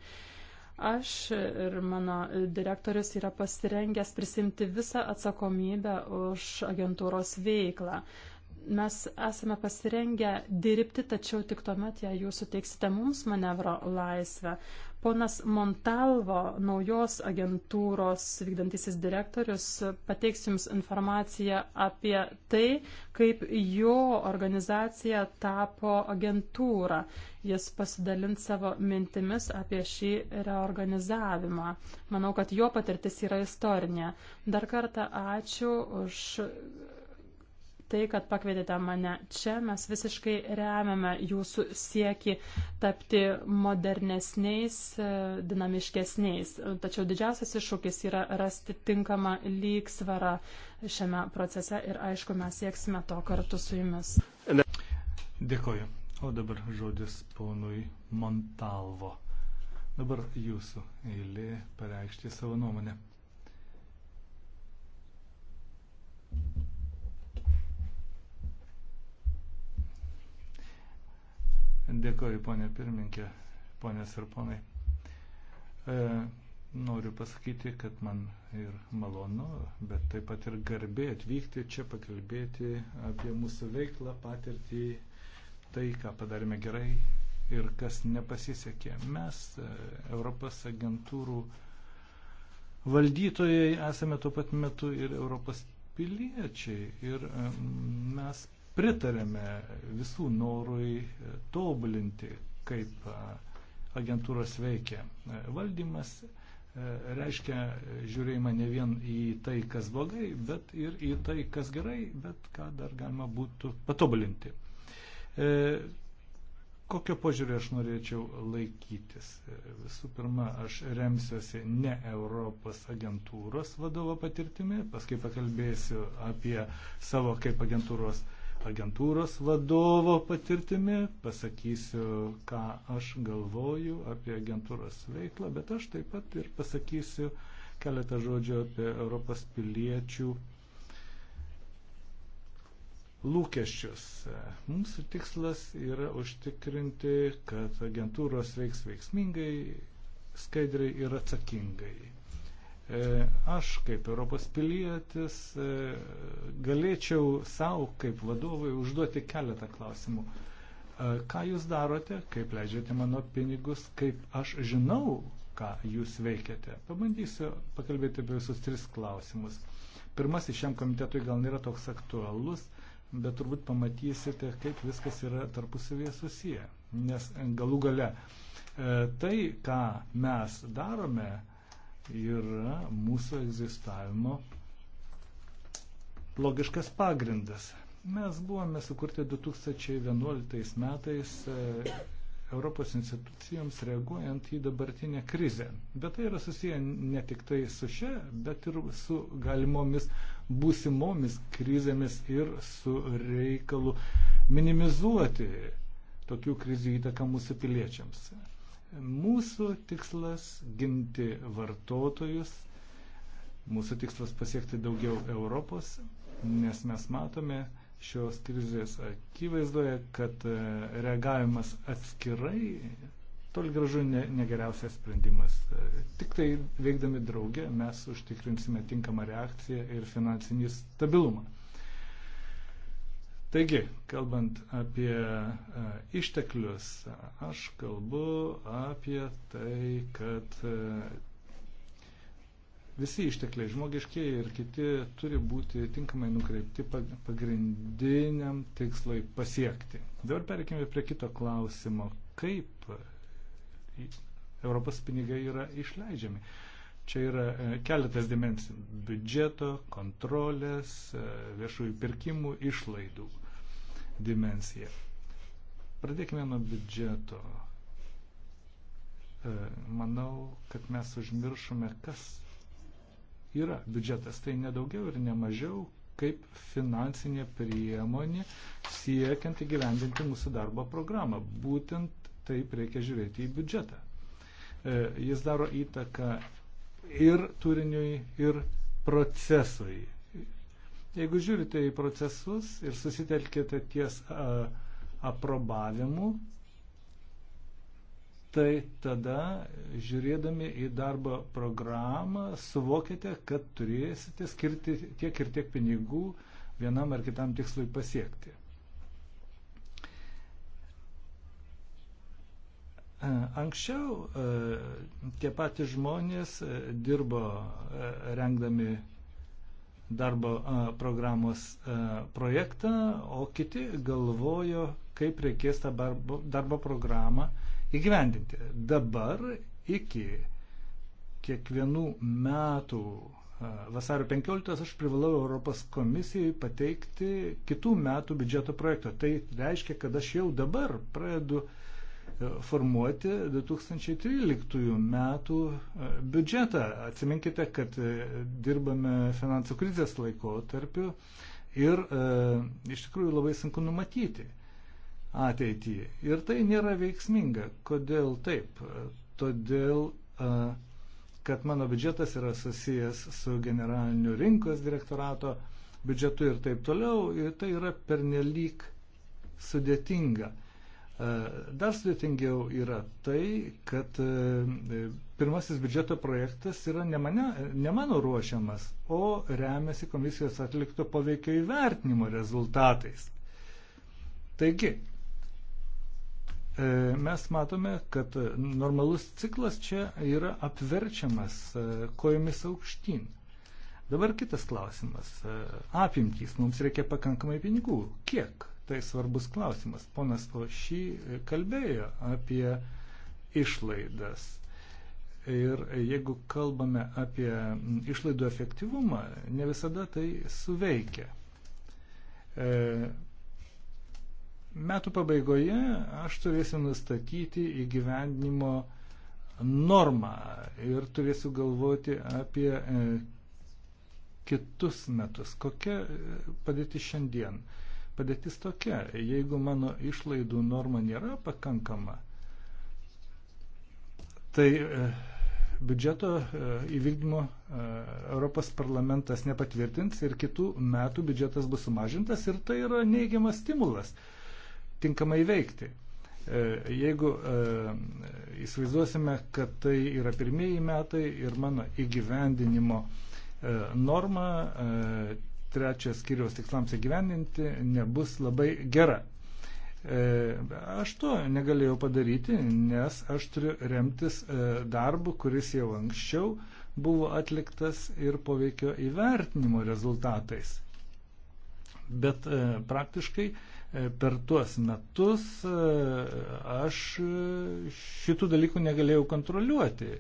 Aš ir mano direktorius yra pasirengęs prisimti visą atsakomybę už agentūros veiklą. Mes esame pasirengę dirbti, tačiau tik tuomet, jei jūs suteiksite mums manevro laisvę. Ponas Montalvo, naujos agentūros vykdantisis direktorius, pateiks jums informaciją apie tai, kaip jo organizacija tapo agentūra. Jis pasidalins savo mintimis apie šį reorganizavimą. Manau, kad jo patirtis yra istorinė. Dar kartą ačiū už tai, kad pakvietėte mane čia. Mes visiškai remiame jūsų sieki tapti modernesniais, e, dinamiškesniais. Tačiau didžiausias iššūkis yra rasti tinkamą lygsvarą šiame procese ir aišku, mes sieksime to kartu su jumis. Dėkoju. O dabar žodis ponui Montalvo. Dabar jūsų eilė pareikšti savo nuomonę. Dėkoju, ponė pirminkė, ponės ir ponai. E, noriu pasakyti, kad man ir malonu, bet taip pat ir garbė atvykti čia pakalbėti apie mūsų veiklą, patirtį, tai, ką padarėme gerai ir kas nepasisekė. Mes, e, Europos agentūrų valdytojai, esame tuo pat metu ir Europos piliečiai ir e, mes pritarėme visų norui e, tobulinti, kaip e, agentūros veikia. E, valdymas reiškia žiūrėjimą ne vien į tai, kas blogai, bet ir į tai, kas gerai, bet ką dar galima būtų patobulinti. Kokio požiūrio aš norėčiau laikytis? Visų pirma, aš remsiuosi ne Europos agentūros vadovo patirtimi, paskui pakalbėsiu apie savo kaip agentūros uh, agentūros vadovo patirtimi, pasakysiu, ką aš galvoju apie agentūros veiklą, bet aš taip pat ir pasakysiu keletą žodžių apie Europos piliečių lūkesčius. Mūsų tikslas yra užtikrinti, kad agentūros veiks veiksmingai, skaidriai ir atsakingai. E, aš kaip Europos pilietis e, galėčiau savo kaip vadovui užduoti keletą klausimų. E, ką jūs darote, kaip leidžiate mano pinigus, kaip aš žinau, ką jūs veikiate. Pabandysiu pakalbėti apie visus tris klausimus. Pirmasis šiam komitetui gal nėra toks aktualus, bet turbūt pamatysite, kaip viskas yra tarpusavėje susiję. Nes galų gale tai, ką mes darome, yra mūsų egzistavimo logiškas pagrindas. Mes buvome sukurti 2011 metais e, Europos institucijoms reaguojant į dabartinę krizę. Bet tai yra susiję ne tik tai su šia, bet ir su galimomis būsimomis krizėmis ir su reikalu minimizuoti tokių krizių įtaką mūsų piliečiams. Mūsų tikslas ginti vartotojus, mūsų tikslas pasiekti daugiau Europos, nes mes matome šios krizės akivaizdoje, kad e, reagavimas atskirai toli gražu ne, negeriausias sprendimas. E, tik tai veikdami draugę mes užtikrinsime tinkamą reakciją ir finansinį stabilumą. Taigi, kalbant apie e, išteklius, aš kalbu apie tai, kad e, visi ištekliai, žmogiškiai ir kiti, turi būti tinkamai nukreipti pagrindiniam tikslai pasiekti. Dabar perėkime prie kito klausimo, kaip Europos pinigai yra išleidžiami. Čia yra e, keletas dimensijų - biudžeto, kontrolės, viešųjų pirkimų, išlaidų dimensiją. Pradėkime nuo biudžeto. E, manau, kad mes užmiršome, kas yra biudžetas. Tai nedaugiau ir nemažiau kaip finansinė priemonė siekiant įgyvendinti mūsų darbo programą. Būtent taip reikia žiūrėti į biudžetą. E, jis daro įtaką ir turiniui, ir procesui. Jeigu žiūrite į procesus ir susitelkite ties a, aprobavimu, tai tada žiūrėdami į darbo programą suvokite, kad turėsite skirti tiek ir tiek pinigų vienam ar kitam tikslui pasiekti. Anksčiau tie patys žmonės dirbo rengdami darbo programos projektą, o kiti galvojo, kaip reikės tą darbo, darbo programą įgyvendinti. Dabar iki kiekvienų metų vasario 15 aš privalau Europos komisijai pateikti kitų metų biudžeto projekto. Tai reiškia, kad aš jau dabar pradedu uh, formuoti 2013 metų e, biudžetą. Atsiminkite, kad e, dirbame finansų krizės laikotarpiu ir e, iš tikrųjų labai sunku numatyti ateitį. Ir tai nėra veiksminga. Kodėl taip? Todėl, kad mano biudžetas yra susijęs su generaliniu rinkos direktorato biudžetu ir taip toliau, ir tai yra pernelyg sudėtinga. E, dar sudėtingiau yra tai, kad e, pirmasis biudžeto projektas yra ne, mane, ne mano ruošiamas, o remiasi komisijos atlikto poveikio įvertinimo rezultatais. Taigi, e, mes matome, kad normalus ciklas čia yra apverčiamas kojomis aukštyn. Dabar kitas klausimas. Apimtys. Mums reikia pakankamai pinigų. Kiek? tai svarbus klausimas. Ponas Ošy kalbėjo apie išlaidas. Ir jeigu kalbame apie išlaidų efektyvumą, ne visada tai suveikia. E, metų pabaigoje aš turėsiu nustatyti įgyvendinimo normą ir turėsiu galvoti apie e, kitus metus. Kokia e, padėti šiandien? padėtis tokia. Jeigu mano išlaidų norma nėra pakankama, tai e, biudžeto e, įvykdymo e, Europos parlamentas nepatvirtins ir kitų metų biudžetas bus sumažintas ir tai yra neigiamas stimulas tinkamai veikti. Jeigu įsivaizduosime, kad tai yra pirmieji metai ir mano įgyvendinimo norma trečias skiriaus tikslams įgyveninti nebus labai gera. E, aš to negalėjau padaryti, nes aš turiu remtis e, darbu, kuris jau anksčiau buvo atliktas ir poveikio įvertinimo rezultatais. Bet e, praktiškai per tuos metus aš šitų dalykų negalėjau kontroliuoti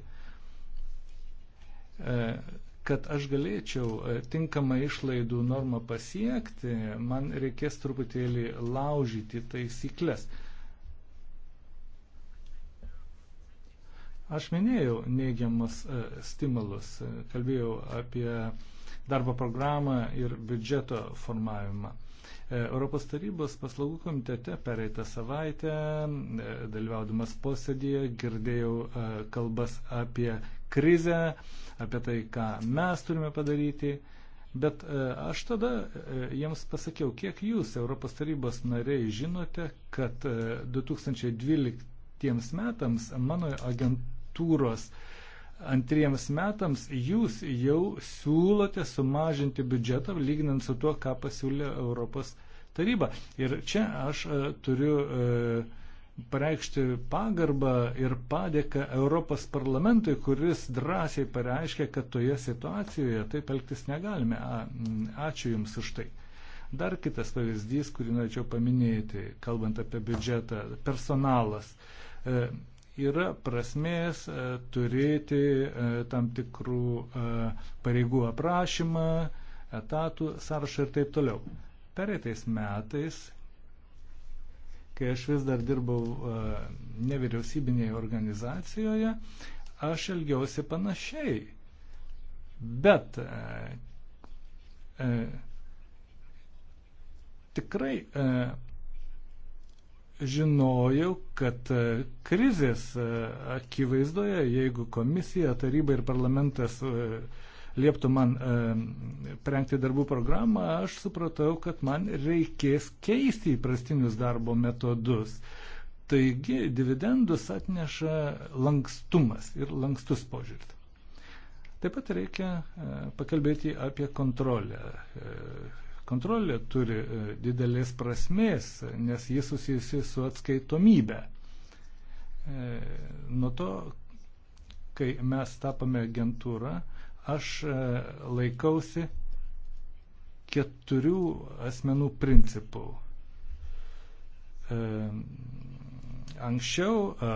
kad aš galėčiau e, tinkamą išlaidų normą pasiekti, man reikės truputėlį laužyti taisyklės. Aš minėjau neigiamus e, stimulus, e, kalbėjau apie darbo programą ir biudžeto formavimą. Europos tarybos paslaugų komitete pereitą savaitę, dalyvaudamas posėdėje, girdėjau kalbas apie krizę, apie tai, ką mes turime padaryti. Bet e, aš tada e, jiems pasakiau, kiek jūs, Europos tarybos nariai, žinote, kad 2012 e, metams mano agentūros antriems metams jūs jau siūlote sumažinti biudžetą, lyginant su tuo, ką pasiūlė Europos taryba. Ir čia aš turiu. E, pareikšti pagarbą ir padėką Europos parlamentui, kuris drąsiai pareiškė, kad toje situacijoje taip elgtis negalime. A, ačiū Jums už tai. Dar kitas pavyzdys, kurį norėčiau paminėti, kalbant apie biudžetą, personalas. E, yra prasmės e, turėti e, tam tikrų e, pareigų aprašymą, etatų sąrašą ir taip toliau. Pereitais metais kai aš vis dar dirbau e, nevyriausybinėje organizacijoje, aš elgiausi panašiai. Bet e, e tikrai e, žinojau, kad e, krizės akivaizdoje, jeigu komisija, taryba ir parlamentas e, lieptų man e, prengti darbų programą, aš supratau, kad man reikės keisti įprastinius darbo metodus. Taigi dividendus atneša lankstumas ir lankstus požiūris. Taip pat reikia e, pakalbėti apie kontrolę. E, kontrolė turi e, didelės prasmės, nes jis susijusi su atskaitomybė. Nuo to, kai mes tapame agentūrą, Aš e, laikausi keturių asmenų principų. E, anksčiau e,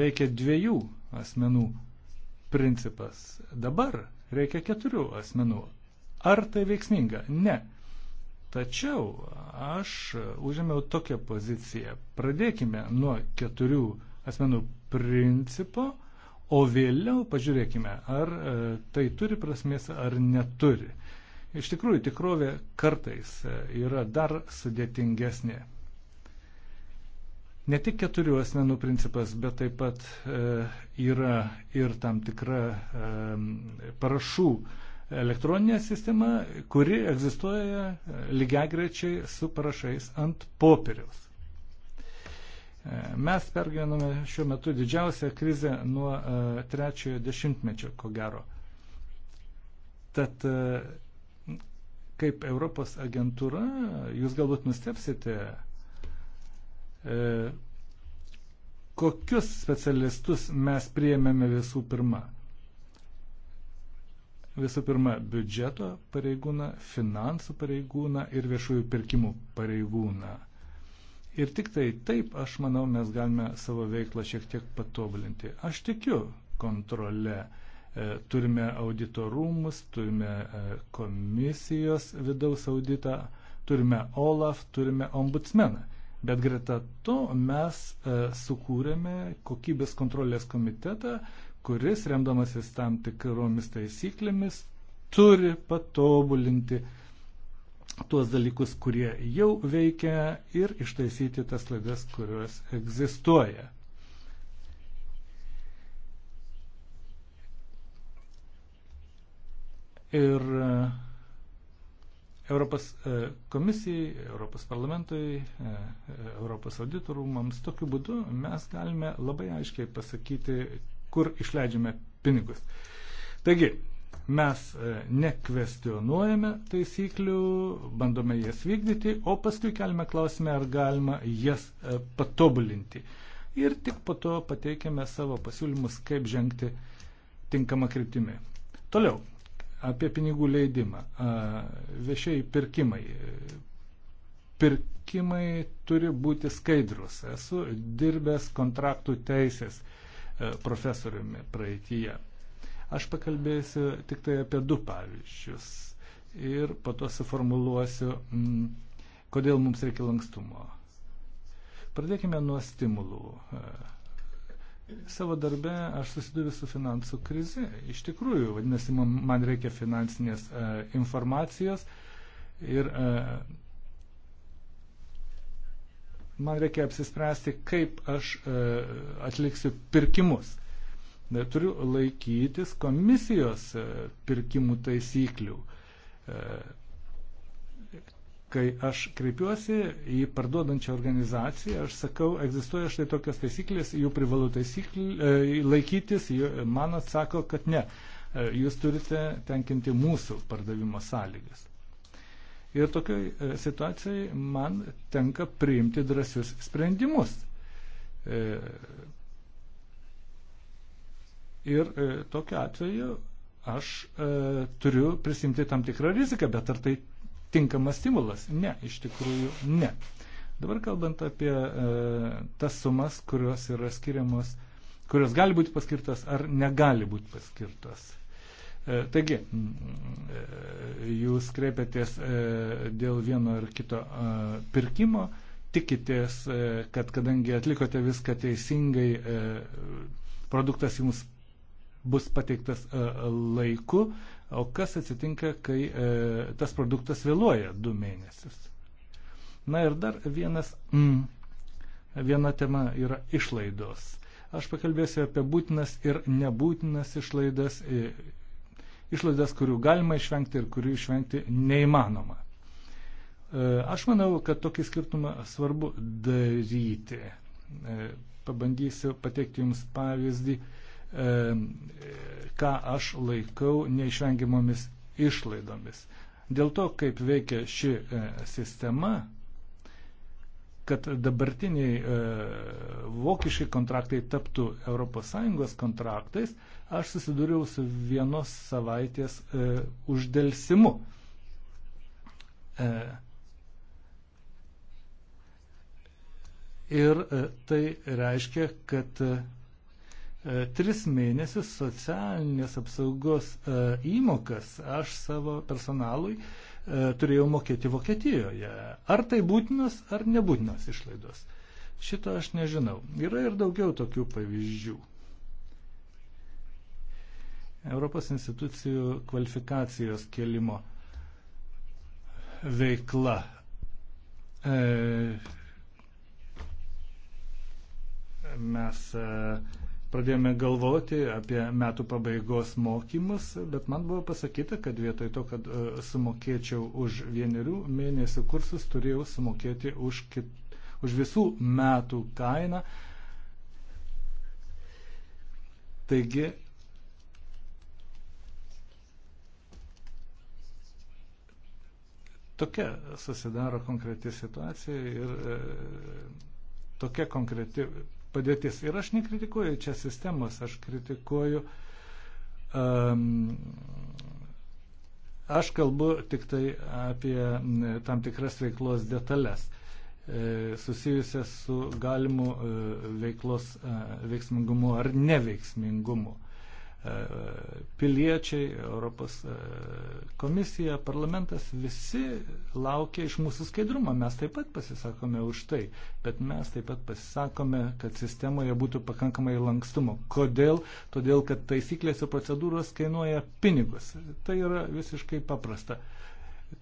veikia dviejų asmenų principas. Dabar reikia keturių asmenų. Ar tai veiksminga? Ne. Tačiau aš užėmiau tokią poziciją. Pradėkime nuo keturių asmenų principo o vėliau pažiūrėkime, ar e, tai turi prasmės ar neturi. Iš tikrųjų, tikrovė kartais e, yra dar sudėtingesnė. Ne tik keturių asmenų principas, bet taip pat e, yra ir tam tikra e, parašų elektroninė sistema, kuri egzistuoja e, lygiagrečiai su parašais ant popieriaus. Mes pergyvename šiuo metu didžiausią krizę nuo e, trečiojo dešimtmečio, ko gero. Tad e, kaip Europos agentūra, jūs galbūt nustepsite, e, kokius specialistus mes priėmėme visų pirma. Visų pirma, biudžeto pareigūną, finansų pareigūną ir viešųjų pirkimų pareigūną Ir tik tai taip, aš manau, mes galime savo veiklą šiek tiek patobulinti. Aš tikiu kontrolę. E, turime auditorumus, turime e, komisijos vidaus auditą, turime OLAF, turime ombudsmeną. Bet greta to mes e, sukūrėme kokybės kontrolės komitetą, kuris, remdamasis tam tikromis taisyklėmis, turi patobulinti uh, tuos dalykus, kurie jau veikia ir ištaisyti tas klaidas, kurios egzistuoja. Ir e, Europos e, komisijai, Europos parlamentui, e, Europos auditorumams tokiu būdu mes galime labai aiškiai pasakyti, kur išleidžiame pinigus. Taigi, Mes e, nekvestionuojame taisyklių, bandome jas vykdyti, o paskui kelime klausimą, ar galima jas e, patobulinti. Ir tik po to pateikėme savo pasiūlymus, kaip žengti tinkamą kryptimį. Toliau, apie pinigų leidimą. Viešiai pirkimai. Pirkimai turi būti skaidrus. Esu dirbęs kontraktų teisės e, profesoriumi praeitįje. Aš pakalbėsiu tik tai apie du pavyzdžius ir po to suformuluosiu, mm, kodėl mums reikia lankstumo. Pradėkime nuo stimulų. Savo darbe aš susiduriu su finansų krize. Iš tikrųjų, vadinasi, man reikia finansinės e, informacijos ir e, man reikia apsispręsti, kaip aš e, atliksiu pirkimus turiu laikytis komisijos e, pirkimų taisyklių. E, kai aš kreipiuosi į parduodančią organizaciją, aš sakau, egzistuoja štai tokios taisyklės, jų privalu taisyklių, e, laikytis, man atsako, kad ne, jūs turite tenkinti mūsų pardavimo sąlygas. Ir tokiai situacijai man tenka priimti drąsius sprendimus Ir e, tokiu atveju aš e, turiu prisimti tam tikrą riziką, bet ar tai tinkamas stimulas? Ne, iš tikrųjų ne. Dabar kalbant apie e, tas sumas, kurios yra skiriamos, kurios gali būti paskirtas ar negali būti paskirtas. E, taigi, e, jūs kreipiatės e, dėl vieno ar kito pirkimo, tikitės, kad kadangi atlikote viską teisingai, produktas jums bus pateiktas e, laiku, o kas atsitinka, kai e, tas produktas vėluoja du mėnesius. Na ir dar vienas, mm, viena tema yra išlaidos. Aš pakalbėsiu apie būtinas ir nebūtinas išlaidas, e, išlaidas, kurių galima išvengti ir kurių išvengti neįmanoma. Aš manau, kad tokį skirtumą svarbu daryti. Pabandysiu pateikti Jums pavyzdį ką aš laikau neišvengiamomis išlaidomis. Dėl to, kaip veikia ši e, sistema, kad dabartiniai e, vokiški kontraktai taptų ES kontraktais, aš susidūriau su vienos savaitės e, uždelsimu. Ir tai reiškia, kad E, tris mėnesius socialinės apsaugos e, įmokas aš savo personalui e, turėjau mokėti Vokietijoje. Ar tai būtinos ar nebūtinos išlaidos? Šito aš nežinau. Yra ir daugiau tokių pavyzdžių. Europos institucijų kvalifikacijos kelimo veikla. E, mes e, pradėjome galvoti apie metų pabaigos mokymus, bet man buvo pasakyta, kad vietoj to, kad e, sumokėčiau už vienerių mėnesių kursus, turėjau sumokėti už, kit, už visų metų kainą. Taigi, tokia susidaro konkreti situacija ir e, tokia konkreti padėtis. Ir aš nekritikuoju čia sistemos, aš kritikuoju. Um, aš kalbu tik tai apie tam tikras veiklos detalės e, susijusias su galimu e, veiklos e, veiksmingumu ar neveiksmingumu. E, piliečiai, Europos e, komisija, parlamentas, visi laukia iš mūsų skaidrumą. Mes taip pat pasisakome už tai, bet mes taip pat pasisakome, kad sistemoje būtų pakankamai lankstumo. Kodėl? Todėl, kad taisyklės ir procedūros kainuoja pinigus. Tai yra visiškai paprasta.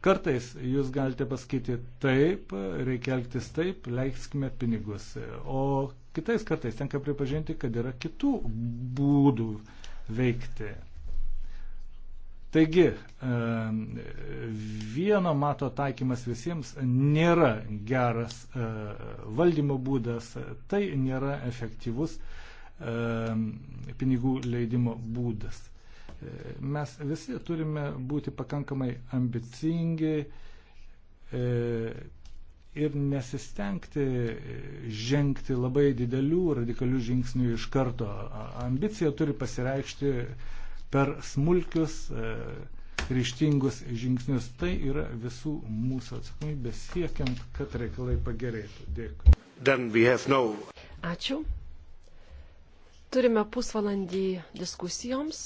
Kartais jūs galite pasakyti taip, reikia elgtis taip, leiskime pinigus. O kitais kartais tenka pripažinti, kad yra kitų būdų veikti. Taigi, vieno mato taikymas visiems nėra geras e, valdymo būdas, tai nėra efektyvus pinigų leidimo būdas. E, mes visi turime būti pakankamai ambicingi, e, ir nesistengti e, žengti labai didelių radikalių žingsnių iš karto. Ambicija turi pasireikšti per smulkius, e, ryštingus žingsnius. Tai yra visų mūsų atsakomybė siekiant, kad reikalai pagerėtų. Dėkui. No... Ačiū. Turime pusvalandį diskusijoms,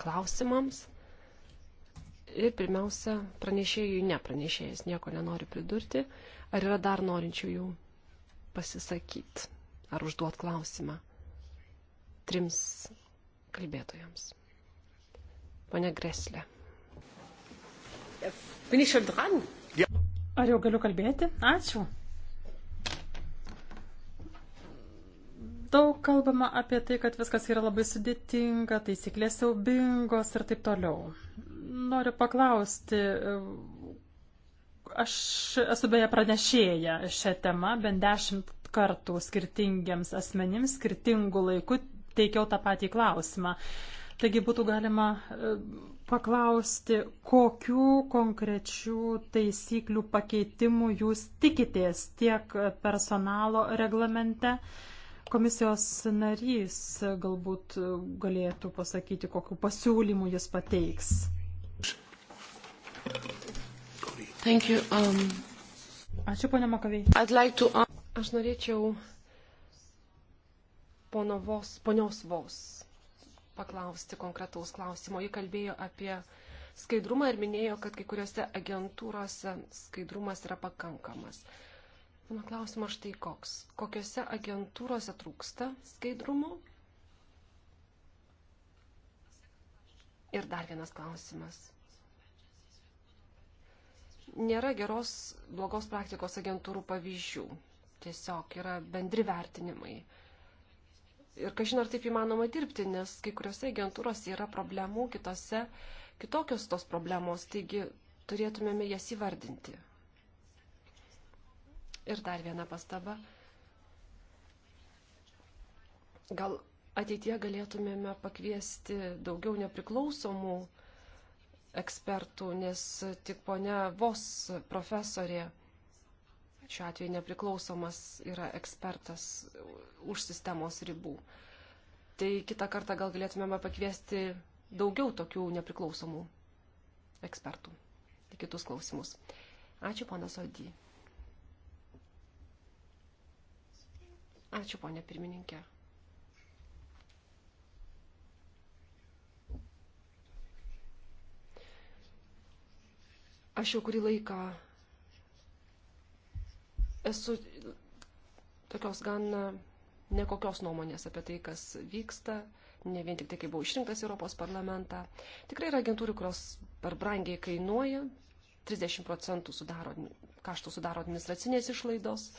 klausimams. Ir pirmiausia, pranešėjui ne, pranešėjas nieko nenori pridurti. Ar yra dar norinčių jų pasisakyti ar užduot klausimą trims kalbėtojams? Pane Greslė. Ar jau galiu kalbėti? Ačiū. daug kalbama apie tai, kad viskas yra labai sudėtinga, taisyklės siaubingos ir taip toliau. Noriu paklausti, aš esu beje pranešėję šią temą, bent dešimt kartų skirtingiams asmenims skirtingų laikų teikiau tą patį klausimą. Taigi būtų galima e, paklausti, kokių konkrečių taisyklių pakeitimų jūs tikitės tiek personalo reglamente. Komisijos narys galbūt galėtų pasakyti, kokiu pasiūlymu jis pateiks. Thank you. Um, Ačiū, ponia Makavei. Like to... Aš norėčiau vos, ponios vos paklausti konkretaus klausimo. Ji kalbėjo apie skaidrumą ir minėjo, kad kai kuriuose agentūrose skaidrumas yra pakankamas. Mano klausimas štai koks. Kokiuose agentūrose trūksta skaidrumo? Ir dar vienas klausimas nėra geros blogos praktikos agentūrų pavyzdžių. Tiesiog yra bendri vertinimai. Ir kažin ar taip įmanoma dirbti, nes kai kuriuose agentūrose yra problemų, kitose kitokios tos problemos, taigi turėtumėme jas įvardinti. Ir dar viena pastaba. Gal ateitie galėtumėme pakviesti daugiau nepriklausomų uh, ekspertų, nes tik ponia vos profesorė šiuo atveju nepriklausomas yra ekspertas už sistemos ribų. Tai kitą kartą gal galėtumėme pakviesti daugiau tokių nepriklausomų ekspertų į kitus klausimus. Ačiū, ponas Odį. Ačiū, ponė pirmininkė. Aš jau kurį laiką esu tokios gan nekokios nuomonės apie tai, kas vyksta, ne vien tik tai, kai buvau išrinktas Europos parlamentą. Tikrai yra agentūrų, kurios per brangiai kainuoja, 30 procentų sudaro, kaštų sudaro administracinės išlaidos.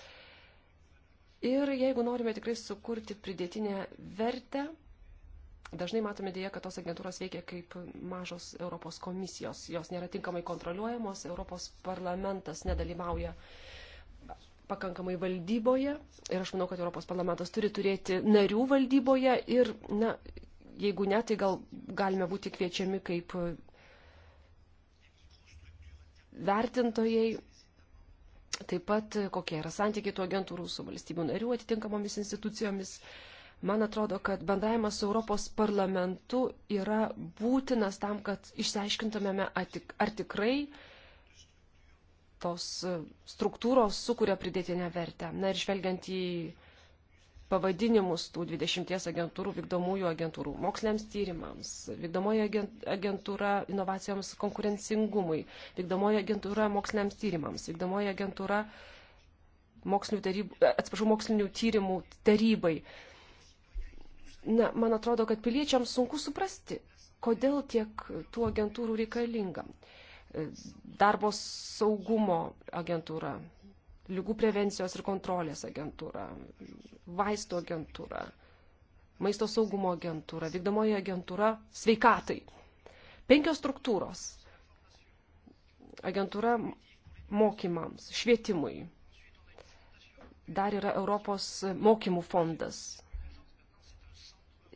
Ir jeigu norime tikrai sukurti pridėtinę vertę, Dažnai matome dėja, kad tos agentūros veikia kaip mažos Europos komisijos. Jos nėra tinkamai kontroliuojamos, Europos parlamentas nedalyvauja pakankamai valdyboje ir aš manau, kad Europos parlamentas turi turėti narių valdyboje ir, na, jeigu ne, tai gal galime būti kviečiami kaip vertintojai, taip pat kokie yra santykiai tų agentūrų su valstybių narių atitinkamomis institucijomis. Uh, Man atrodo, kad bendravimas su Europos parlamentu yra būtinas tam, kad išsiaiškintumėme, ar tikrai tos e, struktūros sukuria pridėtinę vertę. Na ir žvelgiant į pavadinimus tų 20 agentūrų, vykdomųjų agentūrų, moksliniams tyrimams, vykdomoji agentūra inovacijoms konkurencingumui, vykdomoji agentūra moksliniams tyrimams, vykdomoji agentūra mokslinių, tarybų, atsiprašau, mokslinių tyrimų tarybai. Na, man atrodo, kad piliečiams sunku suprasti, kodėl tiek tų agentūrų reikalinga. E, darbo saugumo agentūra, lygų prevencijos ir kontrolės agentūra, vaisto agentūra, maisto saugumo agentūra, vykdomoji agentūra sveikatai. Penkios struktūros. Agentūra mokymams, švietimui. Dar yra Europos mokymų fondas,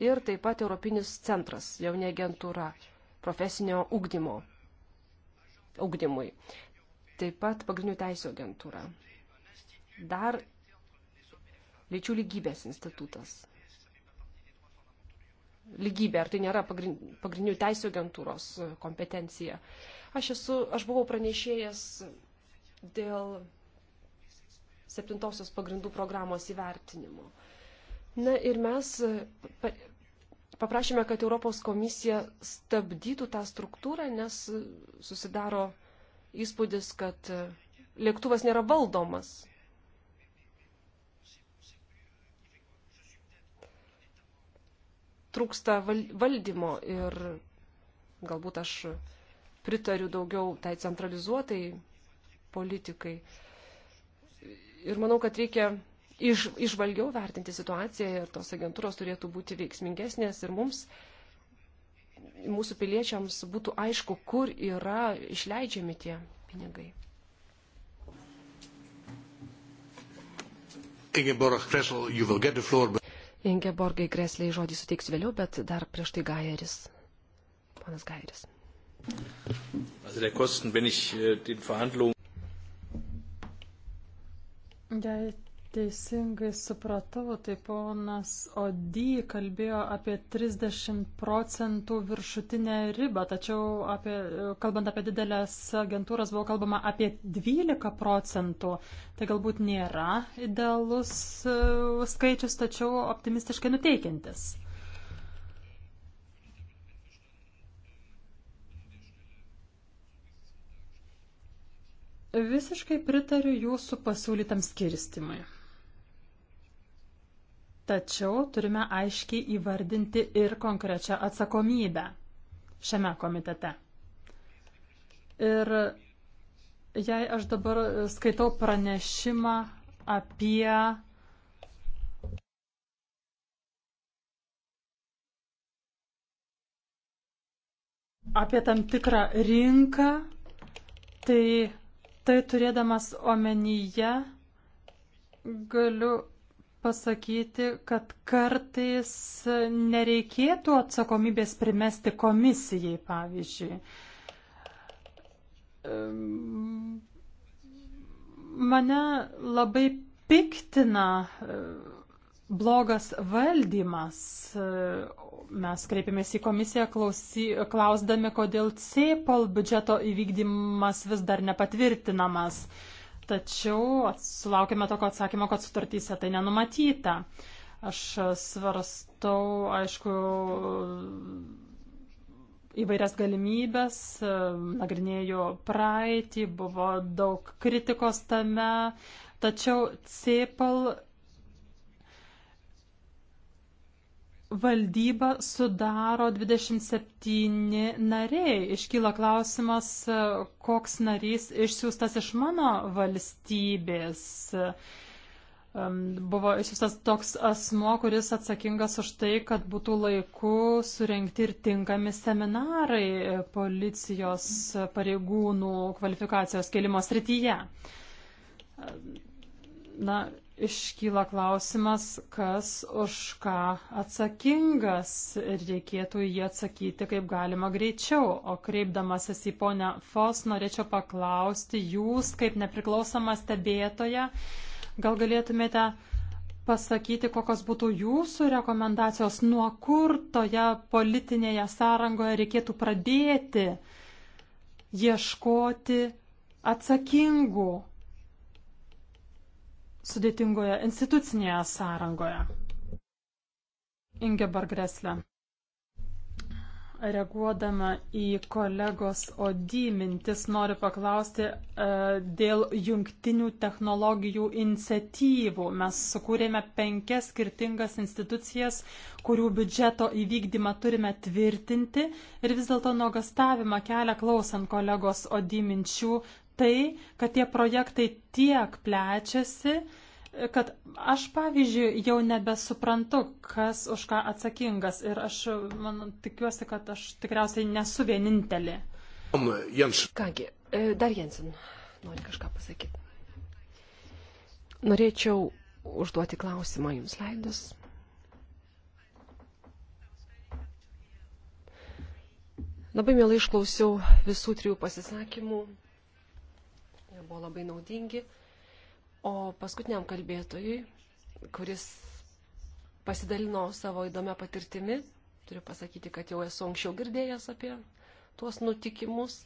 ir taip pat Europinis centras, jaunė agentūra profesinio ugdymo, ugdymui. Taip pat pagrindinių teisų agentūra. Dar lyčių lygybės institutas. Lygybė, ar tai nėra pagrindinių teisų agentūros kompetencija. Aš, esu, aš buvau pranešėjęs dėl septintosios pagrindų programos įvertinimo. Na ir mes e, paprašėme, kad Europos komisija stabdytų tą struktūrą, nes e, susidaro įspūdis, kad e, lėktuvas nėra valdomas. Trūksta valdymo ir galbūt aš pritariu daugiau tai centralizuotai politikai. Ir manau, kad reikia iš, išvalgiau vertinti situaciją ir tos agentūros turėtų būti veiksmingesnės ir mums, mūsų piliečiams, būtų aišku, kur yra išleidžiami tie pinigai. Ingeborg Kressel, you will get the floor. But... Ingeborgai Kresliai žodį suteiks vėliau, bet dar prieš tai Gajeris. Ponas Gajeris. Also der Kosten, wenn ich äh, den Verhandlungen. Dėl teisingai supratau, tai ponas Odį kalbėjo apie 30 procentų viršutinę ribą, tačiau apie, kalbant apie didelės agentūras buvo kalbama apie 12 procentų. Tai galbūt nėra idealus uh, skaičius, tačiau optimistiškai nuteikintis. Visiškai pritariu jūsų pasiūlytam skirstimui. Tačiau turime aiškiai įvardinti ir konkrečią atsakomybę šiame komitete. Ir jei aš dabar skaitau pranešimą apie apie tam tikrą rinką, tai tai turėdamas omenyje galiu pasakyti, kad kartais nereikėtų atsakomybės primesti komisijai, pavyzdžiui. Mane labai piktina e, blogas valdymas. E, mes kreipėmės į komisiją klausy, klausdami, kodėl CEPOL biudžeto įvykdymas vis dar nepatvirtinamas. Uh, Tačiau sulaukime tokio atsakymo, kad sutartyse tai nenumatyta. Aš e, svarstau, aišku, įvairias galimybės, e, nagrinėjau praeitį, buvo daug kritikos tame, tačiau CEPAL Valdybą sudaro 27 nariai. Iškyla klausimas, koks narys išsiųstas iš mano valstybės. Buvo išsiųstas toks asmo, kuris atsakingas už tai, kad būtų laiku surenkti ir tinkami seminarai policijos pareigūnų kvalifikacijos kelimo srityje. Na, iškyla klausimas, kas už ką atsakingas ir reikėtų jį atsakyti kaip galima greičiau. O kreipdamasis į ponę Fos, norėčiau paklausti, jūs kaip nepriklausoma stebėtoja, gal galėtumėte pasakyti, kokios būtų jūsų rekomendacijos, nuo kur toje politinėje sąrangoje reikėtų pradėti ieškoti atsakingų sudėtingoje institucinėje sąrangoje. Ingeborg Greslė. Reaguodama į kolegos Odį mintis, noriu paklausti e, dėl jungtinių technologijų iniciatyvų. Mes sukūrėme penkias skirtingas institucijas, kurių biudžeto įvykdymą turime tvirtinti ir vis dėlto nuogastavimą kelia klausant kolegos Odį minčių tai, kad tie projektai tiek plečiasi, kad aš, pavyzdžiui, jau nebesuprantu, kas už ką atsakingas ir aš man, tikiuosi, kad aš tikriausiai nesu vienintelė. Jens. Kągi, e, dar Jensen, nori kažką pasakyti. Norėčiau užduoti klausimą jums leidus. Labai mielai išklausiau visų trijų pasisakymų jie buvo labai naudingi. O paskutiniam kalbėtojui, kuris pasidalino savo įdomią patirtimi, turiu pasakyti, kad jau esu anksčiau girdėjęs apie tuos nutikimus.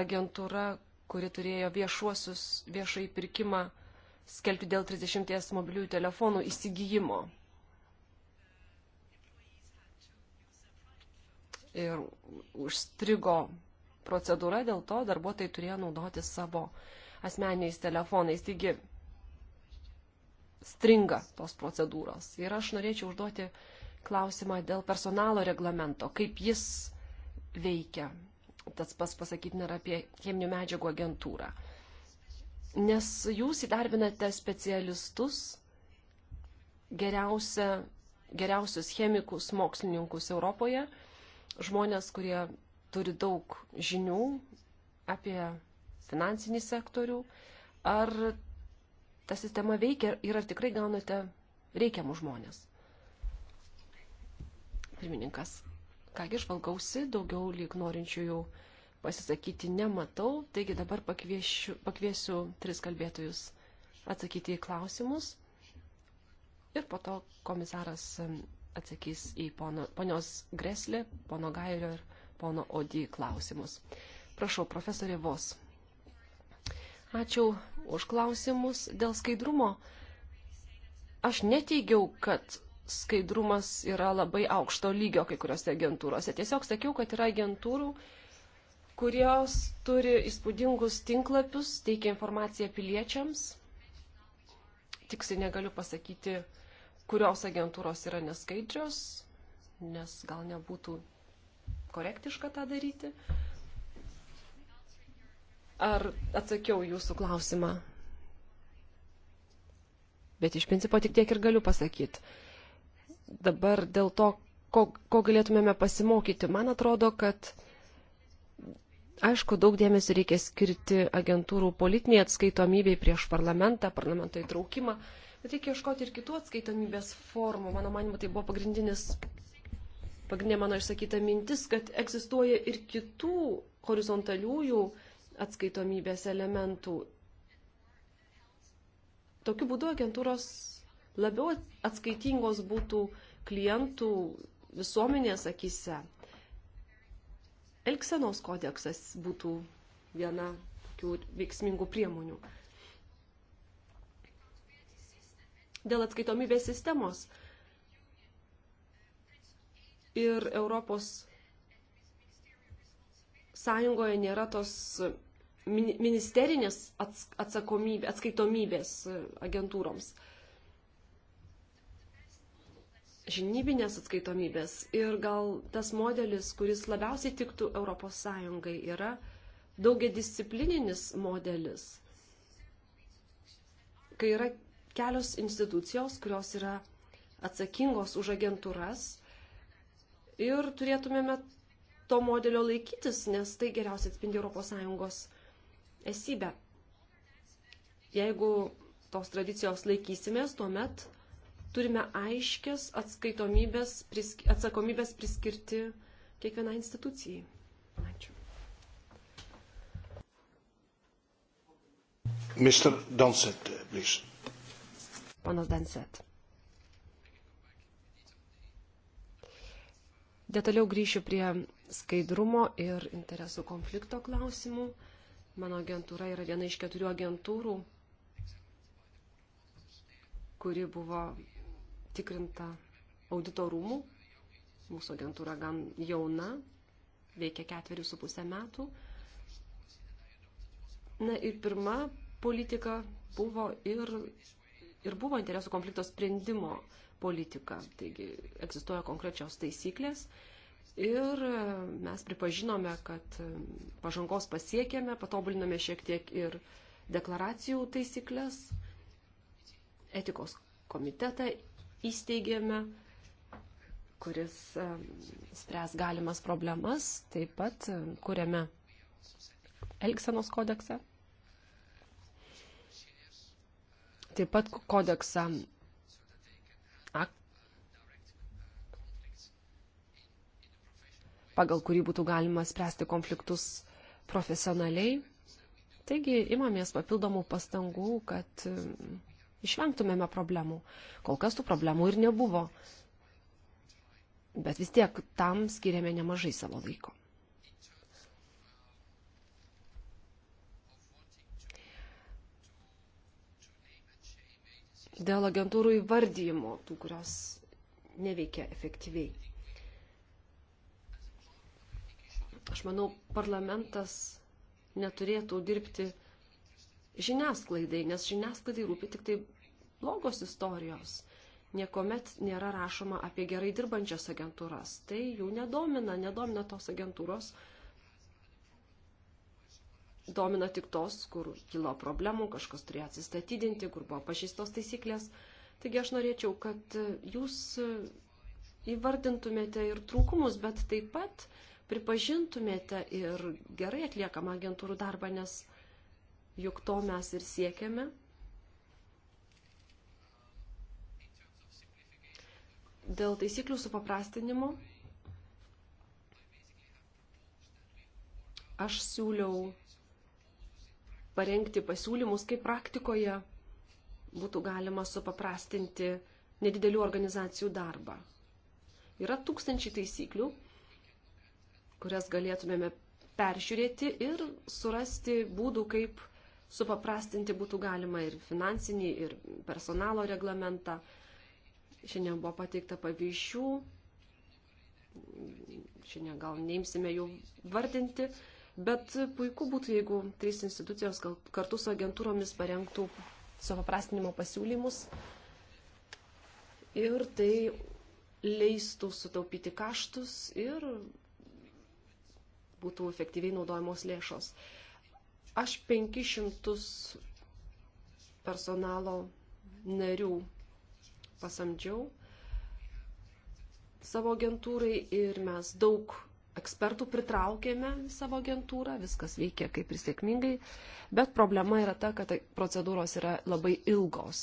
Agentūra, kuri turėjo viešuosius, viešai pirkimą skelbti dėl 30 mobiliųjų telefonų įsigijimo. Ir užstrigo procedūra, dėl to darbuotojai turėjo naudoti savo asmeniais telefonais. Taigi stringa tos procedūros. Ir aš norėčiau užduoti klausimą dėl personalo reglamento, kaip jis veikia. Tas pas pasakyti nėra apie cheminių medžiagų agentūrą. Nes jūs įdarbinate specialistus, geriausia, geriausius chemikus, mokslininkus Europoje, žmonės, kurie turi daug žinių apie finansinį sektorių, ar ta sistema veikia ir ar tikrai gaunate reikiamus žmonės. Pirmininkas, kągi išvalgausi, daugiau lyg norinčiųjų pasisakyti nematau, taigi dabar pakviešiu, pakviesiu tris kalbėtojus atsakyti į klausimus ir po to komisaras atsakys į pono, ponios Greslį, pono Gairio ir pono Odį klausimus. Prašau, profesorė Vos. Ačiū už klausimus dėl skaidrumo. Aš neteigiau, kad skaidrumas yra labai aukšto lygio kai kuriuose agentūrose. Tiesiog sakiau, kad yra agentūrų, kurios turi įspūdingus tinklapius, teikia informaciją piliečiams. Tiksliai negaliu pasakyti, kurios agentūros yra neskaidrios, nes gal nebūtų korektiška tą daryti. Ar atsakiau jūsų klausimą? Bet iš principo tik tiek ir galiu pasakyti. Dabar dėl to, ko, ko galėtumėme pasimokyti, man atrodo, kad aišku, daug dėmesio reikia skirti agentūrų politiniai atskaitomybei prieš parlamentą, parlamento įtraukimą, bet reikia ieškoti ir kitų atskaitomybės formų. Mano manimu, tai buvo pagrindinis pagrindinė mano išsakyta mintis, kad egzistuoja ir kitų horizontaliųjų atskaitomybės elementų. Tokiu būdu agentūros labiau atskaitingos būtų klientų visuomenės akise. Elksenos kodeksas būtų viena tokių veiksmingų priemonių. Dėl atskaitomybės sistemos ir Europos sąjungoje nėra tos ministerinės atsakomybė, atskaitomybės agentūroms, žinybinės atskaitomybės. Ir gal tas modelis, kuris labiausiai tiktų ES, yra daugia disciplininis modelis, kai yra kelios institucijos, kurios yra atsakingos už agentūras ir turėtumėme to modelio laikytis, nes tai geriausiai atspindi ES esybę. Jeigu tos tradicijos laikysimės, tuomet turime aiškės atskaitomybės, prisk atsakomybės priskirti kiekvienai institucijai. Ačiū. Mr. Danset, please. Panas Danset. Detaliau grįšiu prie skaidrumo ir interesų konflikto klausimų. Mano agentūra yra viena iš keturių agentūrų, kuri buvo tikrinta audito rūmų. Mūsų agentūra gan jauna, veikia ketverius su pusę metų. Na ir pirma politika buvo ir, ir buvo interesų konflikto sprendimo politiką. Taigi egzistuoja konkrečios taisyklės ir mes pripažinome, kad pažangos pasiekėme, patobulinome šiek tiek ir deklaracijų taisyklės, etikos komitetą įsteigėme kuris spręs galimas problemas, taip pat kuriame Elksenos kodeksą, taip pat kodeksą ak, pagal kurį būtų galima spręsti konfliktus profesionaliai. Taigi imamės papildomų pastangų, kad e, išvengtumėme problemų. Kol kas tų problemų ir nebuvo. Bet vis tiek tam skiriame nemažai savo laiko. dėl agentūrų įvardyjimo, tų, kurios neveikia efektyviai. Aš manau, parlamentas neturėtų dirbti žiniasklaidai, nes žiniasklaidai rūpi tik tai blogos istorijos. Niekuomet nėra rašoma apie gerai dirbančias agentūras. Tai jų nedomina, nedomina tos agentūros, uh, domina tik tos, kur kilo problemų, kažkas turėjo atsistatydinti, kur buvo pažįstos taisyklės. Taigi aš norėčiau, kad jūs įvardintumėte ir trūkumus, bet taip pat pripažintumėte ir gerai atliekamą agentūrų darbą, nes juk to mes ir siekiame. Dėl taisyklių supaprastinimo aš siūliau parengti pasiūlymus, kaip praktikoje būtų galima supaprastinti nedidelių organizacijų darbą. Yra tūkstančiai taisyklių, kurias galėtumėme peržiūrėti ir surasti būdų, kaip supaprastinti būtų galima ir finansinį, ir personalo reglamentą. Šiandien buvo pateikta pavyzdžių, šiandien gal neimsime jų vardinti, Bet puiku būtų, jeigu trys institucijos kartu su agentūromis parengtų supaprastinimo pasiūlymus ir tai leistų sutaupyti kaštus ir būtų efektyviai naudojamos lėšos. Aš 500 personalo narių pasamdžiau savo agentūrai ir mes daug ekspertų pritraukėme į savo agentūrą, viskas veikia kaip ir sėkmingai, bet problema yra ta, kad tai procedūros yra labai ilgos.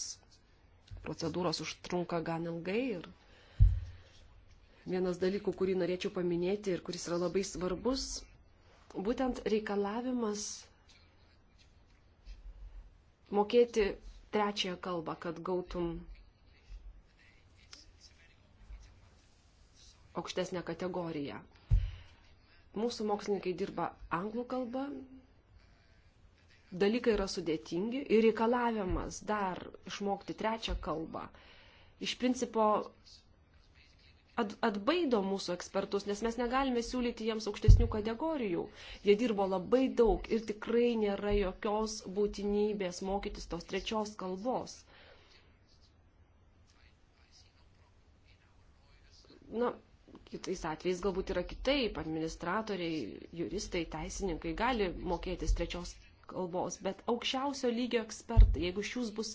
Procedūros užtrunka gan ilgai ir vienas dalykų, kurį norėčiau paminėti ir kuris yra labai svarbus, būtent reikalavimas mokėti trečiąją kalbą, kad gautum aukštesnę kategoriją mūsų mokslininkai dirba anglų kalba, dalykai yra sudėtingi ir reikalavimas dar išmokti trečią kalbą iš principo at, atbaido mūsų ekspertus, nes mes negalime siūlyti jiems aukštesnių kategorijų. Jie dirbo labai daug ir tikrai nėra jokios būtinybės mokytis tos trečios kalbos. Na, kitais atvejais galbūt yra kitaip, administratoriai, juristai, teisininkai gali mokėtis trečios kalbos, bet aukščiausio lygio ekspertai, jeigu iš jūs bus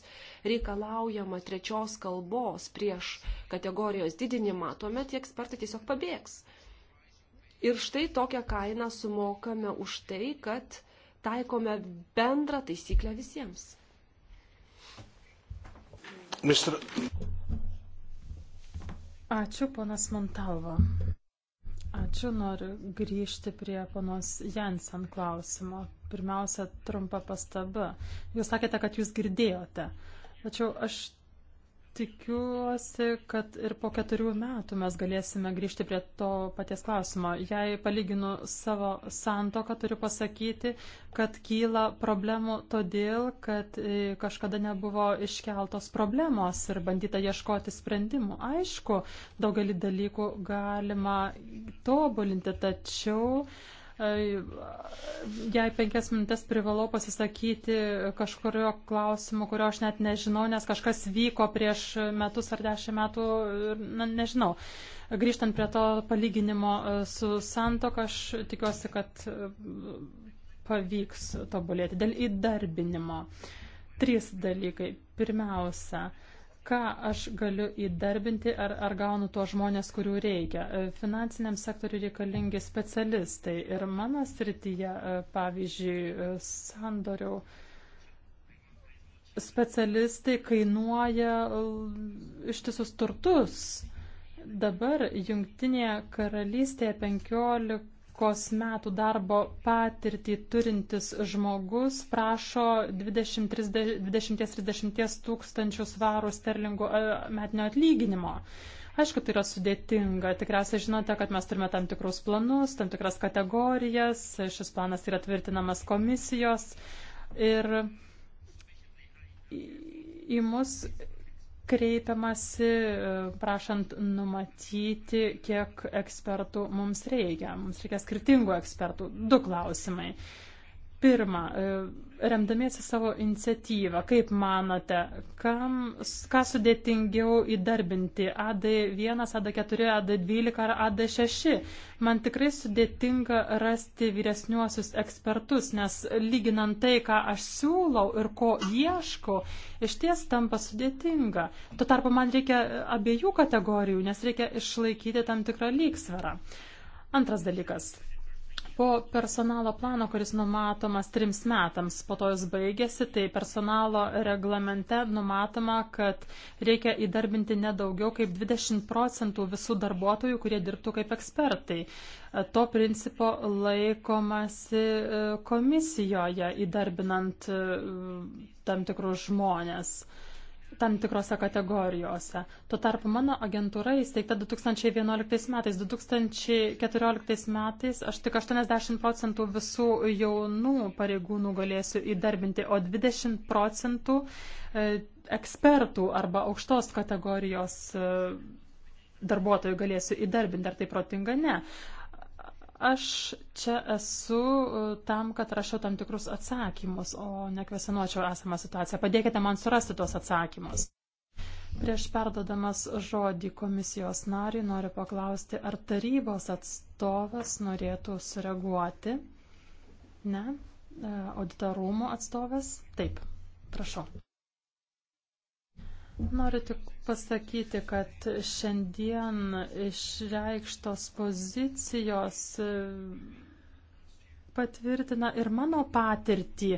reikalaujama trečios kalbos prieš kategorijos didinimą, tuomet tie ekspertai tiesiog pabėgs. Ir štai tokią kainą sumokame už tai, kad taikome bendrą taisyklę visiems. Mr. Ačiū, ponas Montalvo. Ačiū, noriu grįžti prie ponos Jansen klausimo. Pirmiausia, trumpa pastaba. Jūs sakėte, kad jūs girdėjote. Tačiau aš Tikiuosi, kad ir po keturių metų mes galėsime grįžti prie to paties klausimo. Jei palyginu savo santoką, turiu pasakyti, kad kyla problemų todėl, kad e, kažkada nebuvo iškeltos problemos ir bandyta ieškoti sprendimų. Aišku, daugelį dalykų galima tobulinti, tačiau uh, jei penkias minutės privalau pasisakyti kažkurio klausimu, kurio aš net nežinau, nes kažkas vyko prieš metus ar dešimt metų, na, nežinau. Grįžtant prie to palyginimo e, su santoka, aš tikiuosi, kad e, pavyks tobulėti dėl įdarbinimo. Trys dalykai. Pirmiausia, uh, ką aš galiu įdarbinti, ar, ar gaunu tuos žmonės, kurių reikia. E, finansiniam sektoriu reikalingi specialistai ir mano srityje, e, pavyzdžiui, e, sandorių specialistai kainuoja ištisus turtus. Dabar jungtinėje karalystėje 15 15 metų darbo patirtį turintis žmogus prašo 20-30 tūkstančių svarų sterlingų e, metinio atlyginimo. Aišku, tai yra sudėtinga. Tikriausiai žinote, kad mes turime tam tikrus planus, tam tikras kategorijas. Šis planas yra tvirtinamas komisijos. Ir į mus kreipiamasi, e, prašant numatyti, kiek ekspertų mums reikia. Mums reikia skirtingų ekspertų. Du klausimai. Pirma, e, remdamiesi savo iniciatyvą, kaip manote, kam, ką sudėtingiau įdarbinti AD1, AD4, AD12 ar AD6? Man tikrai sudėtinga rasti vyresniuosius ekspertus, nes lyginant tai, ką aš siūlau ir ko ieško, iš ties tampa sudėtinga. Tuo tarpu man reikia abiejų kategorijų, nes reikia išlaikyti tam tikrą lygsvarą. Antras dalykas po personalo plano, kuris numatomas trims metams, po to jis baigėsi, tai personalo reglamente numatoma, kad reikia įdarbinti nedaugiau kaip 20 procentų visų darbuotojų, kurie dirbtų kaip ekspertai. To principo laikomasi e, komisijoje įdarbinant e, tam tikrus žmonės tam tikrose kategorijose. Tuo tarpu mano agentūra įsteigta 2011 metais. 2014 metais aš tik 80 procentų visų jaunų pareigūnų galėsiu įdarbinti, o 20 procentų e, ekspertų arba aukštos kategorijos e, darbuotojų galėsiu įdarbinti, ar tai protinga, ne. Aš čia esu e, tam, kad rašau tam tikrus atsakymus, o nekvesenuočiau esamą situaciją. Padėkite man surasti tuos atsakymus. Prieš perdodamas žodį komisijos nariui noriu paklausti, ar tarybos atstovas norėtų sureaguoti? Ne? E, Auditorumo atstovas? Taip. Prašau. Noriu tik pasakyti, kad šiandien išreikštos pozicijos e, patvirtina ir mano patirtį,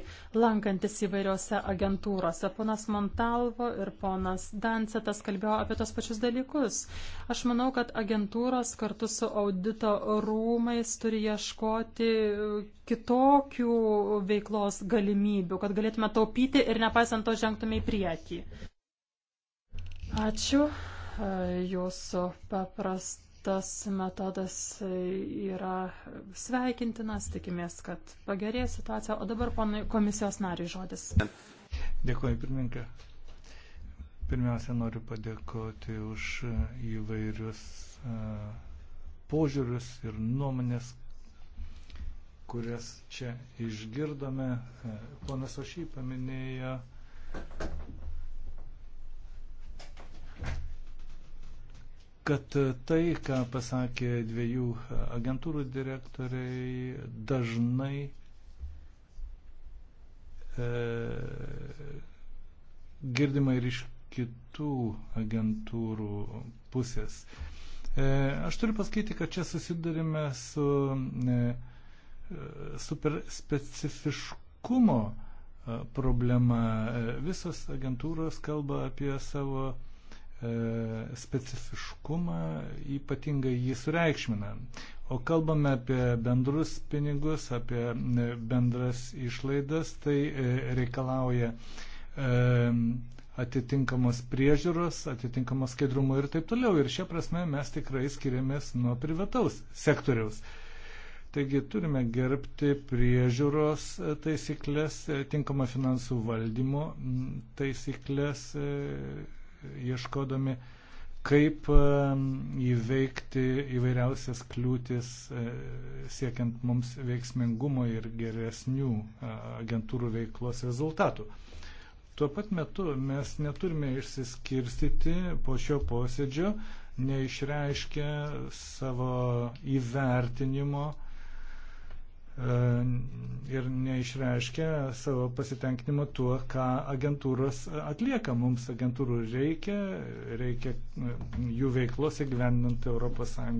lankantis įvairiose agentūrose. Ponas Montalvo ir ponas Dancetas kalbėjo apie tos pačius dalykus. Aš manau, kad agentūros kartu su audito rūmais turi ieškoti kitokių veiklos galimybių, kad galėtume taupyti ir nepaisant to žengtume į priekį. Ačiū. E, jūsų paprastas metodas yra sveikintinas, tikimės, kad pagerės situacija. O dabar ponai komisijos nariai žodis. Dėkuoju, pirmininkė. Pirmiausia, noriu padėkoti už įvairius e, požiūrius ir nuomonės, kurias čia išgirdome. E, ponas Ošy paminėjo kad tai, ką pasakė dviejų agentūrų direktoriai, dažnai e, girdima ir iš kitų agentūrų pusės. E, aš turiu pasakyti, kad čia susidurime su e, super specifiškumo e, problema. E, visos agentūros kalba apie savo e, E, specifiškumą ypatingai jį sureikšmina. O kalbame apie bendrus pinigus, apie bendras išlaidas, tai e, reikalauja e, atitinkamos priežiūros, atitinkamos skaidrumo ir taip toliau. Ir šia prasme mes tikrai skiriamės nuo privataus sektoriaus. Taigi turime gerbti priežiūros taisyklės, tinkamą finansų valdymo taisyklės ieškodami, kaip įveikti įvairiausias kliūtis, e, siekiant mums veiksmingumo ir geresnių e, agentūrų veiklos rezultatų. Tuo pat metu mes neturime išsiskirstyti po šio posėdžio, neišreiškę savo įvertinimo E, ir neišreiškia savo pasitenkinimo tuo, ką agentūros atlieka. Mums agentūrų reikia, reikia e, jų veiklos įgyvendinti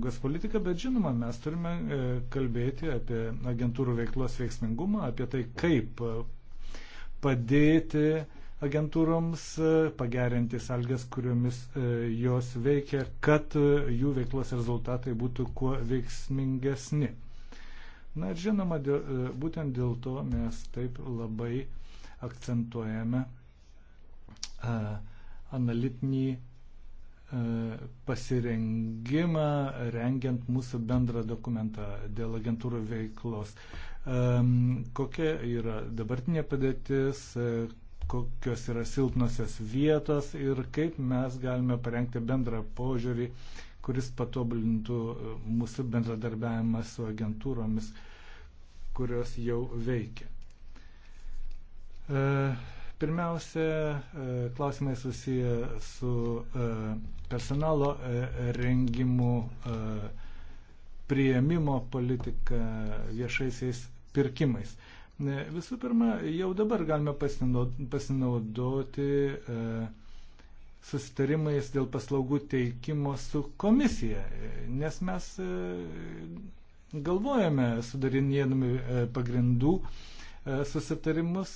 ES politiką, bet žinoma, mes turime e, kalbėti apie agentūrų veiklos veiksmingumą, apie tai, kaip padėti agentūroms pagerinti salgas, kuriomis jos veikia, kad jų veiklos rezultatai būtų kuo veiksmingesni. Na ir žinoma, dėl, e, būtent dėl to mes taip labai akcentuojame a, e, analitinį e, pasirengimą, rengiant mūsų bendrą dokumentą dėl agentūrų veiklos. Kokia yra dabartinė padėtis, kokios yra silpnosios vietos ir kaip mes galime parengti bendrą požiūrį, kuris patobulintų e, mūsų bendradarbiavimą su agentūromis, kurios jau veikia. E, pirmiausia, e, klausimai susiję su personalo rengimu, prieimimo politika viešaisiais pirkimais. Visų pirma, jau dabar galime pasinaudoti, pasinaudoti susitarimais dėl paslaugų teikimo su komisija, nes mes e, galvojame, sudarinėdami e, pagrindų e, susitarimus,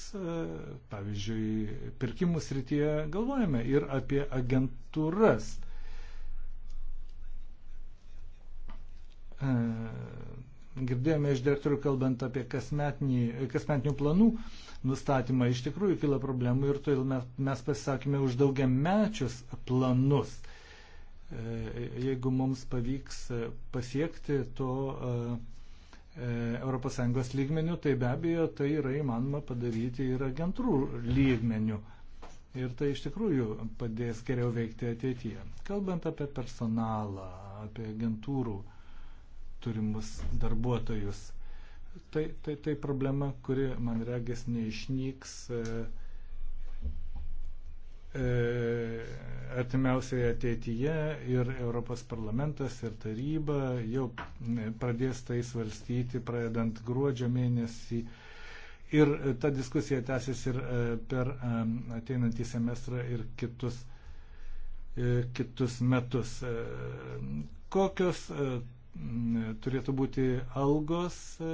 pavyzdžiui, pirkimų srityje galvojame ir apie agentūras girdėjome iš direktorių kalbant apie kasmetinį, kasmetinių planų nustatymą, iš tikrųjų kila problemų ir todėl mes, mes pasisakėme už daugiamečius planus. E, jeigu mums pavyks e, pasiekti to ES e, lygmenių, tai be abejo tai yra įmanoma padaryti ir agentūrų lygmenių. Ir tai iš tikrųjų padės geriau veikti ateityje. Kalbant apie personalą, apie agentūrų turimus darbuotojus. Tai, tai, tai problema, kuri, man regis, neišnyks e, e artimiausioje ateityje ir Europos parlamentas ir taryba jau e, pradės tai svarstyti, pradedant gruodžio mėnesį. Ir e, ta diskusija tęsis ir per ateinantį semestrą ir kitus, kitus metus. Kokios turėtų būti algos e,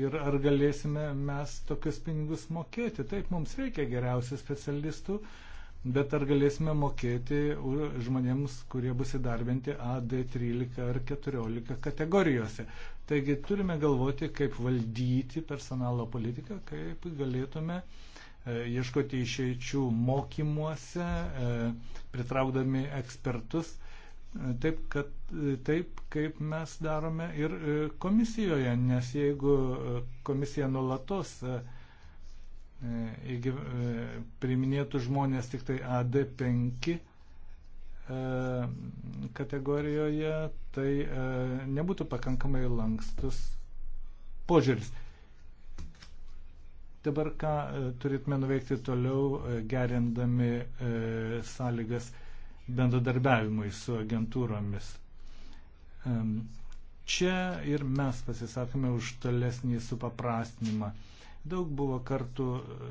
ir ar galėsime mes tokius pinigus mokėti. Taip, mums reikia geriausių specialistų, bet ar galėsime mokėti žmonėms, kurie bus įdarbinti A, D13 ar 14 kategorijose. Taigi turime galvoti, kaip valdyti personalo politiką, kaip galėtume e, ieškoti išeičių mokymuose, e, pritraukdami ekspertus taip, kad, taip, kaip mes darome ir e, komisijoje, nes jeigu e, komisija nulatos e, priminėtų žmonės tik tai AD5 kategorijoje, tai nebūtų pakankamai lankstus požiūris. Dabar ką turėtume nuveikti toliau, gerindami sąlygas bendradarbiavimui su agentūromis. Čia ir mes pasisakome už tolesnį supaprastinimą. Daug buvo kartų e,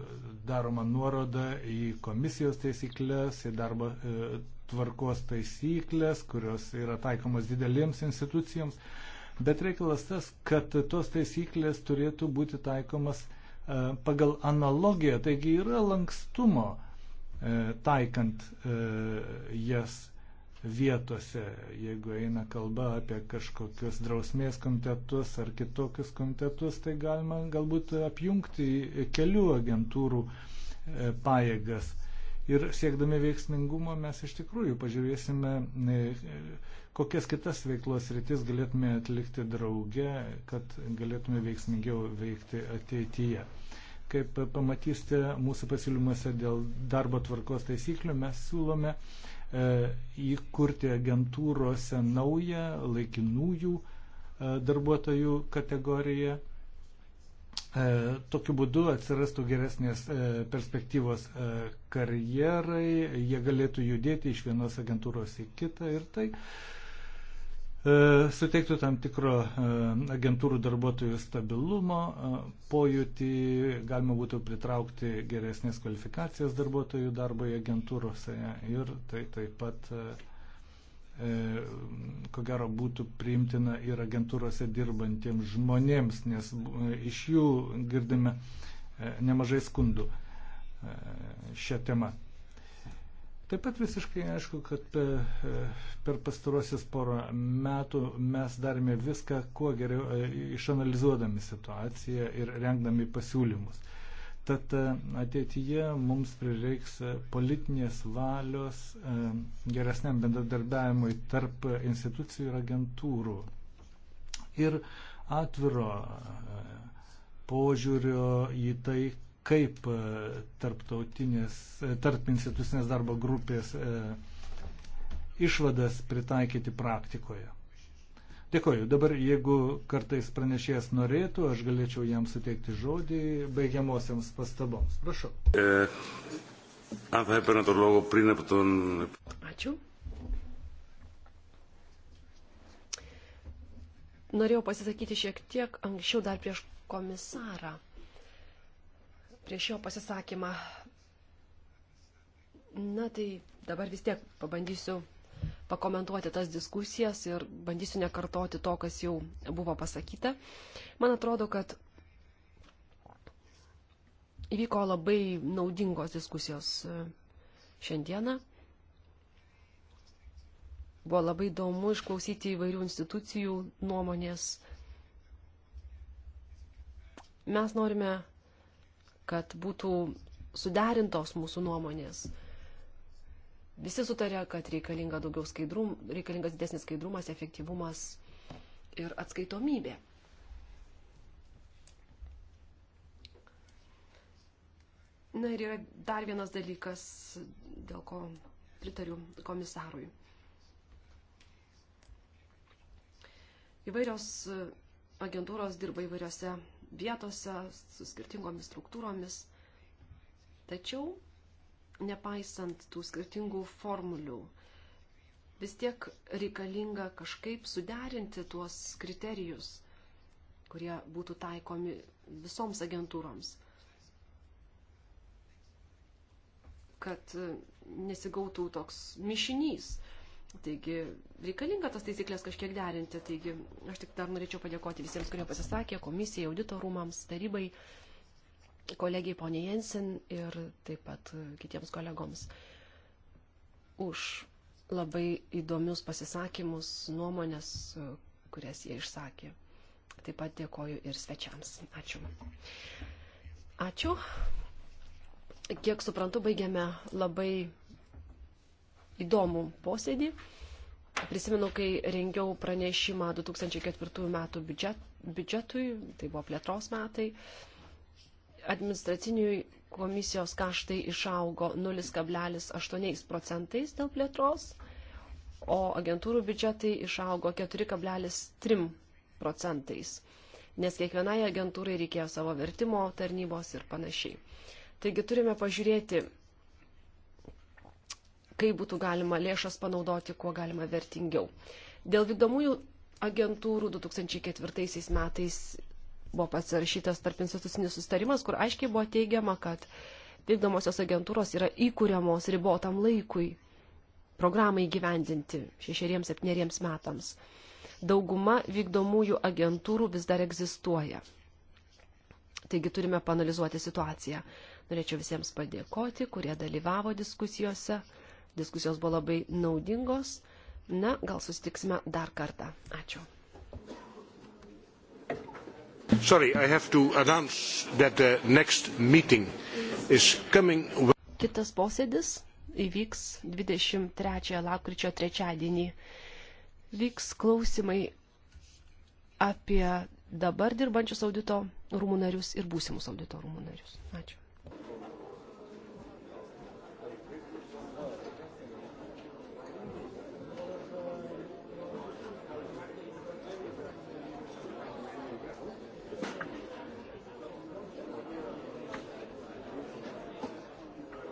daroma nuoroda į komisijos taisyklės, į darbo e, tvarkos taisyklės, kurios yra taikomos didelėms institucijoms, bet reikalas tas, kad tos taisyklės turėtų būti taikomas e, pagal analogiją, taigi yra lankstumo E, taikant e, jas vietose, jeigu eina kalba apie kažkokius drausmės komitetus ar kitokius komitetus, tai galima galbūt apjungti kelių agentūrų e, pajėgas. Ir siekdami veiksmingumo mes iš tikrųjų pažiūrėsime, kokias kitas veiklos rytis galėtume atlikti drauge, kad galėtume veiksmingiau veikti ateityje. Kaip pamatysite mūsų pasiūlymuose dėl darbo tvarkos taisyklių, mes siūlome e, įkurti agentūrose naują laikinųjų e, darbuotojų kategoriją. E, tokiu būdu atsirastų geresnės e, perspektyvos e, karjerai, jie galėtų judėti iš vienos agentūros į kitą ir tai e, E, suteiktų tam tikro e, agentūrų darbuotojų stabilumo e, pojūtį, galima būtų pritraukti geresnės kvalifikacijas darbuotojų darbai agentūrose ir tai taip pat, ko gero, būtų priimtina ir agentūrose dirbantiems žmonėms, nes iš jų girdime nemažai skundų šią temą. Taip pat visiškai aišku, kad e, e, per pastarosius porą metų mes darėme viską, kuo geriau e, išanalizuodami situaciją ir rengdami pasiūlymus. Tad ateityje mums prireiks politinės valios geresniam bendradarbiavimui tarp institucijų ir agentūrų. Ir atviro požiūrio į tai, kaip e, tarptautinės, e, tarp institucinės darbo grupės e, išvadas pritaikyti praktikoje. Dėkoju. Dabar, jeigu kartais pranešėjas norėtų, aš galėčiau jam suteikti žodį baigiamosiams pastaboms. Prašau. Ačiū. Norėjau pasisakyti šiek tiek anksčiau dar prieš komisarą prieš jo pasisakymą. Na tai dabar vis tiek pabandysiu pakomentuoti tas diskusijas ir bandysiu nekartoti to, kas jau buvo pasakyta. Man atrodo, kad įvyko labai naudingos diskusijos e, šiandieną. Buvo labai įdomu išklausyti įvairių institucijų nuomonės. Mes norime kad būtų suderintos mūsų nuomonės. Visi sutarė, kad reikalinga daugiau skaidrum, reikalingas didesnis skaidrumas, efektyvumas ir atskaitomybė. Na ir yra dar vienas dalykas, dėl ko pritariu komisarui. Įvairios agentūros dirba įvairiose vietose, su skirtingomis struktūromis. Tačiau, nepaisant tų skirtingų formulių, vis tiek reikalinga kažkaip suderinti tuos kriterijus, kurie būtų taikomi visoms agentūroms, kad nesigautų toks mišinys Taigi reikalinga tas taisyklės kažkiek derinti. Taigi aš tik dar norėčiau padėkoti visiems, kurie pasisakė, komisijai, auditorumams, tarybai, kolegijai ponė Jensen ir taip pat e, kitiems kolegoms už labai įdomius pasisakymus, nuomonės, e, kurias jie išsakė. Taip pat dėkoju ir svečiams. Ačiū. Ačiū. Kiek suprantu, baigiame labai įdomų posėdį. Prisimenu, kai rengiau pranešimą 2004 metų biudžet, biudžetui, tai buvo plėtros metai, administracinių komisijos kaštai išaugo 0,8 procentais dėl plėtros, o agentūrų biudžetai išaugo 4,3 procentais, nes kiekvienai agentūrai reikėjo savo vertimo tarnybos ir panašiai. Taigi turime pažiūrėti, kaip būtų galima lėšas panaudoti, kuo galima vertingiau. Dėl vykdomųjų agentūrų 2004 metais buvo pasirašytas tarp institucinis sustarimas, kur aiškiai buvo teigiama, kad vykdomosios agentūros yra įkūriamos ribotam laikui programai gyvendinti šešeriems, septyneriems metams. Dauguma vykdomųjų agentūrų vis dar egzistuoja. Taigi turime panalizuoti situaciją. Norėčiau visiems padėkoti, kurie dalyvavo diskusijose. Diskusijos buvo labai naudingos. Na, gal susitiksime dar kartą. Ačiū. Sorry, I have to announce that the next meeting is coming. Kitas posėdis įvyks 23 lapkričio trečiadienį. Vyks klausimai apie dabar dirbančius audito rūmų narius ir būsimus audito rūmų narius. Ačiū.